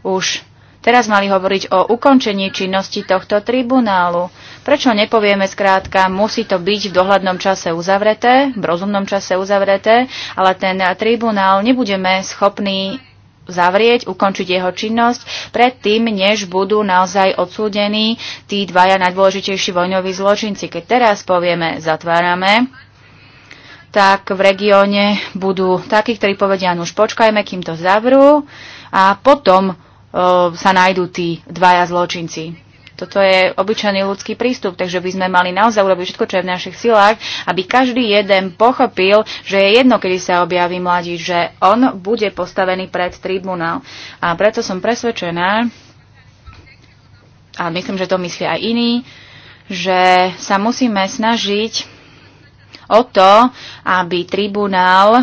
už teraz mali hovoriť o ukončení činnosti tohto tribunálu. Prečo nepovieme skrátka, musí to byť v dohľadnom čase uzavreté, v rozumnom čase uzavreté, ale ten tribunál nebudeme schopní zavrieť, ukončiť jeho činnosť predtým, než budú naozaj odsúdení tí dvaja najdôležitejší vojnoví zločinci. Keď teraz povieme, zatvárame tak v regióne budú takí, ktorí povedia, no už počkajme, kým to zavrú a potom e, sa nájdú tí dvaja zločinci. Toto je obyčajný ľudský prístup, takže by sme mali naozaj urobiť všetko, čo je v našich silách, aby každý jeden pochopil, že je jedno, kedy sa objaví mladí, že on bude postavený pred tribunál. A preto som presvedčená, a myslím, že to myslia aj iní, že sa musíme snažiť o to, aby tribunál,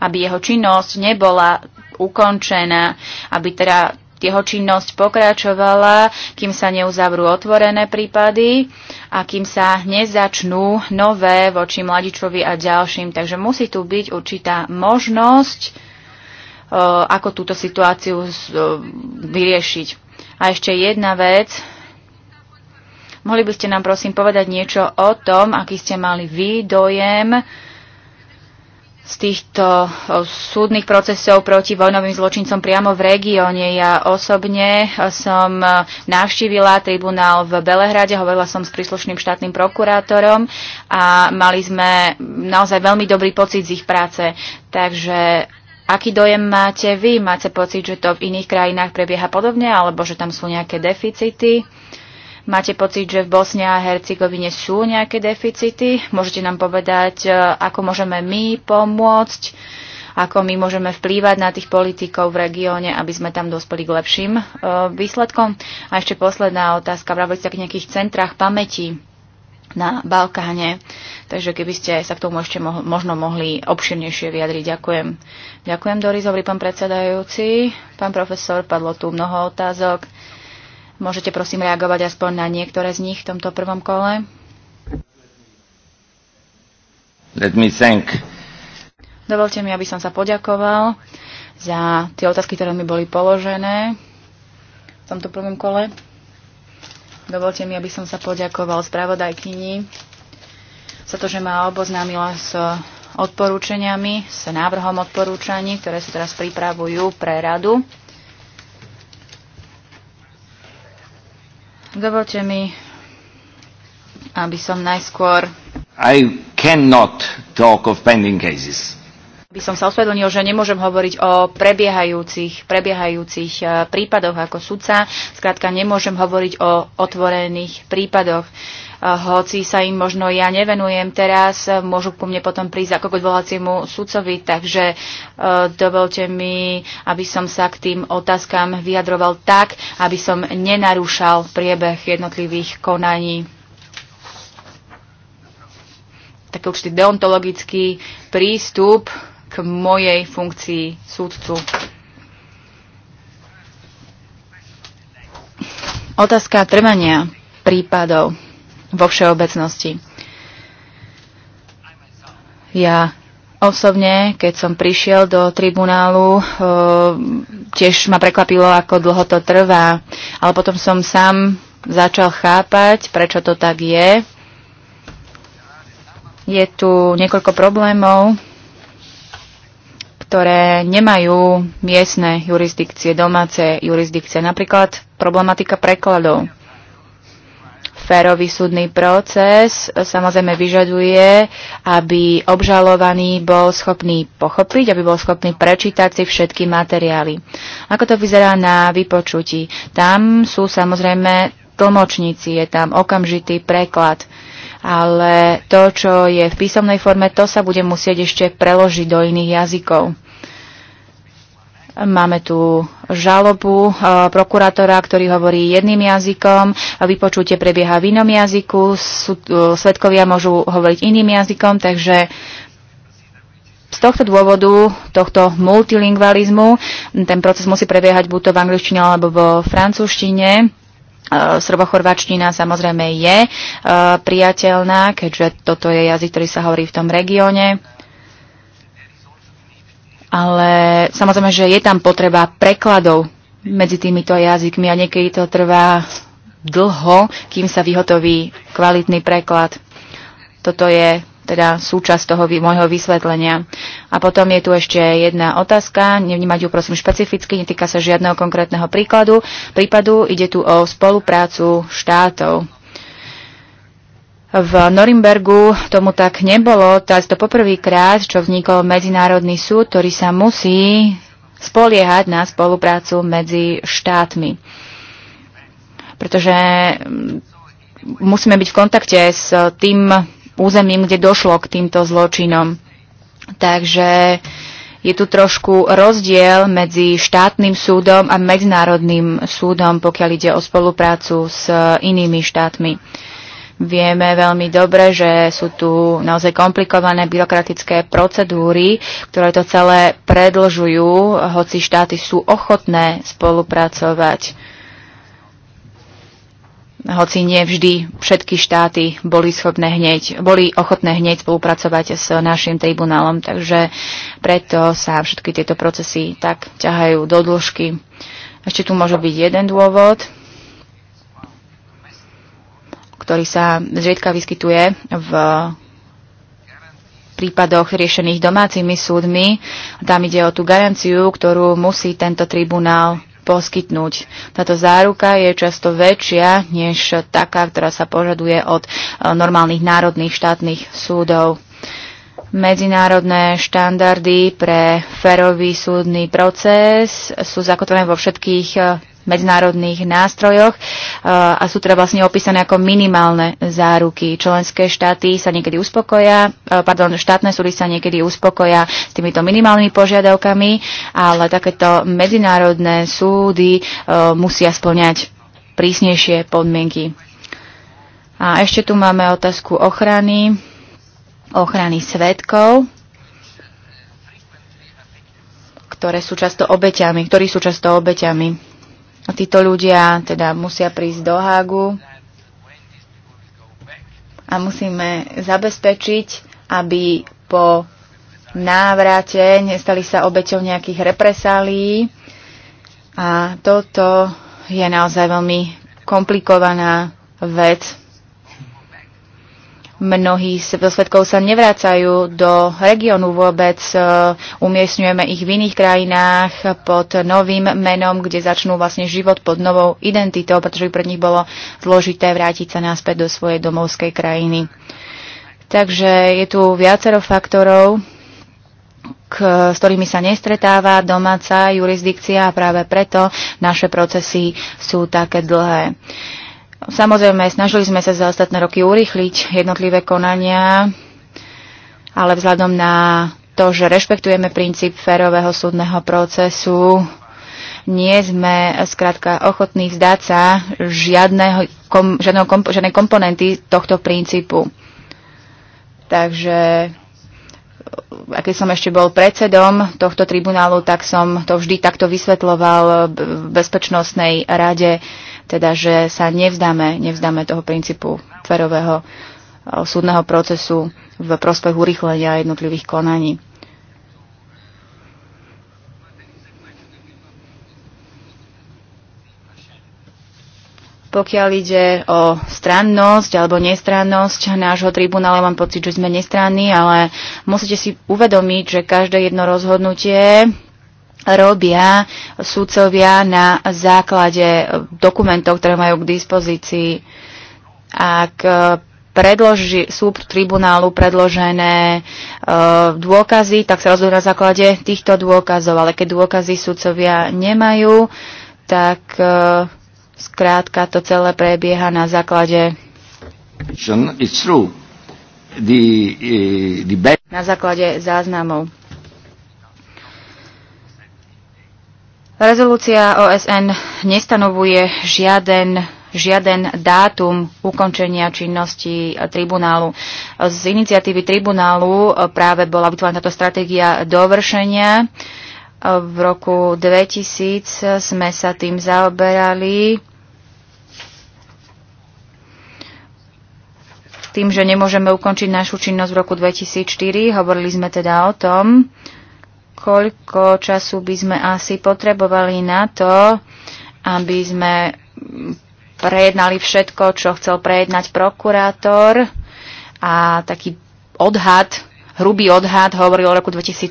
aby jeho činnosť nebola ukončená, aby teda jeho činnosť pokračovala, kým sa neuzavrú otvorené prípady a kým sa nezačnú nové voči mladičovi a ďalším. Takže musí tu byť určitá možnosť, e, ako túto situáciu e, vyriešiť. A ešte jedna vec, Mohli by ste nám prosím povedať niečo o tom, aký ste mali vy dojem z týchto súdnych procesov proti vojnovým zločincom priamo v regióne. Ja osobne som navštívila tribunál v Belehrade, hovorila som s príslušným štátnym prokurátorom a mali sme naozaj veľmi dobrý pocit z ich práce. Takže aký dojem máte vy? Máte pocit, že to v iných krajinách prebieha podobne alebo že tam sú nejaké deficity? Máte pocit, že v Bosne a Hercegovine sú nejaké deficity? Môžete nám povedať, e, ako môžeme my pomôcť, ako my môžeme vplývať na tých politikov v regióne, aby sme tam dospeli k lepším e, výsledkom? A ešte posledná otázka. Vravili ste k nejakých centrách pamäti na Balkáne. Takže keby ste sa k tomu ešte mo- možno mohli obširnejšie vyjadriť. Ďakujem. Ďakujem, Doris, hovorí pán predsedajúci. Pán profesor, padlo tu mnoho otázok. Môžete prosím reagovať aspoň na niektoré z nich v tomto prvom kole? Let me thank. Dovolte mi, aby som sa poďakoval za tie otázky, ktoré mi boli položené v tomto prvom kole. Dovolte mi, aby som sa poďakoval spravodajkyni za to, že ma oboznámila s odporúčaniami, s návrhom odporúčaní, ktoré sa teraz pripravujú pre radu. Dovolte mi, aby som najskôr... I cannot talk of pending cases. Aby som sa osvedlnil, že nemôžem hovoriť o prebiehajúcich, prebiehajúcich eh, prípadoch ako sudca. Skrátka, nemôžem hovoriť o otvorených prípadoch hoci sa im možno ja nevenujem teraz, môžu ku mne potom prísť ako k odvolaciemu sudcovi, takže e, dovolte mi, aby som sa k tým otázkam vyjadroval tak, aby som nenarúšal priebeh jednotlivých konaní taký určitý deontologický prístup k mojej funkcii súdcu. Otázka trvania prípadov vo všeobecnosti. Ja osobne, keď som prišiel do tribunálu, eh, tiež ma prekvapilo, ako dlho to trvá. Ale potom som sám začal chápať, prečo to tak je. Je tu niekoľko problémov, ktoré nemajú miestne jurisdikcie, domáce jurisdikcie. Napríklad problematika prekladov férový súdny proces samozrejme vyžaduje, aby obžalovaný bol schopný pochopiť, aby bol schopný prečítať si všetky materiály. Ako to vyzerá na vypočutí? Tam sú samozrejme tlmočníci, je tam okamžitý preklad ale to, čo je v písomnej forme, to sa bude musieť ešte preložiť do iných jazykov. Máme tu žalobu e, prokurátora, ktorý hovorí jedným jazykom, vypočutie prebieha v inom jazyku, e, svetkovia môžu hovoriť iným jazykom, takže z tohto dôvodu, tohto multilingvalizmu, ten proces musí prebiehať buď to v angličtine alebo vo francúzštine. E, Srbochorváčtina samozrejme je priateľná, keďže toto je jazyk, ktorý sa hovorí v tom regióne ale samozrejme, že je tam potreba prekladov medzi týmito jazykmi a niekedy to trvá dlho, kým sa vyhotoví kvalitný preklad. Toto je teda súčasť toho môjho vysvetlenia. A potom je tu ešte jedna otázka, nevnímať ju prosím špecificky, netýka sa žiadneho konkrétneho príkladu. Prípadu ide tu o spoluprácu štátov. V Norimbergu tomu tak nebolo, teraz to poprvýkrát, čo vznikol Medzinárodný súd, ktorý sa musí spoliehať na spoluprácu medzi štátmi. Pretože mm, musíme byť v kontakte s tým územím, kde došlo k týmto zločinom. Takže je tu trošku rozdiel medzi štátnym súdom a medzinárodným súdom, pokiaľ ide o spoluprácu s inými štátmi. Vieme veľmi dobre, že sú tu naozaj komplikované byrokratické procedúry, ktoré to celé predlžujú, hoci štáty sú ochotné spolupracovať. Hoci nie vždy všetky štáty boli, schopné hneď, boli ochotné hneď spolupracovať s našim tribunálom, takže preto sa všetky tieto procesy tak ťahajú do dĺžky. Ešte tu môže byť jeden dôvod ktorý sa zriedka vyskytuje v prípadoch riešených domácimi súdmi. Tam ide o tú garanciu, ktorú musí tento tribunál poskytnúť. Táto záruka je často väčšia než taká, ktorá sa požaduje od e, normálnych národných štátnych súdov. Medzinárodné štandardy pre férový súdny proces sú zakotvené vo všetkých e, medzinárodných nástrojoch eh, a sú teda vlastne opísané ako minimálne záruky. Členské štáty sa niekedy uspokoja, eh, pardon, štátne súdy sa niekedy uspokoja s týmito minimálnymi požiadavkami, ale takéto medzinárodné súdy eh, musia splňať prísnejšie podmienky. A ešte tu máme otázku ochrany, ochrany svetkov ktoré sú často obeťami, ktorí sú často obeťami Títo ľudia teda musia prísť do Hágu a musíme zabezpečiť, aby po návrate nestali sa obeťou nejakých represálií. A toto je naozaj veľmi komplikovaná vec. Mnohí zo sa nevrácajú do regiónu vôbec, e, umiestňujeme ich v iných krajinách pod novým menom, kde začnú vlastne život pod novou identitou, pretože pre nich bolo zložité vrátiť sa naspäť do svojej domovskej krajiny. Takže je tu viacero faktorov, k, s ktorými sa nestretáva domáca jurisdikcia a práve preto naše procesy sú také dlhé. Uh, Samozrejme, snažili sme sa za ostatné roky urýchliť jednotlivé konania, ale vzhľadom na to, že rešpektujeme princíp férového súdneho procesu, nie sme skrátka ochotní vzdať sa žiadneho, kom, žiadneho komp- žiadnej komponenty tohto princípu. Takže a keď som ešte bol predsedom tohto tribunálu, tak som to vždy takto vysvetloval v Bezpečnostnej rade teda že sa nevzdáme, nevzdáme toho princípu tverového eh, súdneho procesu v prospech urychlenia jednotlivých konaní. Pokiaľ ide o strannosť alebo nestrannosť nášho tribunálu, mám pocit, že sme nestranní, ale musíte si uvedomiť, že každé jedno rozhodnutie robia súcovia na základe dokumentov, ktoré majú k dispozícii. Ak e, predloži, sú tribunálu predložené e, dôkazy, tak sa rozhoduje na základe týchto dôkazov. Ale keď dôkazy sudcovia nemajú, tak e, skrátka to celé prebieha na základe e, na základe záznamov. Rezolúcia OSN nestanovuje žiaden žiaden dátum ukončenia činnosti tribunálu. Z iniciatívy tribunálu eh, práve bola vytvorená táto stratégia dovršenia. Eh, v roku 2000 sme sa tým zaoberali. Tým, že nemôžeme ukončiť našu činnosť v roku 2004, hovorili sme teda o tom, koľko času by sme asi potrebovali na to, aby sme prejednali všetko, čo chcel prejednať prokurátor a taký odhad, hrubý odhad hovoril o roku 2016.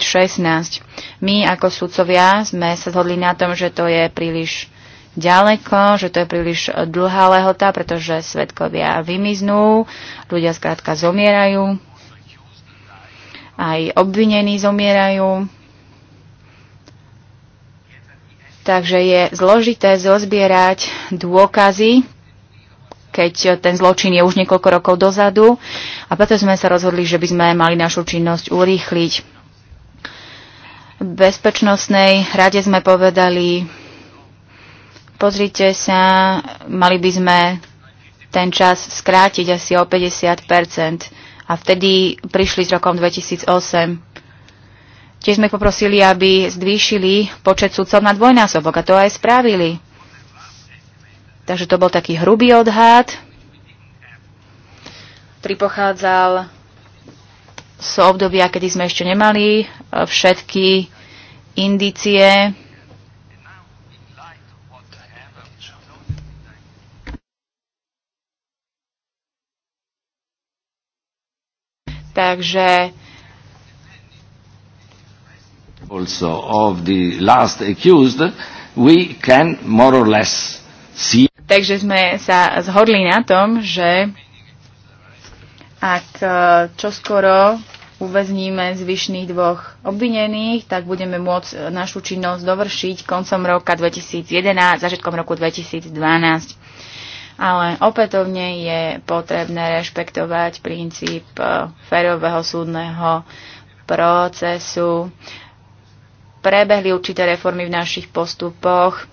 My ako sudcovia sme sa zhodli na tom, že to je príliš ďaleko, že to je príliš dlhá lehota, pretože svetkovia vymiznú, ľudia zkrátka zomierajú, aj obvinení zomierajú. Takže je zložité zozbierať dôkazy, keď ten zločin je už niekoľko rokov dozadu a preto sme sa rozhodli, že by sme mali našu činnosť urýchliť. V bezpečnostnej rade sme povedali, pozrite sa, mali by sme ten čas skrátiť asi o 50 a vtedy prišli s rokom 2008. Tiež sme poprosili, aby zvýšili počet sudcov na dvojnásobok a to aj spravili. Takže to bol taký hrubý odhad, ktorý pochádzal z obdobia, kedy sme ešte nemali e, všetky indície. Takže also of the last accused, we can more or less see. Takže sme sa zhodli na tom, že ak e, čoskoro uväzníme zvyšných dvoch obvinených, tak budeme môcť e, našu činnosť dovršiť koncom roka 2011, začiatkom roku 2012. Ale opätovne je potrebné rešpektovať princíp e, férového súdneho procesu prebehli určité reformy v našich postupoch,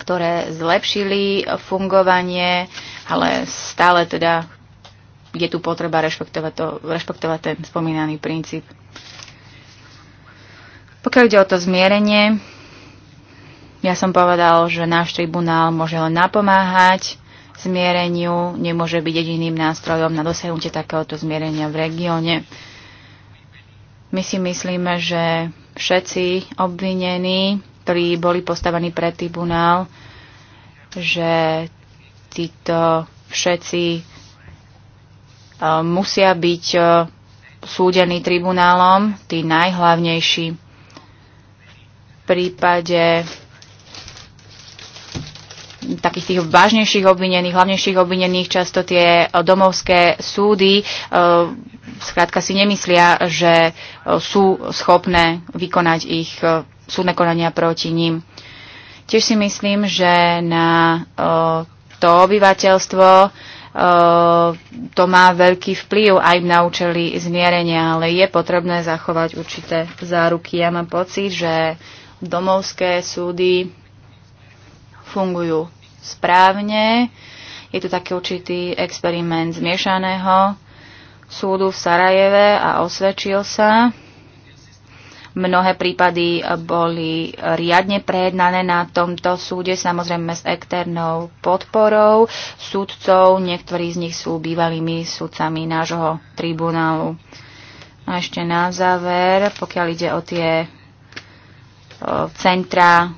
ktoré zlepšili fungovanie, ale stále teda je tu potreba rešpektovať, to, rešpektovať ten spomínaný princíp. Pokiaľ ide o to zmierenie, ja som povedal, že náš tribunál môže len napomáhať zmiereniu, nemôže byť jediným nástrojom na dosiahnutie takéhoto zmierenia v regióne. My si myslíme, že všetci obvinení, ktorí boli postavení pred tribunál, že títo všetci e, musia byť e, súdení tribunálom, tí najhlavnejší. V prípade takých tých vážnejších obvinených, hlavnejších obvinených, často tie domovské súdy e, skrátka si nemyslia, že e, sú schopné vykonať ich e, súdne konania proti ním. Tiež si myslím, že na to obyvateľstvo to má veľký vplyv aj na účely zmierenia, ale je potrebné zachovať určité záruky. Ja mám pocit, že domovské súdy fungujú správne. Je tu taký určitý experiment zmiešaného súdu v Sarajeve a osvedčil sa. Mnohé prípady boli riadne prejednané na tomto súde, samozrejme s externou podporou súdcov. Niektorí z nich sú bývalými súdcami nášho tribunálu. A ešte na záver, pokiaľ ide o tie centra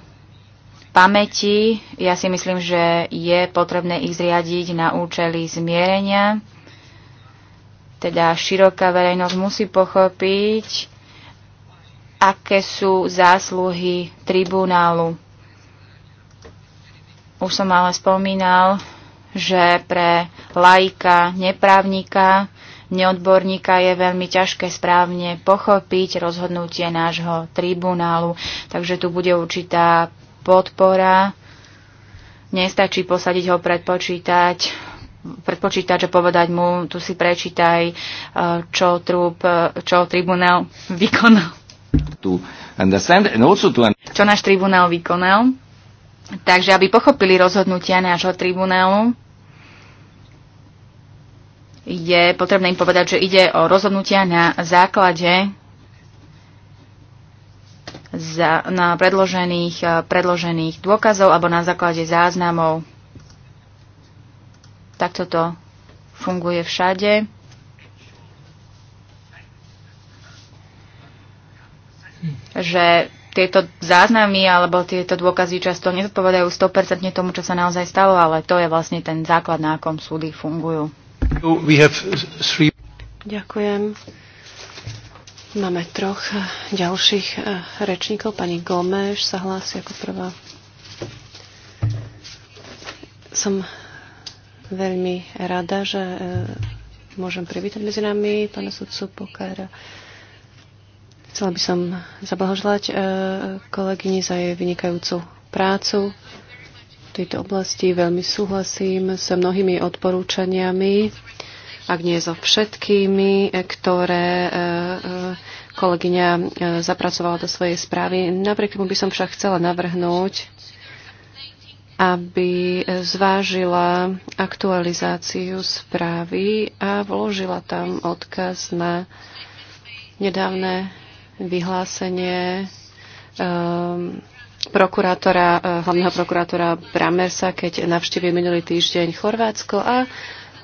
pamäti. Ja si myslím, že je potrebné ich zriadiť na účely zmierenia. Teda široká verejnosť musí pochopiť, aké sú zásluhy tribunálu. Už som ale spomínal, že pre laika, neprávnika, neodborníka je veľmi ťažké správne pochopiť rozhodnutie nášho tribunálu, takže tu bude určitá podpora. Nestačí posadiť ho predpočítať predpočítať, že povedať mu, tu si prečítaj, e, čo, trúb, e, čo tribunál *laughs* vykonal. To understand and also to... Čo náš tribunál vykonal. Takže aby pochopili rozhodnutia nášho tribunálu, je potrebné im povedať, že ide o rozhodnutia na základe za, na predložených, eh, predložených dôkazov alebo na základe záznamov. Takto to funguje všade. Že tieto záznamy alebo tieto dôkazy často nezodpovedajú 100% tomu, čo sa naozaj stalo, ale to je vlastne ten základ, na akom súdy fungujú. Ďakujem. Máme troch eh, ďalších eh, rečníkov. Pani Gomeš sa hlási ako prvá. Som veľmi rada, že eh, môžem privítať medzi nami pána sudcu Pokára. Chcela by som zablahoželať kolegyni za jej vynikajúcu prácu v tejto oblasti. Veľmi súhlasím sa mnohými odporúčaniami ak nie so všetkými, ktoré e, e, kolegyňa e, zapracovala do svojej správy. Napriek tomu by som však chcela navrhnúť, aby zvážila aktualizáciu správy a vložila tam odkaz na nedávne vyhlásenie um, prokurátora, hlavného prokurátora Bramersa, keď navštívil minulý týždeň Chorvátsko a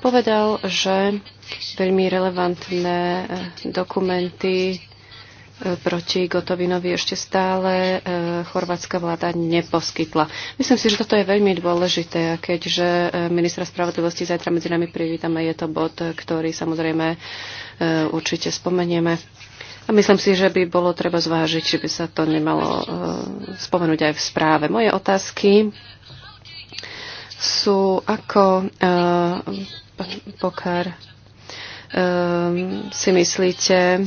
povedal, že veľmi relevantné eh, dokumenty eh, proti Gotovinovi ešte stále eh, chorvátska vláda neposkytla. Myslím si, že toto je veľmi dôležité a keďže ministra spravodlivosti zajtra medzi nami privítame, je to bod, ktorý samozrejme určite spomenieme. A myslím si, že by bolo treba zvážiť, či by sa to nemalo spomenúť aj v správe. Moje otázky sú, ako Pokar, um, ehm, si myslíte,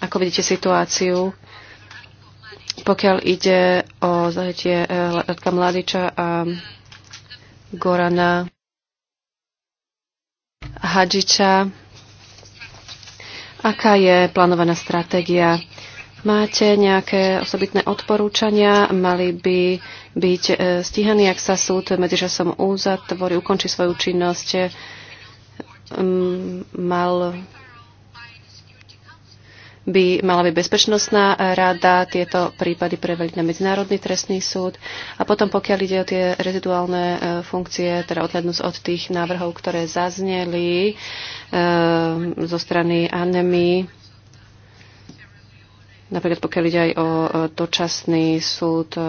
ako vidíte situáciu, pokiaľ ide o zahetie Radka eh, Mladiča a Gorana Hadžiča, aká je plánovaná stratégia? Máte nejaké osobitné odporúčania? Mali by byť eh, stíhaní, ak sa súd medzičasom uzatvorí, ukončí svoju činnosť? Mm, mal by mala by bezpečnostná rada tieto prípady preveliť na Medzinárodný trestný súd. A potom, pokiaľ ide o tie reziduálne e, funkcie, teda odhľadnúť od tých návrhov, ktoré zazneli e, zo strany Anemy, napríklad pokiaľ ide aj o e, dočasný súd e,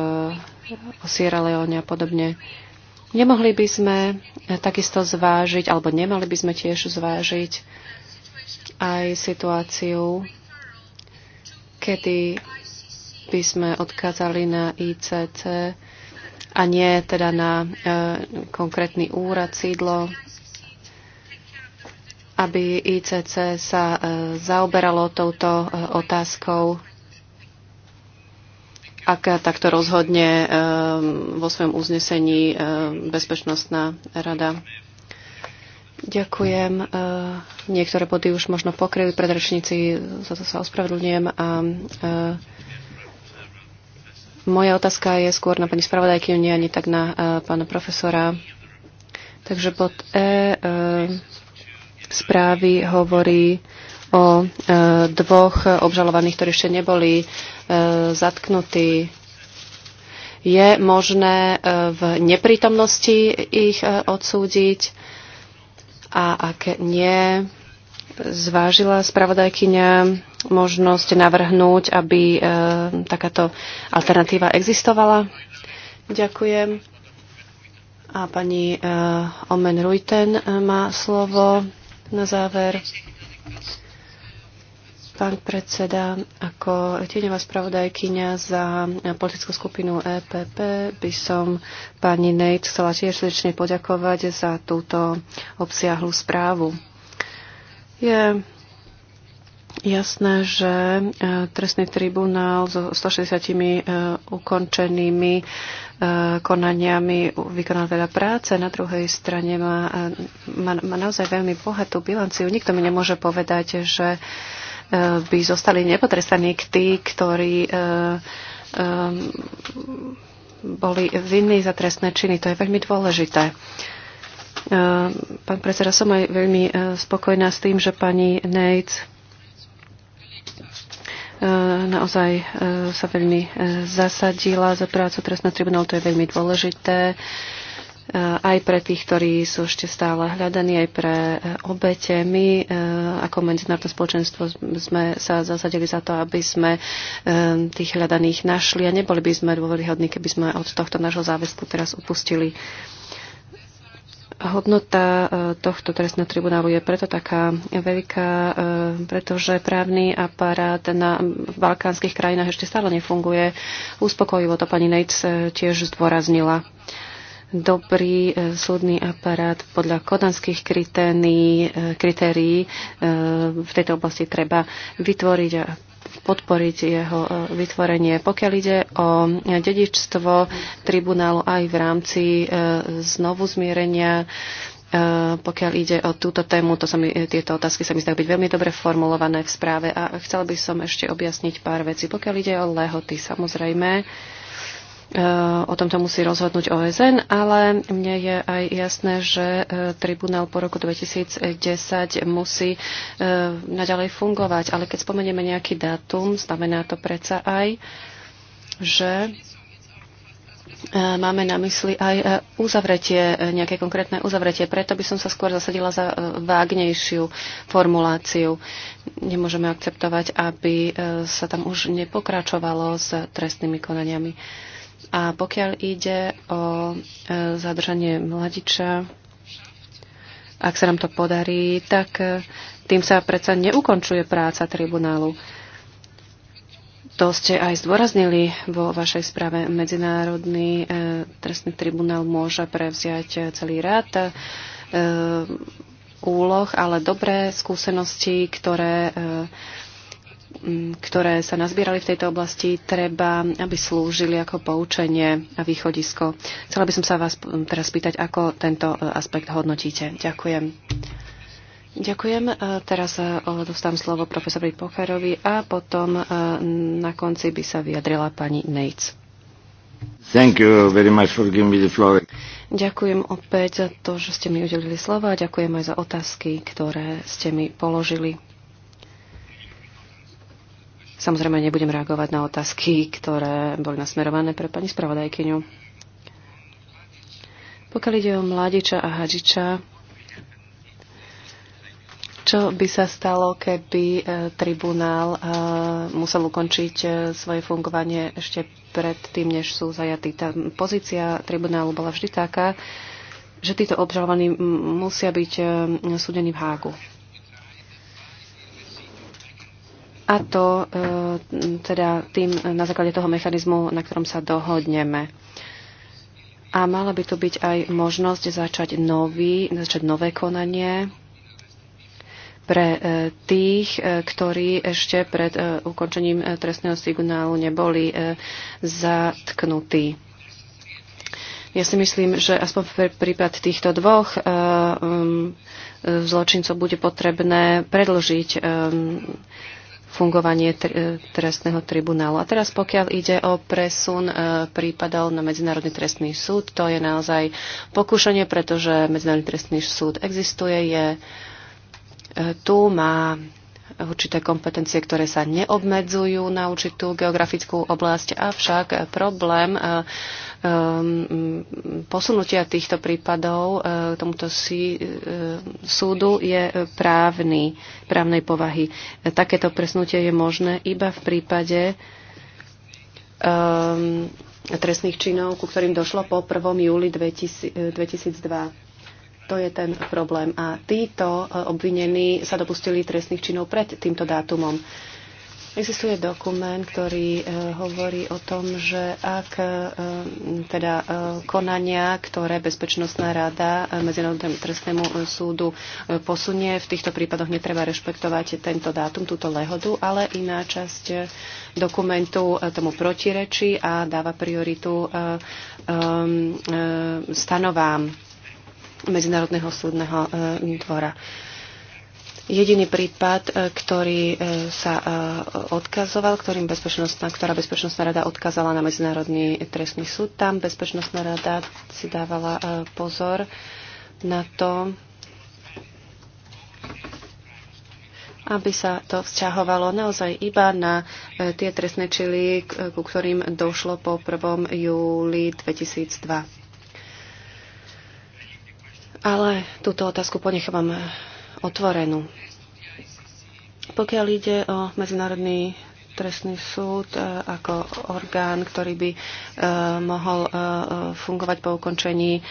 o Sierra Leone a podobne, e, Nemohli by sme takisto zvážiť, alebo nemali by sme tiež zvážiť aj situáciu, kedy by sme odkázali na ICC a nie teda na e, konkrétny úrad, sídlo, aby ICC sa e, zaoberalo touto e, otázkou ak takto rozhodne eh, vo svojom uznesení eh, Bezpečnostná rada. Ďakujem. Eh, niektoré body už možno pokryli predrečníci, za to sa ospravedlňujem. A moja otázka je skôr na pani spravodajkyňu, nie ani tak na pána profesora. Takže bod E správy hovorí o e, dvoch obžalovaných, ktorí ešte neboli e, zatknutí. Je možné e, v neprítomnosti ich odsúdiť a ak nie, zvážila spravodajkyňa možnosť navrhnúť, aby takáto alternatíva existovala? Ďakujem. A pani Omen Ruiten má slovo na záver pán predseda. Ako tieňová spravodajkyňa za politickú skupinu EPP by som pani Nejc chcela tiež srdečne poďakovať za túto obsiahlu správu. Je Jasné, že e, trestný tribunál so 160 e, ukončenými e, konaniami vykonal veľa práce. Na druhej strane má, má, má naozaj veľmi bohatú bilanciu. Nikto mi nemôže povedať, že by zostali nepotrestaní k tí, ktorí e, e, boli vinní za trestné činy. To je veľmi dôležité. E, pán predseda, som aj veľmi spokojná s tým, že pani Nates naozaj sa veľmi zasadila za prácu trestného tribunálu. To je veľmi dôležité. Eh, aj pre tých, ktorí sú ešte stále hľadaní, aj pre eh, obete. My eh, ako medzinárodné spoločenstvo sme sa zasadili za to, aby sme tých hľadaných našli a neboli by sme dôveryhodní, keby sme od tohto nášho záväzku teraz upustili. Hodnota tohto trestného tribunálu je preto taká veľká, pretože právny aparát na balkánskych krajinách ešte stále nefunguje. Uspokojivo to pani Nates tiež zdôraznila dobrý e, súdny aparát podľa kodanských kritérií, e, kritérií e, v tejto oblasti treba vytvoriť a podporiť jeho vytvorenie. Pokiaľ ide o dedičstvo tribunálu aj v rámci znovu zmierenia, pokiaľ ide o túto tému, to sa mi, tieto otázky sa mi zdajú byť veľmi dobre formulované v správe a chcela by som ešte objasniť pár vecí. Pokiaľ ide o lehoty, samozrejme, Eh, o tomto musí rozhodnúť OSN, ale mne je aj jasné, že eh, tribunál po roku 2010 musí eh, naďalej fungovať. Ale keď spomenieme nejaký dátum, znamená to predsa aj, že máme na mysli aj uzavretie, nejaké konkrétne uzavretie. Preto by som sa skôr zasadila za vágnejšiu formuláciu. Nemôžeme akceptovať, aby sa tam už nepokračovalo s trestnými konaniami. A pokiaľ ide o e, zadržanie mladiča, ak sa nám to podarí, tak e, tým sa predsa neukončuje práca tribunálu. To ste aj zdôraznili vo vašej správe. Medzinárodný e, trestný tribunál môže prevziať celý rád úloh, ale dobré skúsenosti, ktoré ktoré sa nazbierali v tejto oblasti, treba, aby slúžili ako poučenie a východisko. Chcela by som sa vás teraz spýtať, ako tento e, aspekt hodnotíte. Ďakujem. Ďakujem. E, teraz e, dostám slovo profesorovi Pocharovi a potom na konci by sa vyjadrila pani Nates. Thank you very much for giving me the floor. Ďakujem opäť za to, že ste mi udelili slova a ďakujem aj za otázky, ktoré ste mi položili. Samozrejme, nebudem reagovať na otázky, ktoré boli nasmerované pre pani spravodajkyňu. Pokiaľ ide o mládiča a hadžiča, čo by sa stalo, keby e, tribunál e, musel ukončiť e, svoje fungovanie ešte predtým, než sú zajatí? Tá pozícia tribunálu bola vždy taká, že títo obžalovaní musia byť súdení v Hágu. A to e, teda tým na základe toho mechanizmu, na ktorom sa dohodneme. A mala by tu byť aj možnosť začať, nový, začať nové konanie pre e, tých, e, ktorí ešte pred ukončením trestného signálu neboli zatknutí. Ja si myslím, že aspoň pre prípad týchto dvoch zločincov bude potrebné predlžiť fungovanie e, trestného tribunálu. A teraz pokiaľ ide o presun e, prípadov na Medzinárodný trestný súd, to je naozaj pokúšanie, pretože Medzinárodný trestný súd existuje, je e, tu, má určité kompetencie, ktoré sa neobmedzujú na určitú geografickú oblasť, avšak problém eh, eh, posunutia týchto prípadov eh, tomuto sí, súdu je právny, právnej povahy. Takéto presnutie je možné iba v prípade trestných činov, ku ktorým došlo po 1. júli 2000, 2002 to je ten problém. A títo e, obvinení sa dopustili trestných činov pred týmto dátumom. Existuje dokument, ktorý e, hovorí o tom, že ak e, teda konania, ktoré Bezpečnostná rada Medzinárodnému trestnému súdu posunie, v týchto prípadoch netreba rešpektovať tento dátum, túto lehodu, ale iná časť dokumentu tomu protirečí a dáva prioritu stanovám Medzinárodného súdneho e, dvora. Jediný prípad, e, ktorý e, sa odkazoval, ktorým bezpečnostná, ktorá Bezpečnostná rada odkazala na Medzinárodný trestný súd, tam Bezpečnostná rada si dávala pozor na to, aby sa to vzťahovalo naozaj iba na tie trestné čily, ku ktorým došlo po 1. júli 2002. Ale túto otázku ponechávam otvorenú. Pokiaľ ide o Medzinárodný trestný súd e, ako orgán, ktorý by e, mohol e, fungovať po ukončení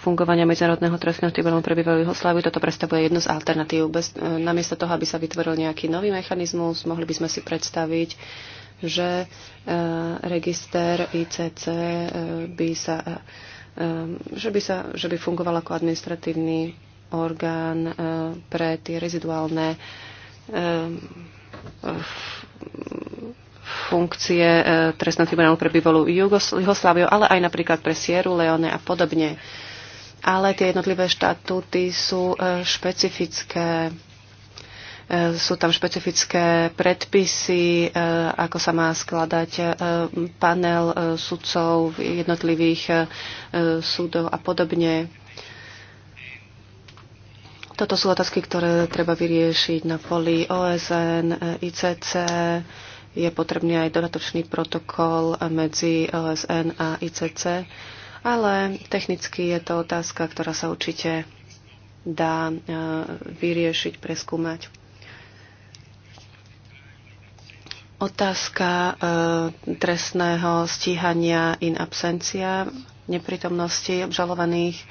fungovania Medzinárodného trestného tribunálu pre bývalú Jugoslaviu. Toto predstavuje jednu z alternatív. Bez, namiesto toho, aby sa vytvoril nejaký nový mechanizmus, mohli by sme si predstaviť, že register ICC by sa Ehm, že by, sa, že by fungoval ako administratívny orgán eh, pre tie reziduálne ehm, funkcie eh, trestného tribunálu pre bývalú Jugosláviu, ale aj napríklad pre Sieru Leone a podobne. Ale tie jednotlivé štatúty sú eh, špecifické E, sú tam špecifické predpisy, e, ako sa má skladať e, panel sudcov v jednotlivých súdoch a podobne. Toto sú otázky, ktoré treba vyriešiť na poli OSN, ICC. Je potrebný aj dodatočný protokol medzi OSN a ICC, ale technicky je to otázka, ktorá sa určite dá vyriešiť, preskúmať. Otázka e, trestného stíhania in absencia, neprítomnosti obžalovaných. E,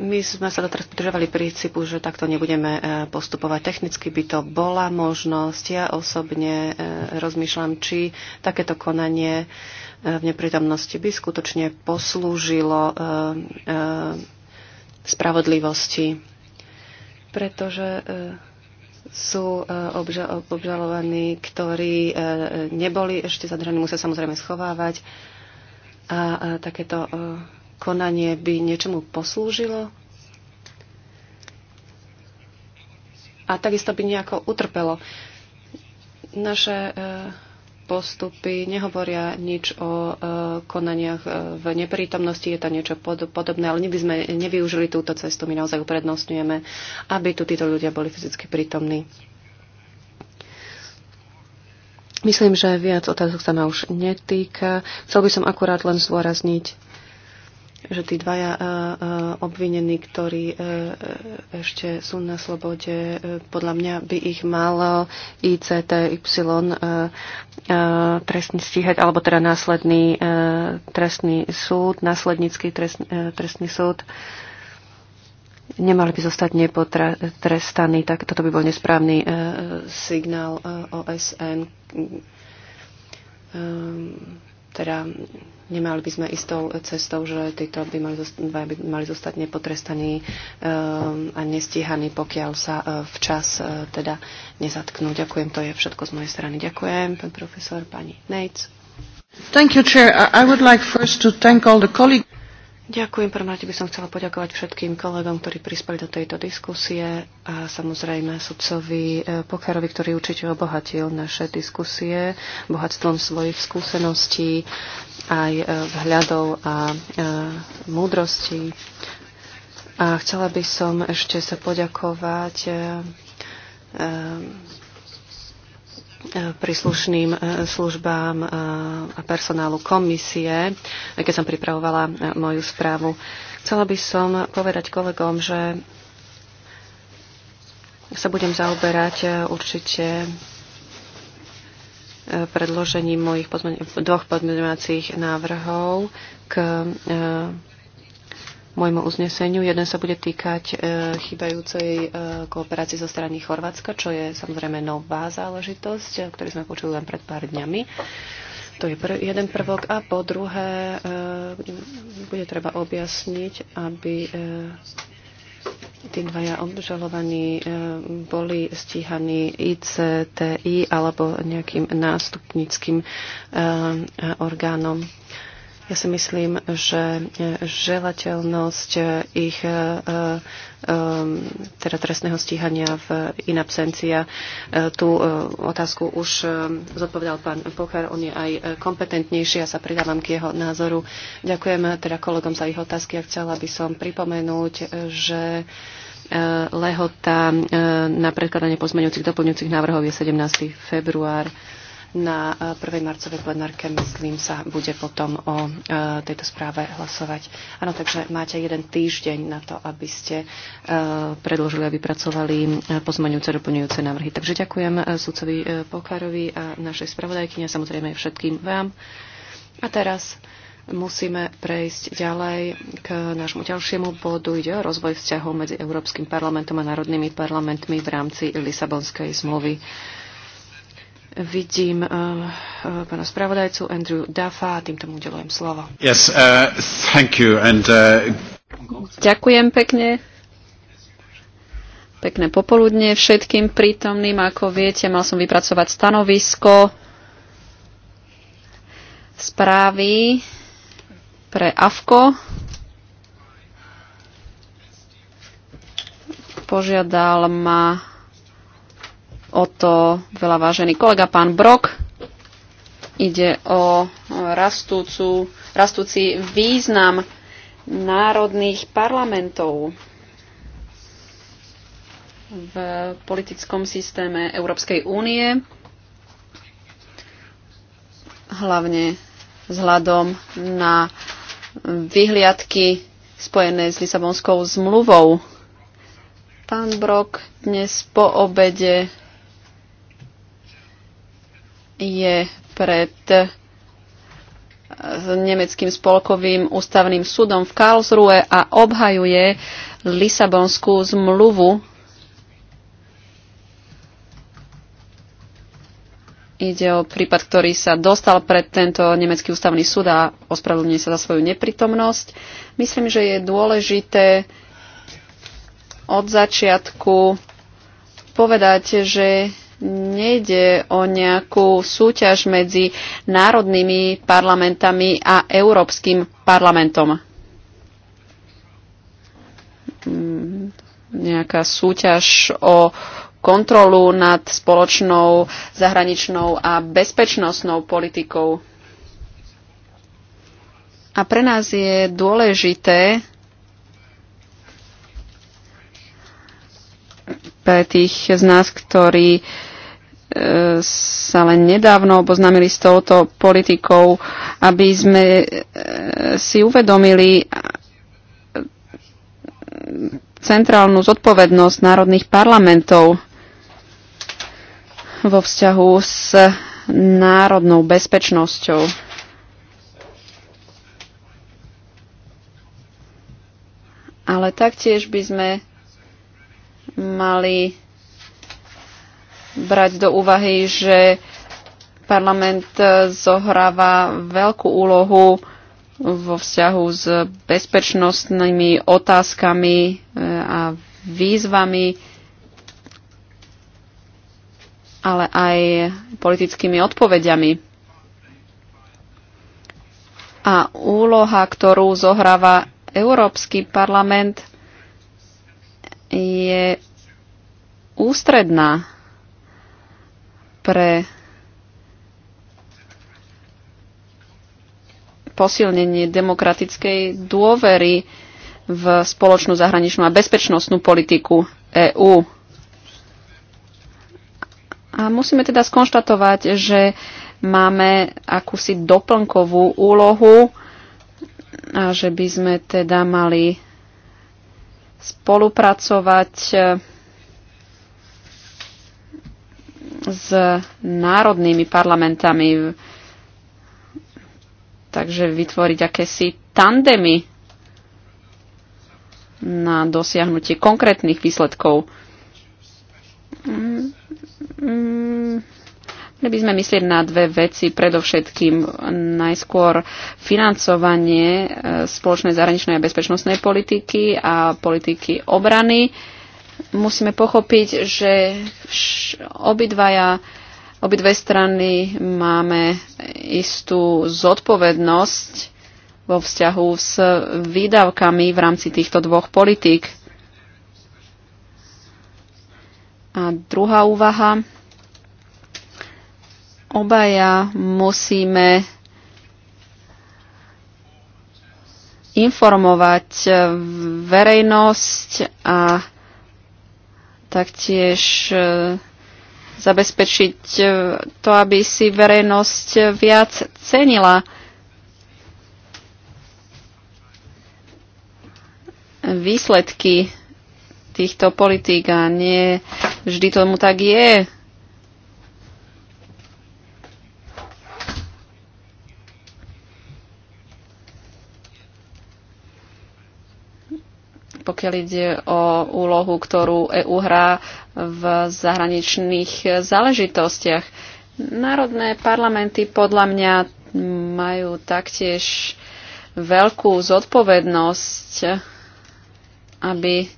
my sme sa doteraz podržovali princípu, že takto nebudeme e, postupovať. Technicky by to bola možnosť. Ja osobne e, rozmýšľam, či takéto konanie e, v neprítomnosti by skutočne poslúžilo e, e, spravodlivosti. Pretože e, sú e, obžalovaní, ktorí e, neboli ešte zadržaní, musia samozrejme schovávať. A e, takéto konanie by niečomu poslúžilo? A takisto by nejako utrpelo. Naše postupy nehovoria nič o e, konaniach e, v neprítomnosti, je to niečo podobné, ale nikdy sme nevyužili túto cestu, my naozaj uprednostňujeme, aby tu títo ľudia boli fyzicky prítomní. Myslím, že viac otázok sa ma už netýka. Chcel by som akurát len zdôrazniť, že tí dvaja e, e, obvinení, ktorí e, ešte sú na slobode, podľa mňa by ich malo ICTY trestný stíhať, alebo teda následný trestný súd, následnícky trestný, trestný súd. Nemali by zostať nepotrestaní, tak toto by bol nesprávny signál OSN teda nemali by sme istou cestou, že títo by mali, dva by mali zostať nepotrestaní ehm, a nestíhaní, pokiaľ sa e, včas e, teda nezatknú. Ďakujem, to je všetko z mojej strany. Ďakujem, pán profesor, pani Nates. Thank you, Chair. I would like first to thank all the colleagues. Ďakujem. Prvom rade by som chcela poďakovať všetkým kolegom, ktorí prispeli do tejto diskusie a samozrejme sudcovi e, Pokerovi, ktorý určite obohatil naše diskusie bohatstvom svojich skúseností, aj e, vhľadov a e, múdrostí. A chcela by som ešte sa poďakovať príslušným e, službám e, a personálu komisie, keď som pripravovala e, moju správu. Chcela by som povedať kolegom, že sa budem zaoberať určite predložením mojich dvoch podmenovacích návrhov k môjmu uzneseniu. Jeden sa bude týkať e, chýbajúcej e, kooperácie zo strany Chorvátska, čo je samozrejme nová záležitosť, e, ktorú sme počuli len pred pár dňami. To je pr- jeden prvok. A po druhé, bude treba objasniť, aby tí dvaja obžalovaní boli stíhaní ICTI alebo nejakým nástupníckým orgánom. Ja si myslím, že e, želateľnosť e, ich e, teda trestného stíhania v in absencia. Tú otázku už zodpovedal pán Pochar, on je aj kompetentnejší a ja sa pridávam k jeho názoru. Ďakujem teda kolegom za ich otázky a chcela by som pripomenúť, že lehota na predkladanie pozmeňujúcich doplňujúcich návrhov je 17. február na 1. Eh, marcovej plenárke, myslím, sa bude potom o eh, tejto správe hlasovať. Áno, takže máte jeden týždeň na to, aby ste eh, predložili a vypracovali pozmaňujúce doplňujúce návrhy. Takže ďakujem sudcovi Pokárovi a našej spravodajkyni a samozrejme všetkým vám. A teraz musíme prejsť ďalej k nášmu ďalšiemu bodu. Ide o rozvoj vzťahov medzi Európskym parlamentom a národnými parlamentmi v rámci Lisabonskej zmluvy. Vidím uh, uh, pána spravodajcu Andrew Duffa a týmto mu udelujem slovo. Yes, uh, thank you and, uh... Ďakujem pekne. Pekné popoludne všetkým prítomným. Ako viete, mal som vypracovať stanovisko správy pre AFKO. Požiadal ma o to veľa vážený kolega pán Brok. Ide o rastúcu, rastúci význam národných parlamentov v politickom systéme Európskej únie, hlavne vzhľadom na vyhliadky spojené s Lisabonskou zmluvou. Pán Brok dnes po obede je pred eh, nemeckým spolkovým ústavným súdom v Karlsruhe a obhajuje Lisabonskú zmluvu. Ide o prípad, ktorý sa dostal pred tento nemecký ústavný súd a ospravedlňuje sa za svoju neprítomnosť. Myslím, že je dôležité od začiatku povedať, že Nejde o nejakú súťaž medzi národnými parlamentami a Európskym parlamentom. Mm, nejaká súťaž o kontrolu nad spoločnou zahraničnou a bezpečnostnou politikou. A pre nás je dôležité pre tých z nás, ktorí sa len nedávno oboznámili s touto politikou, aby sme e, si uvedomili centrálnu zodpovednosť národných parlamentov vo vzťahu s národnou bezpečnosťou. Ale taktiež by sme mali brať do úvahy, že parlament e, zohráva veľkú úlohu vo vzťahu s bezpečnostnými otázkami e, a výzvami, ale aj politickými odpovediami. A úloha, ktorú zohráva Európsky parlament, je ústredná pre posilnenie demokratickej dôvery v spoločnú zahraničnú a bezpečnostnú politiku EÚ. A musíme teda skonštatovať, že máme akúsi doplnkovú úlohu a že by sme teda mali spolupracovať s národnými parlamentami. Takže vytvoriť akési tandemy na dosiahnutie konkrétnych výsledkov. Mali by sme myslieť na dve veci. Predovšetkým najskôr financovanie e, spoločnej zahraničnej a bezpečnostnej politiky a politiky obrany musíme pochopiť, že obidvaja, obidve strany máme istú zodpovednosť vo vzťahu s výdavkami v rámci týchto dvoch politík. A druhá úvaha. Obaja musíme informovať verejnosť a taktiež e, zabezpečiť e, to, aby si verejnosť viac cenila. výsledky týchto politík a nie vždy tomu tak je. pokiaľ ide o úlohu, ktorú EU hrá v zahraničných záležitostiach. Národné parlamenty podľa mňa majú taktiež veľkú zodpovednosť, aby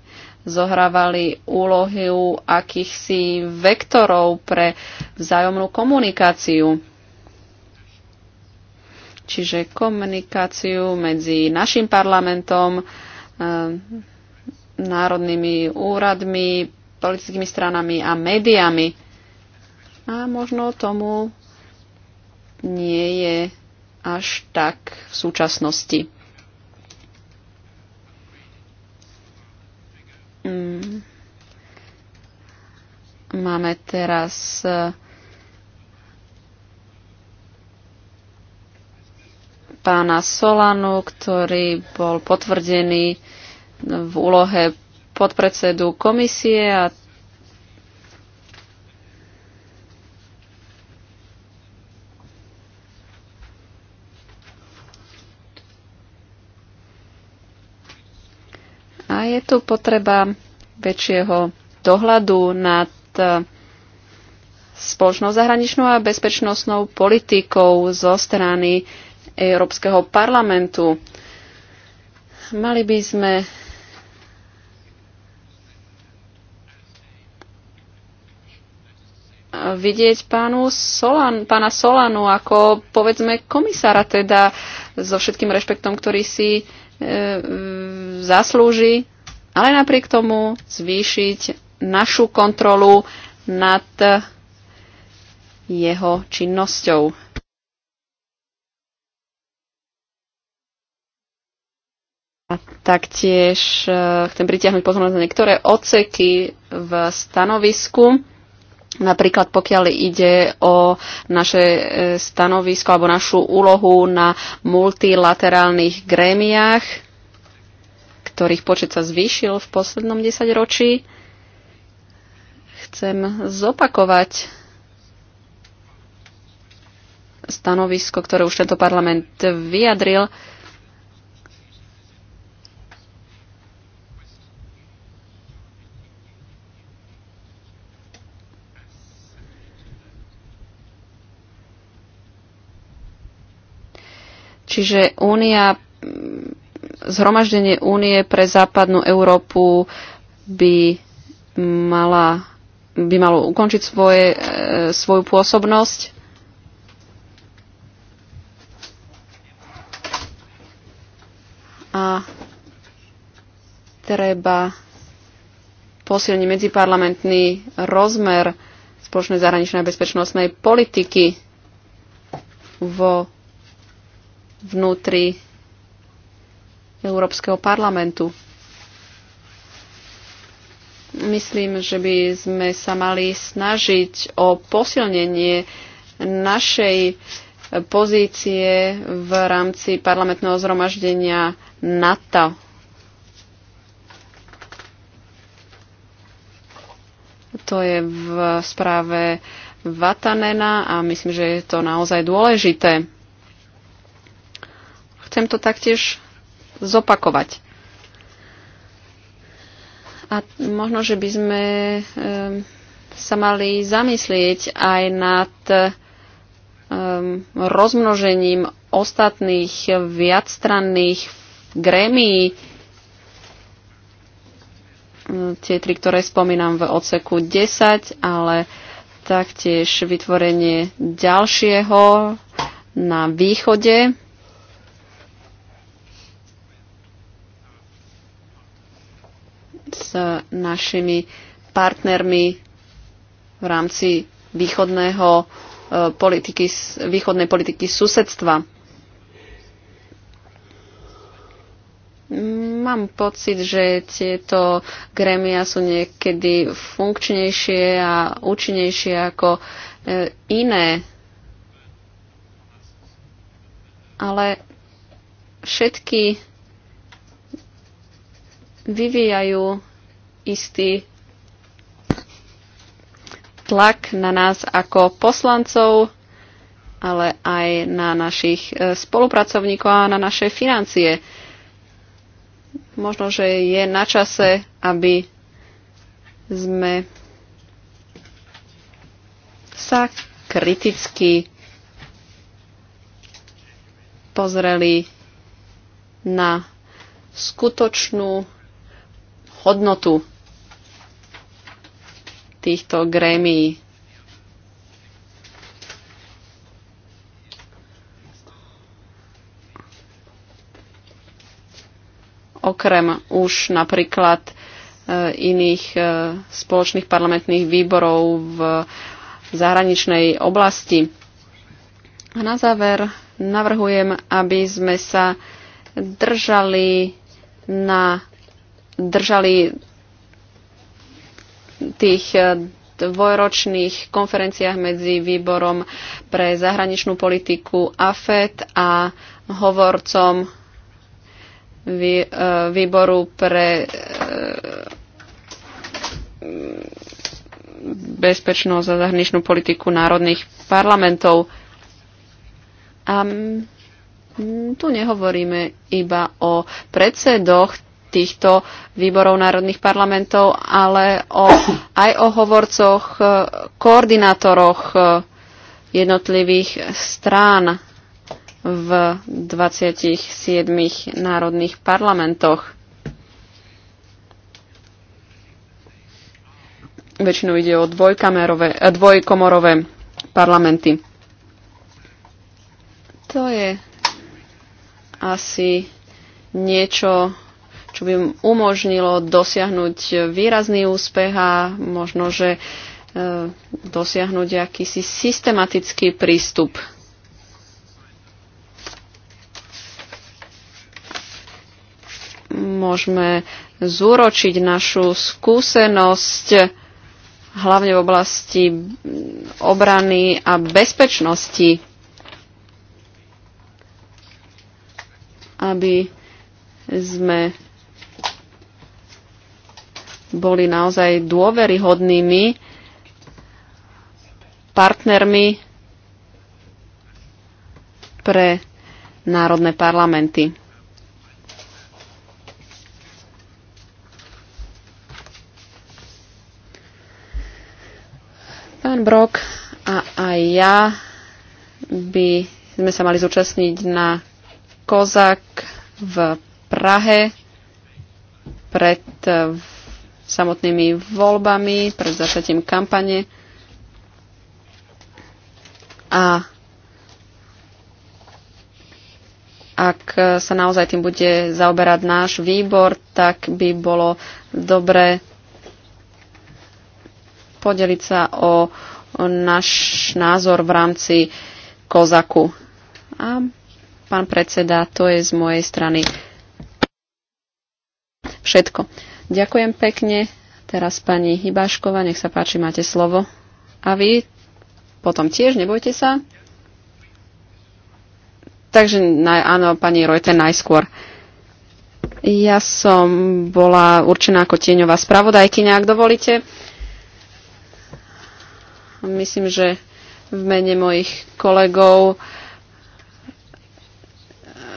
zohrávali úlohu akýchsi vektorov pre vzájomnú komunikáciu. Čiže komunikáciu medzi našim parlamentom, ehm, národnými úradmi, politickými stranami a médiami. A možno tomu nie je až tak v súčasnosti. Mm. Máme teraz eh, pána Solanu, ktorý bol potvrdený v úlohe podpredsedu komisie a A je tu potreba väčšieho dohľadu nad e, spoločnou zahraničnou a bezpečnostnou politikou zo strany Európskeho parlamentu. Mali by sme vidieť pánu Solan, pána Solanu ako, povedzme, komisára, teda so všetkým rešpektom, ktorý si e, zaslúži, ale napriek tomu zvýšiť našu kontrolu nad jeho činnosťou. A taktiež e, chcem pritiahnuť pozornosť na niektoré oceky v stanovisku Napríklad pokiaľ ide o naše e, stanovisko alebo našu úlohu na multilaterálnych grémiách, ktorých počet sa zvýšil v poslednom desaťročí, chcem zopakovať stanovisko, ktoré už tento parlament vyjadril, Čiže únia, zhromaždenie únie pre západnú Európu by mala by malo ukončiť svoje, e, svoju pôsobnosť. A treba posilniť medziparlamentný rozmer spoločnej zahraničnej a bezpečnostnej politiky vo vnútri Európskeho parlamentu. Myslím, že by sme sa mali snažiť o posilnenie našej pozície v rámci parlamentného zhromaždenia NATO. To je v správe Vatanena a myslím, že je to naozaj dôležité. Chcem to taktiež zopakovať. A možno, že by sme ehm, sa mali zamyslieť aj nad ehm, rozmnožením ostatných viacstranných grémií, ehm, tie tri, ktoré spomínam v odseku 10, ale taktiež vytvorenie ďalšieho na východe s našimi partnermi v rámci východného e, politiky, východnej politiky susedstva. Mám pocit, že tieto grémia sú niekedy funkčnejšie a účinnejšie ako e, iné. Ale všetky vyvíjajú istý tlak na nás ako poslancov, ale aj na našich e, spolupracovníkov a na naše financie. Možno, že je na čase, aby sme sa kriticky pozreli na skutočnú hodnotu týchto grémií. Okrem už napríklad e, iných e, spoločných parlamentných výborov v zahraničnej oblasti. A na záver navrhujem, aby sme sa držali na držali tých eh, dvojročných konferenciách medzi výborom pre zahraničnú politiku AFET a hovorcom eh, výboru pre eh, bezpečnosť a zahraničnú politiku národných parlamentov. A tu nehovoríme iba o predsedoch týchto výborov národných parlamentov, ale o, *coughs* aj o hovorcoch, e, koordinátoroch e, jednotlivých strán v 27 národných parlamentoch. Väčšinou ide o e, dvojkomorové parlamenty. To je asi niečo čo by im umožnilo dosiahnuť výrazný úspech a možno, že e, dosiahnuť akýsi systematický prístup. Môžeme zúročiť našu skúsenosť hlavne v oblasti obrany a bezpečnosti, aby sme boli naozaj dôveryhodnými partnermi pre národné parlamenty. Pán Brok a aj ja by sme sa mali zúčastniť na Kozak v Prahe pred samotnými voľbami, pred začatím kampane. A ak sa naozaj tým bude zaoberať náš výbor, tak by bolo dobre podeliť sa o, o náš názor v rámci Kozaku. A pán predseda, to je z mojej strany všetko. Ďakujem pekne. Teraz pani Hybáškova, nech sa páči, máte slovo. A vy potom tiež, nebojte sa. Takže áno, pani Rojte, najskôr. Ja som bola určená ako tieňová spravodajkyňa, ak dovolíte. Myslím, že v mene mojich kolegov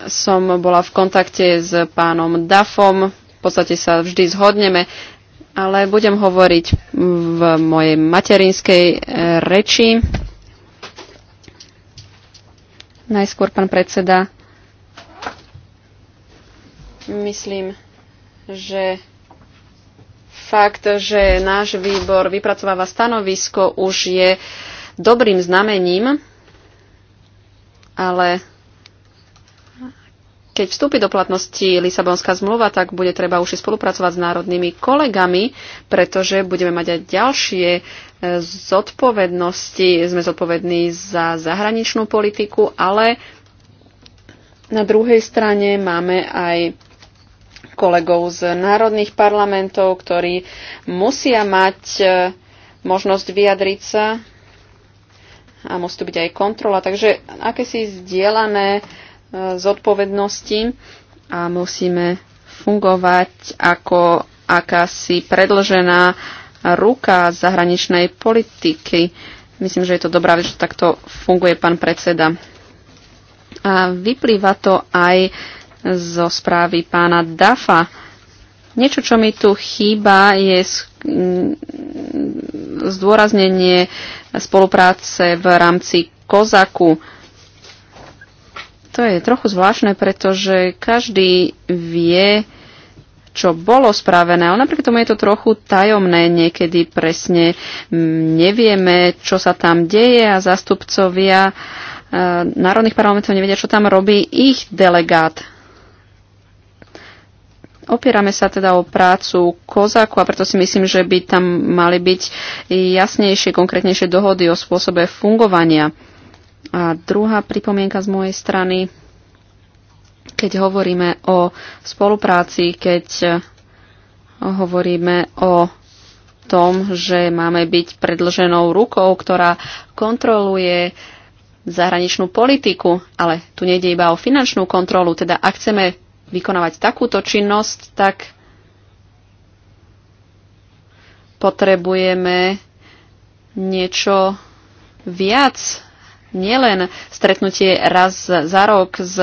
som bola v kontakte s pánom Dafom, podstate sa vždy zhodneme, ale budem hovoriť v mojej materinskej e, reči. Najskôr, pán predseda, myslím, že fakt, že náš výbor vypracováva stanovisko, už je dobrým znamením, ale keď vstúpi do platnosti Lisabonská zmluva, tak bude treba už spolupracovať s národnými kolegami, pretože budeme mať aj ďalšie e, zodpovednosti. Sme zodpovední za zahraničnú politiku, ale na druhej strane máme aj kolegov z národných parlamentov, ktorí musia mať e, možnosť vyjadriť sa a musí tu byť aj kontrola. Takže akési zdieľané zodpovednosti a musíme fungovať ako akási predlžená ruka zahraničnej politiky. Myslím, že je to dobrá vec, že takto funguje pán predseda. A vyplýva to aj zo správy pána Dafa. Niečo, čo mi tu chýba, je mm, zdôraznenie spolupráce v rámci Kozaku. To je trochu zvláštne, pretože každý vie, čo bolo spravené. Ale napriek tomu je to trochu tajomné. Niekedy presne nevieme, čo sa tam deje a zastupcovia e, národných parlamentov nevedia, čo tam robí ich delegát. Opierame sa teda o prácu Kozaku a preto si myslím, že by tam mali byť jasnejšie, konkrétnejšie dohody o spôsobe fungovania a druhá pripomienka z mojej strany, keď hovoríme o spolupráci, keď hovoríme o tom, že máme byť predlženou rukou, ktorá kontroluje zahraničnú politiku, ale tu nejde iba o finančnú kontrolu, teda ak chceme vykonávať takúto činnosť, tak potrebujeme niečo viac nielen stretnutie raz za rok s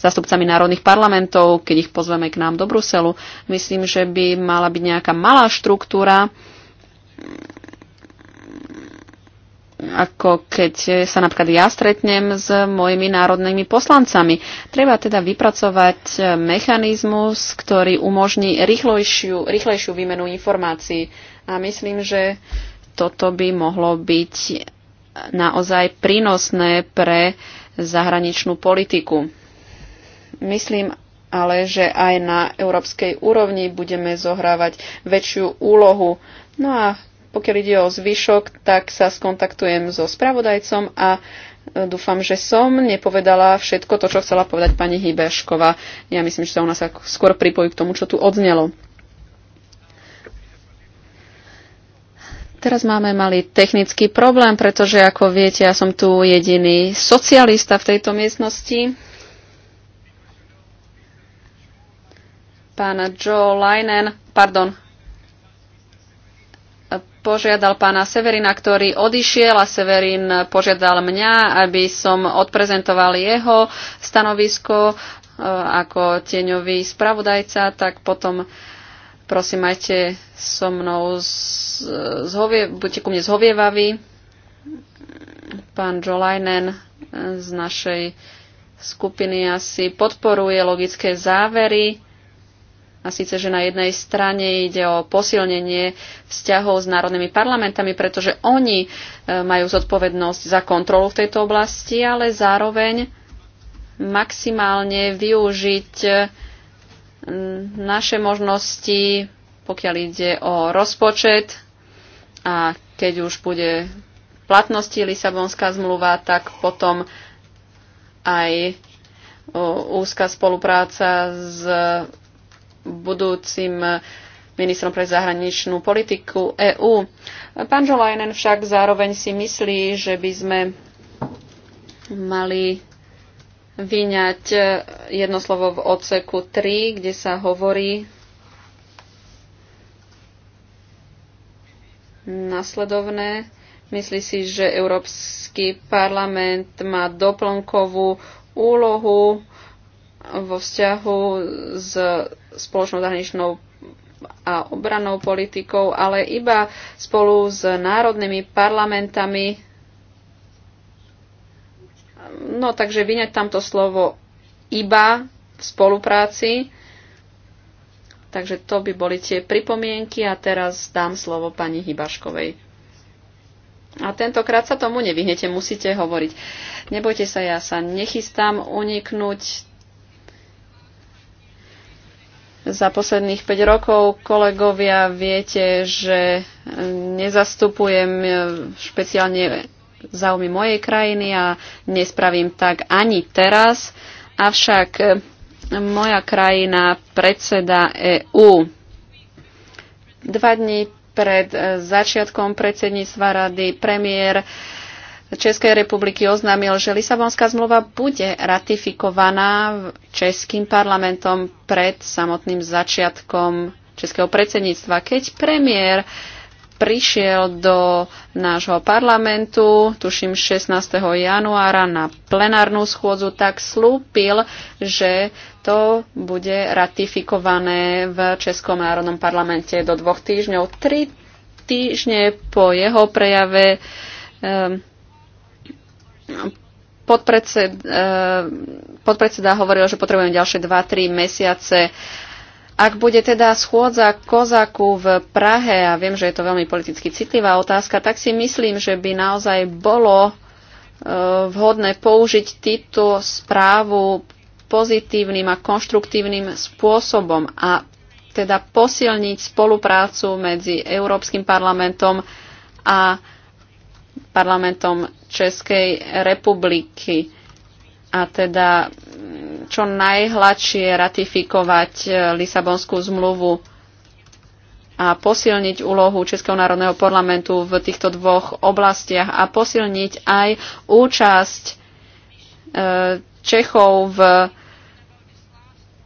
zastupcami národných parlamentov, keď ich pozveme k nám do Bruselu. Myslím, že by mala byť nejaká malá štruktúra, ako keď sa napríklad ja stretnem s mojimi národnými poslancami. Treba teda vypracovať mechanizmus, ktorý umožní rýchlejšiu, rýchlejšiu výmenu informácií. A myslím, že toto by mohlo byť naozaj prínosné pre zahraničnú politiku. Myslím ale, že aj na európskej úrovni budeme zohrávať väčšiu úlohu. No a pokiaľ ide o zvyšok, tak sa skontaktujem so spravodajcom a e, dúfam, že som nepovedala všetko to, čo chcela povedať pani Hybešková. Ja myslím, že sa ona sa skôr pripojí k tomu, čo tu odznelo. Teraz máme malý technický problém, pretože ako viete, ja som tu jediný socialista v tejto miestnosti. Pána Joe Linen, pardon, požiadal pána Severina, ktorý odišiel a Severin požiadal mňa, aby som odprezentoval jeho stanovisko e, ako tieňový spravodajca, tak potom prosím majte so mnou zhovie, buďte ku mne zhovievaví. Pán Jolajnen z našej skupiny asi podporuje logické závery. A síce, že na jednej strane ide o posilnenie vzťahov s národnými parlamentami, pretože oni e, majú zodpovednosť za kontrolu v tejto oblasti, ale zároveň maximálne využiť e, naše možnosti, pokiaľ ide o rozpočet a keď už bude v platnosti Lisabonská zmluva, tak potom aj úzka spolupráca s budúcim ministrom pre zahraničnú politiku EÚ. Pán Žolajnen však zároveň si myslí, že by sme mali vyňať eh, jedno slovo v odseku 3, kde sa hovorí nasledovné. Myslí si, že Európsky parlament má doplnkovú úlohu vo vzťahu s spoločnou zahraničnou a obrannou politikou, ale iba spolu s národnými parlamentami. No takže vyňať tamto slovo iba v spolupráci Takže to by boli tie pripomienky a teraz dám slovo pani Hybaškovej. A tentokrát sa tomu nevyhnete, musíte hovoriť. Nebojte sa, ja sa nechystám uniknúť. Za posledných 5 rokov, kolegovia, viete, že nezastupujem špeciálne záujmy mojej krajiny a nespravím tak ani teraz. Avšak moja krajina predseda EÚ. Dva dní pred e, začiatkom predsedníctva rady premiér Českej republiky oznámil, že Lisabonská zmluva bude ratifikovaná Českým parlamentom pred samotným začiatkom Českého predsedníctva. Keď premiér prišiel do nášho parlamentu, tuším 16. januára na plenárnu schôdzu, tak slúpil, že to bude ratifikované v Českom národnom parlamente do dvoch týždňov. Tri týždne po jeho prejave ehm, podpredsed, ehm, podpredseda hovoril, že potrebujeme ďalšie 2-3 mesiace ak bude teda schôdza Kozaku v Prahe, a viem, že je to veľmi politicky citlivá otázka, tak si myslím, že by naozaj bolo ehm, vhodné použiť túto správu pozitívnym a konštruktívnym spôsobom a teda posilniť spoluprácu medzi Európskym parlamentom a parlamentom Českej republiky a teda mm, čo najhladšie ratifikovať e, Lisabonskú zmluvu a posilniť úlohu Českého národného parlamentu v týchto dvoch oblastiach a posilniť aj účasť e, Čechov v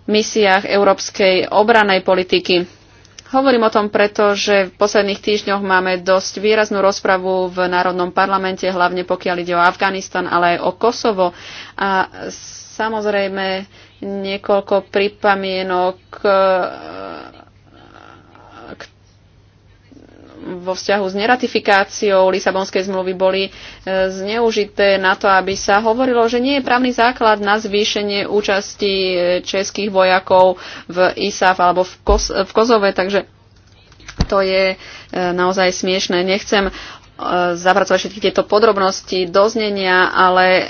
misiách európskej obranej politiky. Hovorím o tom preto, že v posledných týždňoch máme dosť výraznú rozpravu v Národnom parlamente, hlavne pokiaľ ide o Afganistan, ale aj o Kosovo. A samozrejme niekoľko pripamienok. vo vzťahu s neratifikáciou Lisabonskej zmluvy boli e, zneužité na to, aby sa hovorilo, že nie je právny základ na zvýšenie účasti e, českých vojakov v ISAF alebo v, Kos- v Kozove, takže to je e, naozaj smiešné. Nechcem E, zapracovať všetky tieto podrobnosti doznenia, ale e,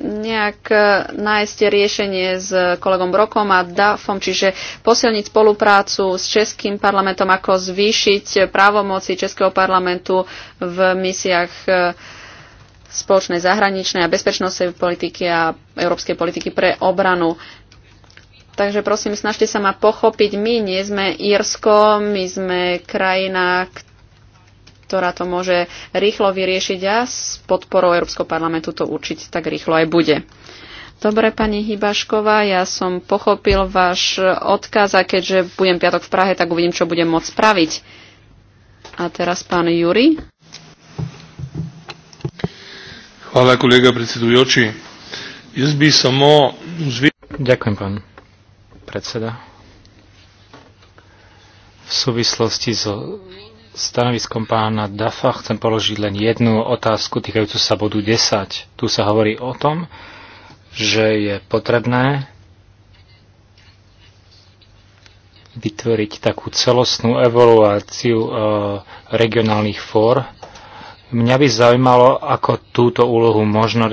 nejak e, nájsť riešenie s kolegom Brokom a DAFom, čiže posilniť spoluprácu s Českým parlamentom, ako zvýšiť právomoci Českého parlamentu v misiách spoločnej zahraničnej a bezpečnostnej politiky a európskej politiky pre obranu. Takže prosím, snažte sa ma pochopiť. My nie sme Írsko, my sme krajina, ktorá ktorá to môže rýchlo vyriešiť a s podporou Európskeho parlamentu to určite tak rýchlo aj bude. Dobre, pani Hybašková, ja som pochopil váš odkaz a keďže budem piatok v Prahe, tak uvidím, čo budem môcť spraviť. A teraz pán Juri. Hvala, kolega predsedujoči. Jaz by samo... Ďakujem, pán predseda. V súvislosti so stanoviskom pána Dafa chcem položiť len jednu otázku týkajúcu sa bodu 10. Tu sa hovorí o tom, že je potrebné vytvoriť takú celostnú evoluáciu e, regionálnych fór. Mňa by zaujímalo, ako túto úlohu možno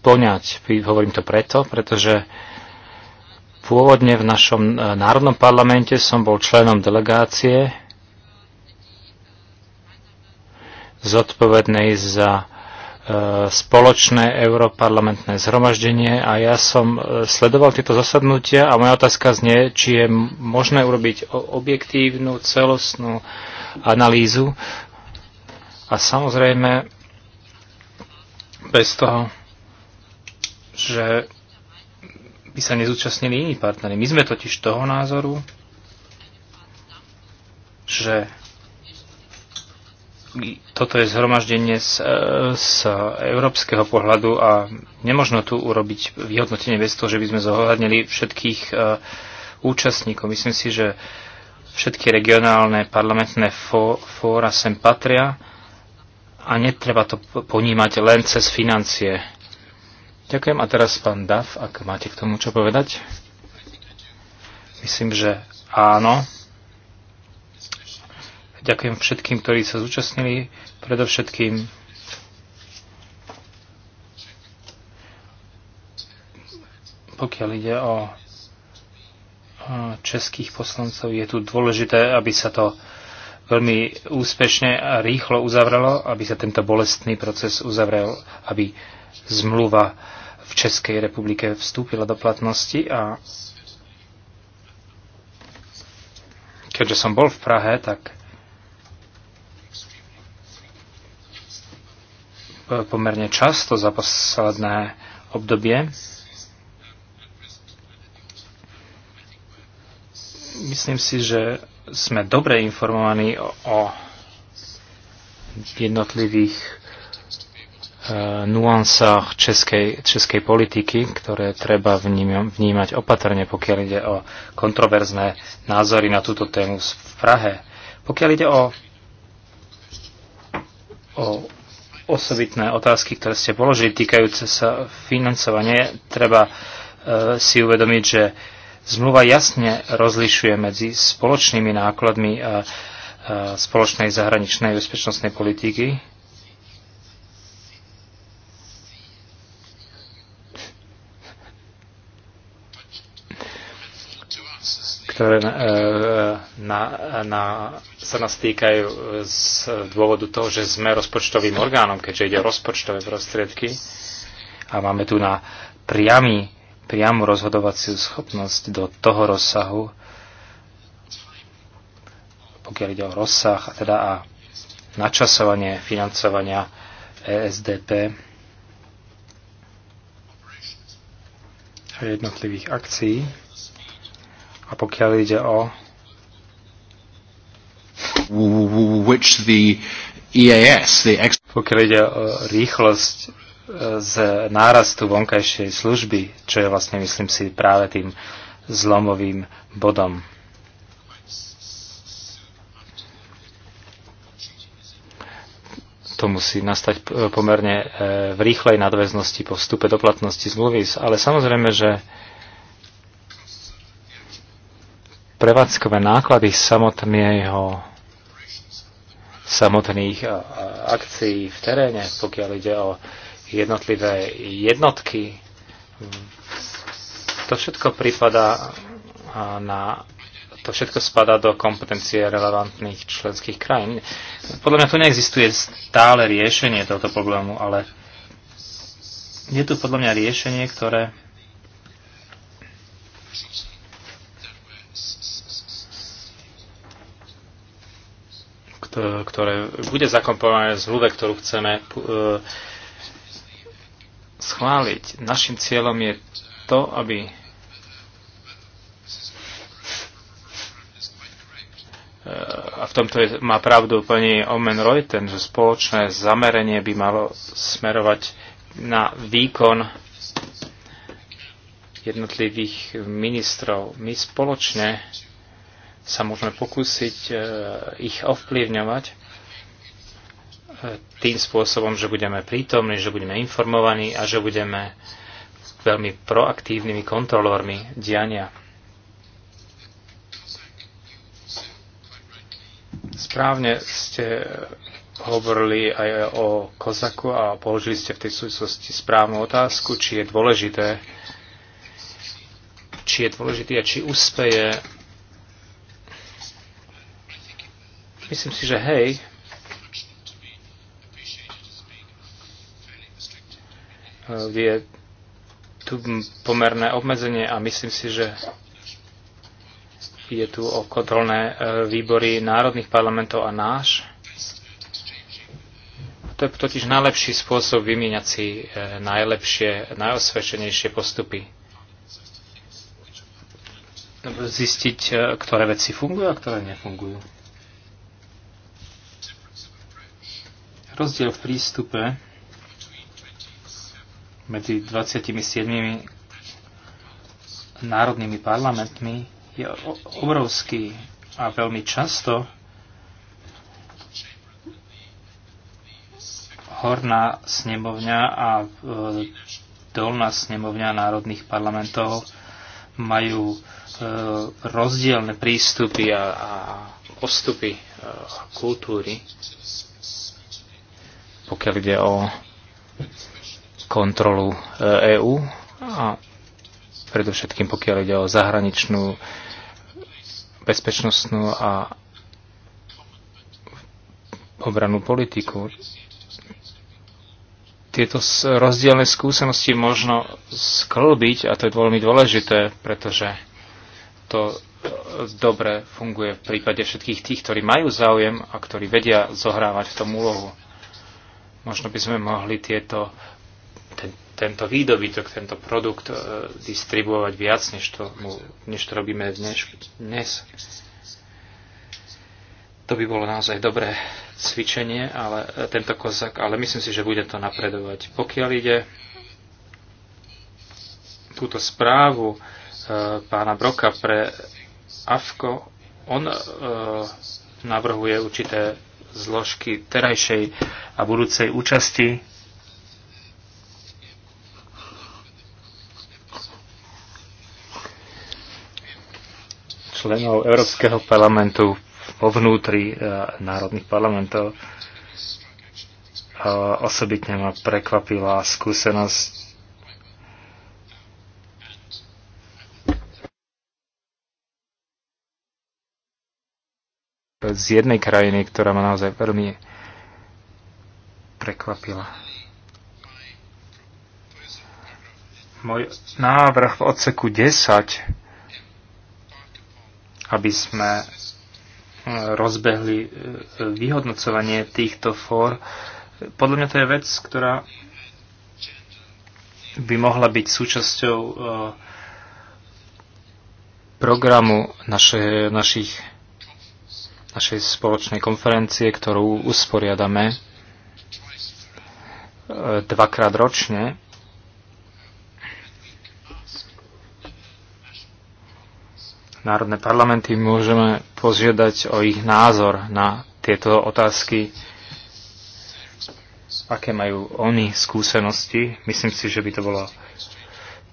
poňať. Hovorím to preto, pretože pôvodne v našom e, národnom parlamente som bol členom delegácie zodpovednej za e, spoločné europarlamentné zhromaždenie a ja som e, sledoval tieto zasadnutia a moja otázka znie, či je možné urobiť objektívnu, celostnú analýzu a samozrejme bez toho, že by sa nezúčastnili iní partnery. My sme totiž toho názoru, že toto je zhromaždenie z, e, z európskeho pohľadu a nemožno tu urobiť vyhodnotenie bez toho, že by sme zohľadnili všetkých e, účastníkov. Myslím si, že všetky regionálne parlamentné fó, fóra sem patria a netreba to ponímať len cez financie. Ďakujem. A teraz pán DAF, ak máte k tomu čo povedať. Myslím, že áno Ďakujem všetkým, ktorí sa zúčastnili, predovšetkým pokiaľ ide o českých poslancov, je tu dôležité, aby sa to veľmi úspešne a rýchlo uzavrelo, aby sa tento bolestný proces uzavrel, aby zmluva v Českej republike vstúpila do platnosti a keďže som bol v Prahe, tak pomerne často za posledné obdobie. Myslím si, že sme dobre informovaní o jednotlivých e, nuansách českej, českej politiky, ktoré treba vnímať opatrne, pokiaľ ide o kontroverzné názory na túto tému v Prahe. Pokiaľ ide o, o osobitné otázky, ktoré ste položili týkajúce sa financovanie, treba e, si uvedomiť, že zmluva jasne rozlišuje medzi spoločnými nákladmi a, a spoločnej zahraničnej bezpečnostnej politiky. ktoré e, e, na, na, na sa nás týkajú e, z dôvodu toho, že sme rozpočtovým orgánom, keďže ide o rozpočtové prostriedky a máme tu na priamy, priamu rozhodovaciu schopnosť do toho rozsahu, pokiaľ ide o rozsah a teda a načasovanie financovania ESDP a jednotlivých akcií. A pokiaľ ide o E Pokiaľ ide o rýchlosť e, z nárastu vonkajšej služby, čo je vlastne, myslím si, práve tým zlomovým bodom. to musí nastať e, pomerne v rýchlej nadväznosti po vstupe do platnosti zmluvy. Ale samozrejme, že prevádzkové náklady samotného samotných akcií v teréne, pokiaľ ide o jednotlivé jednotky. To všetko prípada na to všetko spadá do kompetencie relevantných členských krajín. Podľa mňa tu neexistuje stále riešenie tohto problému, ale je tu podľa mňa riešenie, ktoré E, ktoré bude zakomponované z zmluve, ktorú chceme e, schváliť. Našim cieľom je to, aby a v tomto je, má pravdu pani Omen Reuten, že spoločné zamerenie by malo smerovať na výkon jednotlivých ministrov. My spoločne sa môžeme pokúsiť e, ich ovplyvňovať e, tým spôsobom, že budeme prítomní, že budeme informovaní a že budeme veľmi proaktívnymi kontrolórmi diania. Správne ste hovorili aj o Kozaku a položili ste v tej súvislosti správnu otázku, či je dôležité, či je dôležité a či úspeje. Myslím si, že hej, ehm, je tu pomerné obmedzenie a myslím si, že je tu o kontrolné ehm, výbory národných parlamentov a náš. To je totiž najlepší spôsob vymieňať si ehm, najlepšie, najosvedčenejšie postupy. Zistiť, ktoré veci fungujú a ktoré nefungujú. Rozdiel v prístupe medzi 27 národnými parlamentmi je obrovský a veľmi často horná snemovňa a e, dolná snemovňa národných parlamentov majú e, rozdielne prístupy a, postupy e, kultúry pokiaľ ide o kontrolu EÚ e a predovšetkým pokiaľ ide o zahraničnú bezpečnostnú a obranú politiku. Tieto rozdielne skúsenosti možno sklbiť a to je veľmi dôležité, pretože to e, dobre funguje v prípade všetkých tých, ktorí majú záujem a ktorí vedia zohrávať v tom úlohu. Možno by sme mohli tieto, ten, tento výdobytok, tento produkt uh, distribuovať viac, než to, než to robíme dnes, dnes. To by bolo naozaj dobré cvičenie, ale e, tento kozak, ale myslím si, že bude to napredovať. Pokiaľ ide túto správu e, pána Broka pre AFKO, on e, navrhuje určité zložky terajšej a budúcej účasti. členov Európskeho parlamentu vo vnútri e, národných parlamentov. E, osobitne ma prekvapila skúsenosť z jednej krajiny, ktorá ma naozaj veľmi prekvapila. Môj návrh v odseku 10, aby sme hm, rozbehli e, vyhodnocovanie týchto fór, podľa mňa to je vec, ktorá by mohla byť súčasťou e, programu naše, našich našej spoločnej konferencie, ktorú usporiadame e, dvakrát ročne. Národné parlamenty môžeme požiadať o ich názor na tieto otázky, aké majú oni skúsenosti. Myslím si, že by to bola,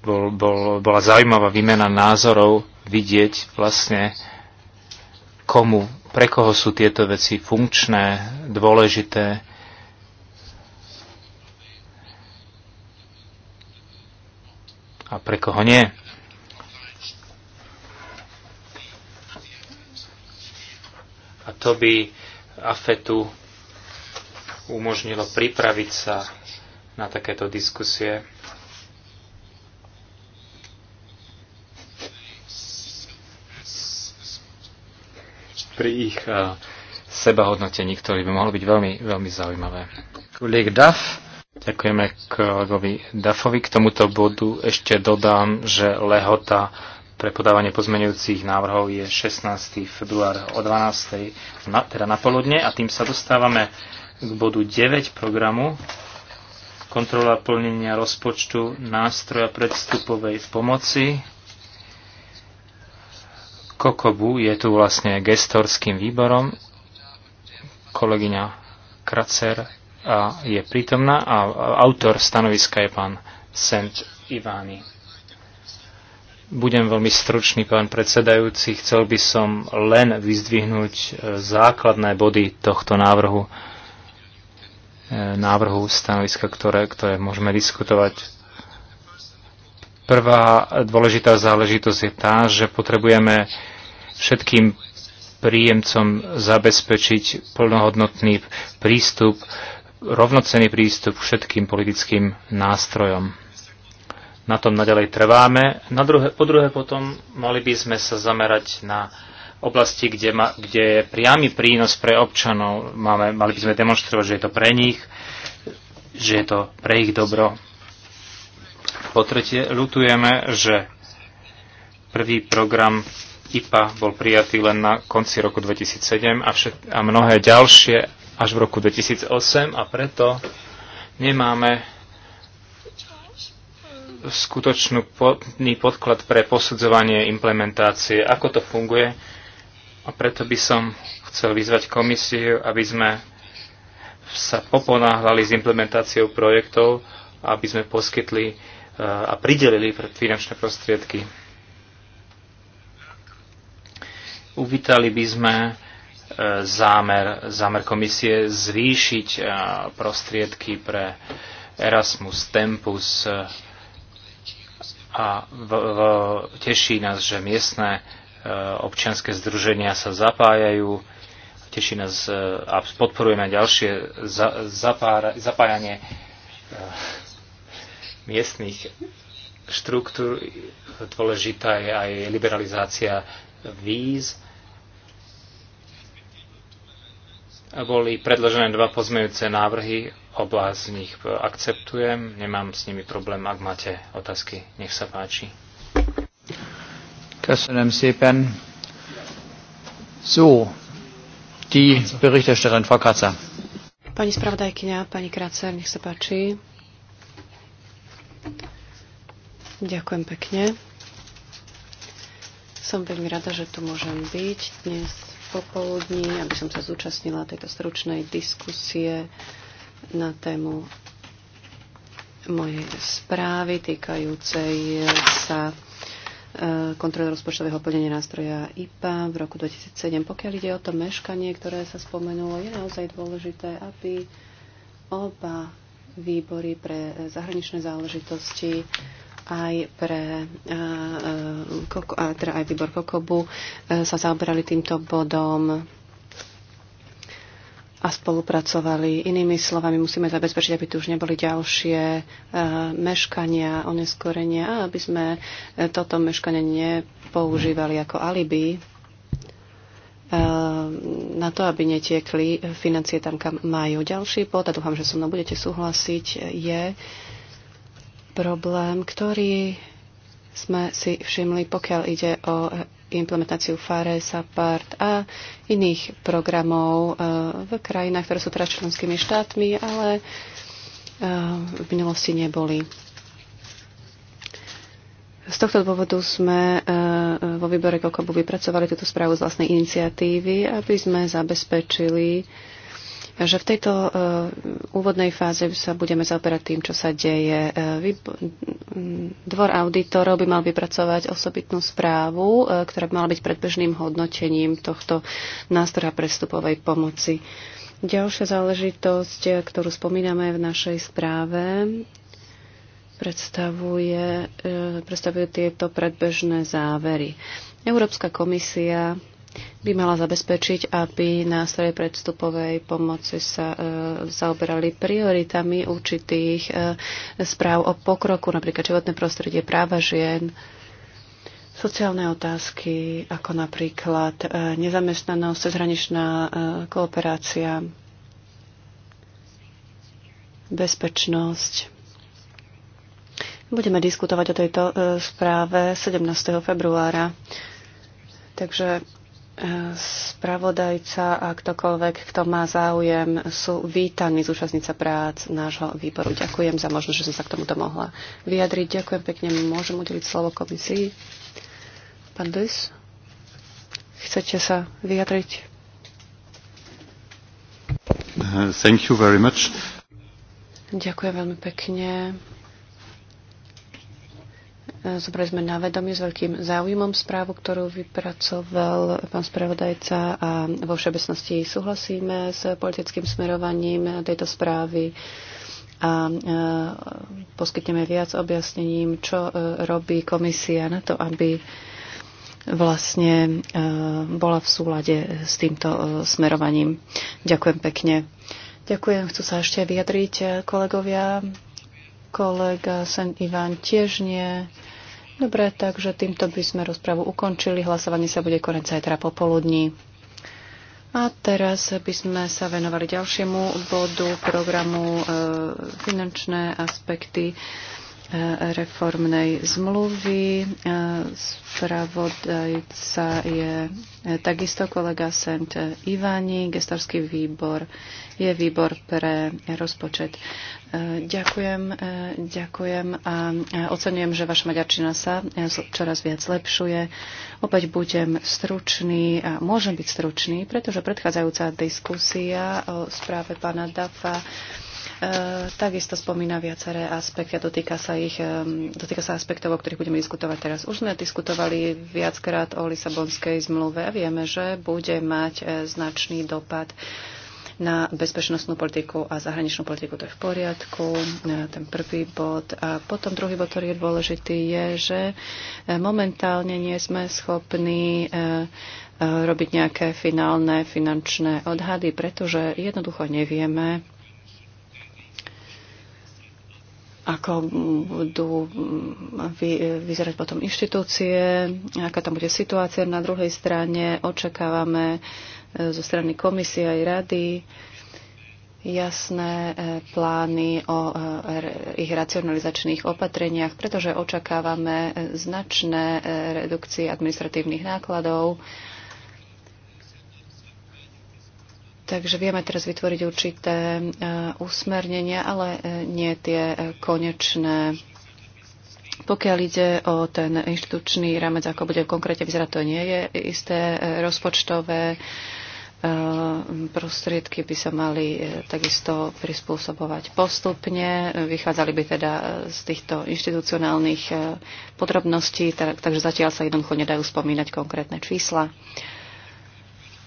bol, bol, bola zaujímavá výmena názorov vidieť vlastne, komu pre koho sú tieto veci funkčné, dôležité. A pre koho nie. A to by AFETu umožnilo pripraviť sa na takéto diskusie. pri ich sebahodnotení, ktoré by mohlo byť veľmi, veľmi zaujímavé. Kolik DAF. Ďakujeme kolegovi Dafovi. K tomuto bodu ešte dodám, že lehota pre podávanie pozmenujúcich návrhov je 16. február o 12. Na, teda na poludne a tým sa dostávame k bodu 9 programu kontrola plnenia rozpočtu nástroja predstupovej pomoci Kokobu je tu vlastne gestorským výborom. Kolegyňa Kracer a je prítomná a autor stanoviska je pán Sent Ivány. Budem veľmi stručný, pán predsedajúci. Chcel by som len vyzdvihnúť e, základné body tohto návrhu, e, návrhu stanoviska, ktoré, ktoré môžeme diskutovať Prvá dôležitá záležitosť je tá, že potrebujeme všetkým príjemcom zabezpečiť plnohodnotný prístup, rovnocený prístup k všetkým politickým nástrojom. Na tom naďalej trváme. Na druhé, po druhé potom mali by sme sa zamerať na oblasti, kde, ma, kde je priamy prínos pre občanov. Máme, mali by sme demonstrovať, že je to pre nich, že je to pre ich dobro. Po tretie, ľutujeme, že prvý program IPA bol prijatý len na konci roku 2007 a, všet- a mnohé ďalšie až v roku 2008 a preto nemáme skutočný podklad pre posudzovanie implementácie, ako to funguje a preto by som chcel vyzvať komisiu, aby sme sa poponáhľali s implementáciou projektov, aby sme poskytli a pridelili finančné prostriedky. Uvítali by sme e, zámer, zámer komisie zvýšiť e, prostriedky pre Erasmus Tempus e, a v, v, teší nás, že miestne občianské združenia sa zapájajú. Teší nás a podporujeme ďalšie za, zapára, zapájanie miestných štruktúr. Dôležitá je aj liberalizácia víz. Boli predložené dva pozmejúce návrhy, oblasť z nich akceptujem, nemám s nimi problém, ak máte otázky, nech sa páči. Köszönöm szépen. So, die Berichterstatterin Frau Kratzer. Pani spravodajkyňa, pani Kratzer, nech sa páči. Ďakujem pekne. Som veľmi rada, že tu môžem byť dnes popoludní, aby som sa zúčastnila tejto stručnej diskusie na tému mojej správy týkajúcej sa e, kontroly rozpočtového plnenia nástroja IPA v roku 2007. Pokiaľ ide o to meškanie, ktoré sa spomenulo, je naozaj dôležité, aby oba výbory pre e, zahraničné záležitosti, aj pre e, e, teda aj výbor Kokobu sa zaoberali týmto bodom a spolupracovali. Inými slovami, musíme zabezpečiť, aby tu už neboli ďalšie meškania, oneskorenia, aby sme toto meškanie nepoužívali ako alibi Ehm, na to, aby netiekli financie tam, kam majú. Ďalší bod, a dúfam, že so mnou budete súhlasiť, je problém, ktorý sme si všimli, pokiaľ ide o implementáciu FARE, SAPART a iných programov eh, v krajinách, ktoré sú teraz členskými štátmi, ale eh, v minulosti neboli. Z tohto dôvodu sme eh, vo výbore Kokobu vypracovali túto správu z vlastnej iniciatívy, aby sme zabezpečili, že v tejto eh, úvodnej fáze sa budeme zaoberať tým, čo sa deje. Eh, mm, dvor auditorov by mal vypracovať osobitnú správu, ktorá by mala byť predbežným hodnotením tohto nástroja prestupovej pomoci. Ďalšia záležitosť, ktorú spomíname v našej správe, predstavuje, e, predstavuje tieto predbežné závery. Európska komisia by mala zabezpečiť, aby nástroje predstupovej pomoci sa e, zaoberali prioritami určitých e, správ o pokroku, napríklad životné prostredie, práva žien, sociálne otázky, ako napríklad e, nezamestnanosť, cezhraničná e, kooperácia, bezpečnosť Budeme diskutovať o tejto e, správe 17. februára. Takže e, spravodajca a ktokoľvek, kto má záujem, sú vítaní z účastnice prác nášho výboru. Ďakujem za možnosť, že som sa k tomuto mohla vyjadriť. Ďakujem pekne. Môžem udeliť slovo komisii. Pán Dys, chcete sa vyjadriť? Uh, thank you very much. Ďakujem veľmi pekne. Zobrali sme na vedomie s veľkým záujmom správu, ktorú vypracoval pán spravodajca a vo všeobecnosti súhlasíme s politickým smerovaním tejto správy a e, poskytneme viac objasnením, čo e, robí komisia na to, aby vlastne e, bola v súlade s týmto smerovaním. Ďakujem pekne. Ďakujem, chcú sa ešte vyjadriť kolegovia. Kolega Sen Ivan tiež nie. Dobre, takže týmto by sme rozpravu ukončili. Hlasovanie sa bude konec zajtra popoludní. A teraz by sme sa venovali ďalšiemu bodu programu e, finančné aspekty reformnej zmluvy. Spravodajca je takisto kolega Sent Ivani. Gestorský výbor je výbor pre rozpočet. Ďakujem, ďakujem a ocenujem, že vaša maďarčina sa čoraz viac lepšuje. Opäť budem stručný a môžem byť stručný, pretože predchádzajúca diskusia o správe pána Dafa E, takisto spomína viaceré aspekty a dotýka sa, ich, e, dotýka sa aspektov, o ktorých budeme diskutovať teraz. Už sme diskutovali viackrát o Lisabonskej zmluve a vieme, že bude mať e, značný dopad na bezpečnostnú politiku a zahraničnú politiku. To je v poriadku, ten prvý bod. A potom druhý bod, ktorý je dôležitý, je, že momentálne nie sme schopní robiť nejaké finálne finančné odhady, pretože jednoducho nevieme, ako budú mm, vy, vyzerať potom inštitúcie, aká tam bude situácia. Na druhej strane očakávame e, zo strany komisie aj rady jasné e, plány o e, ich racionalizačných opatreniach, pretože očakávame značné redukcie administratívnych nákladov Takže vieme teraz vytvoriť určité e, usmernenia, ale e, nie tie e, konečné. Pokiaľ ide o ten inštitučný rámec, ako bude konkrétne vyzerať, to nie je isté. Rozpočtové prostriedky by sa mali takisto prispôsobovať postupne. Vychádzali by teda z týchto inštitucionálnych podrobností, teda, takže zatiaľ sa jednoducho nedajú spomínať konkrétne čísla.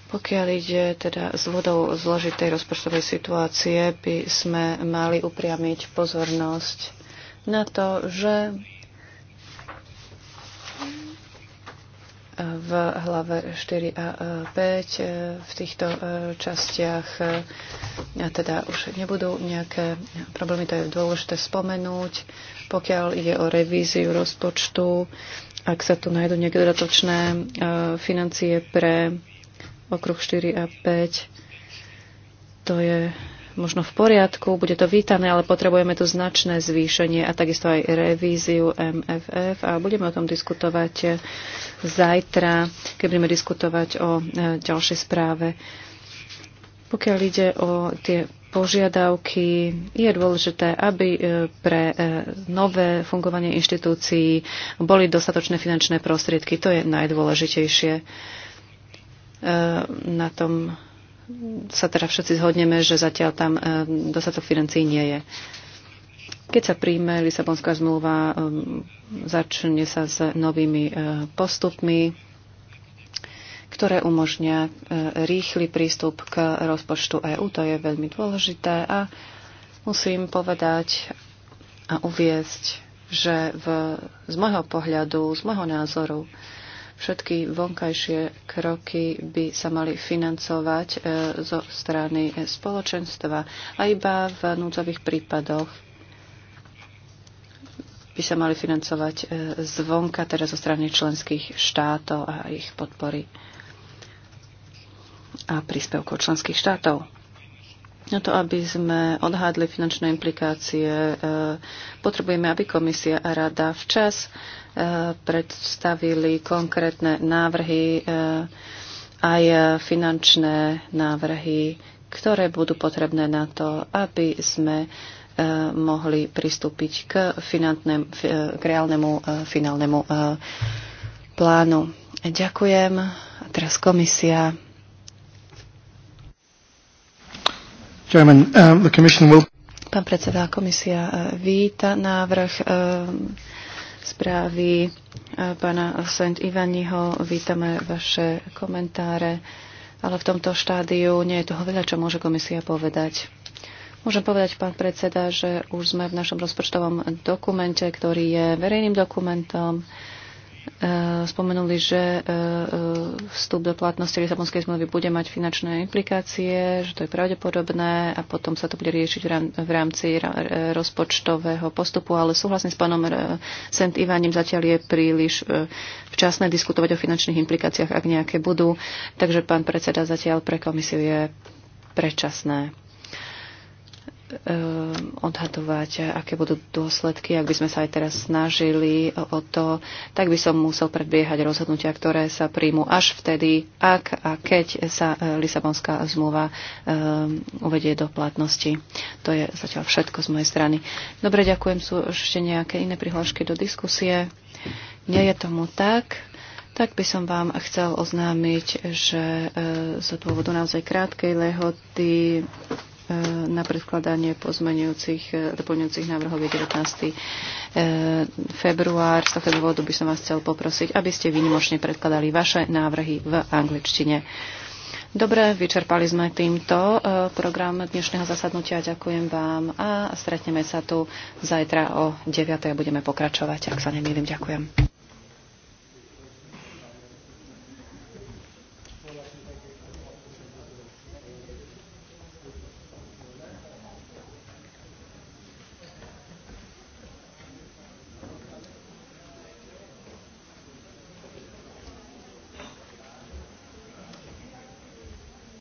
Pokiaľ ide teda z vodou zložitej rozpočtovej situácie, by sme mali upriamiť pozornosť na to, že v hlave 4 a 5 e, e, v týchto e, častiach teda už nebudú nejaké problémy, to je dôležité spomenúť. Pokiaľ ide o revíziu rozpočtu, ak sa tu nájdú nejaké dodatočné financie pre okruh 4 a 5. To je možno v poriadku, bude to vítané, ale potrebujeme tu značné zvýšenie a takisto aj revíziu MFF a budeme o tom diskutovať zajtra, keď budeme diskutovať o e, ďalšej správe. Pokiaľ ide o tie požiadavky, je dôležité, aby e, pre e, nové fungovanie inštitúcií boli dostatočné finančné prostriedky. To je najdôležitejšie. E, na tom sa teda všetci zhodneme, že zatiaľ tam e, dostatok financií nie je. Keď sa príjme Lisabonská zmluva, e, začne sa s novými postupmi, ktoré umožnia rýchly prístup k rozpočtu EÚ. To je veľmi dôležité a musím povedať a uviesť, že v, z môjho pohľadu, z môjho názoru, Všetky vonkajšie kroky by sa mali financovať e, zo strany spoločenstva a iba v núdzových prípadoch by sa mali financovať e, zvonka, teda zo strany členských štátov a ich podpory a príspevkov členských štátov. Na to, aby sme odhádli finančné implikácie, eh, potrebujeme, aby komisia a rada včas eh, predstavili konkrétne návrhy, eh, aj finančné návrhy, ktoré budú potrebné na to, aby sme mohli pristúpiť k, finantnému, k reálnemu finálnemu plánu. Ďakujem. A teraz komisia. Chairman, um, the commission will... Pán predseda, komisia uh, víta návrh uh, správy pána St. Ivaniho. Vítame vaše komentáre, ale v tomto štádiu nie je toho veľa, čo môže komisia povedať. Môžem povedať, pán predseda, že už sme v našom rozpočtovom dokumente, ktorý je verejným dokumentom, Eh, spomenuli, že eh, vstup do platnosti Lisabonskej zmluvy bude mať finančné implikácie, že to je pravdepodobné a potom sa to bude riešiť v rámci eh, rozpočtového postupu, ale súhlasne s pánom Sent Ivaním, zatiaľ je príliš včasné diskutovať o finančných implikáciách, ak nejaké budú, takže pán predseda zatiaľ pre komisiu je predčasné. Ehm, odhadovať, aké budú dôsledky. Ak by sme sa aj teraz snažili o to, tak by som musel predbiehať rozhodnutia, ktoré sa príjmu až vtedy, ak a keď sa e, Lisabonská zmluva ehm, uvedie do platnosti. To je zatiaľ všetko z mojej strany. Dobre, ďakujem. Sú ešte nejaké iné prihlášky do diskusie? Nie je tomu tak. Tak by som vám chcel oznámiť, že e, z dôvodu naozaj krátkej lehoty E, na predkladanie pozmenujúcich, e, doplňujúcich návrhov je 19. E, február. Z tohto dôvodu by som vás chcel poprosiť, aby ste výnimočne predkladali vaše návrhy v angličtine. Dobre, vyčerpali sme týmto program dnešného zasadnutia. Ďakujem vám a stretneme sa tu zajtra o 9. a budeme pokračovať, ak sa nemýlim. Ďakujem.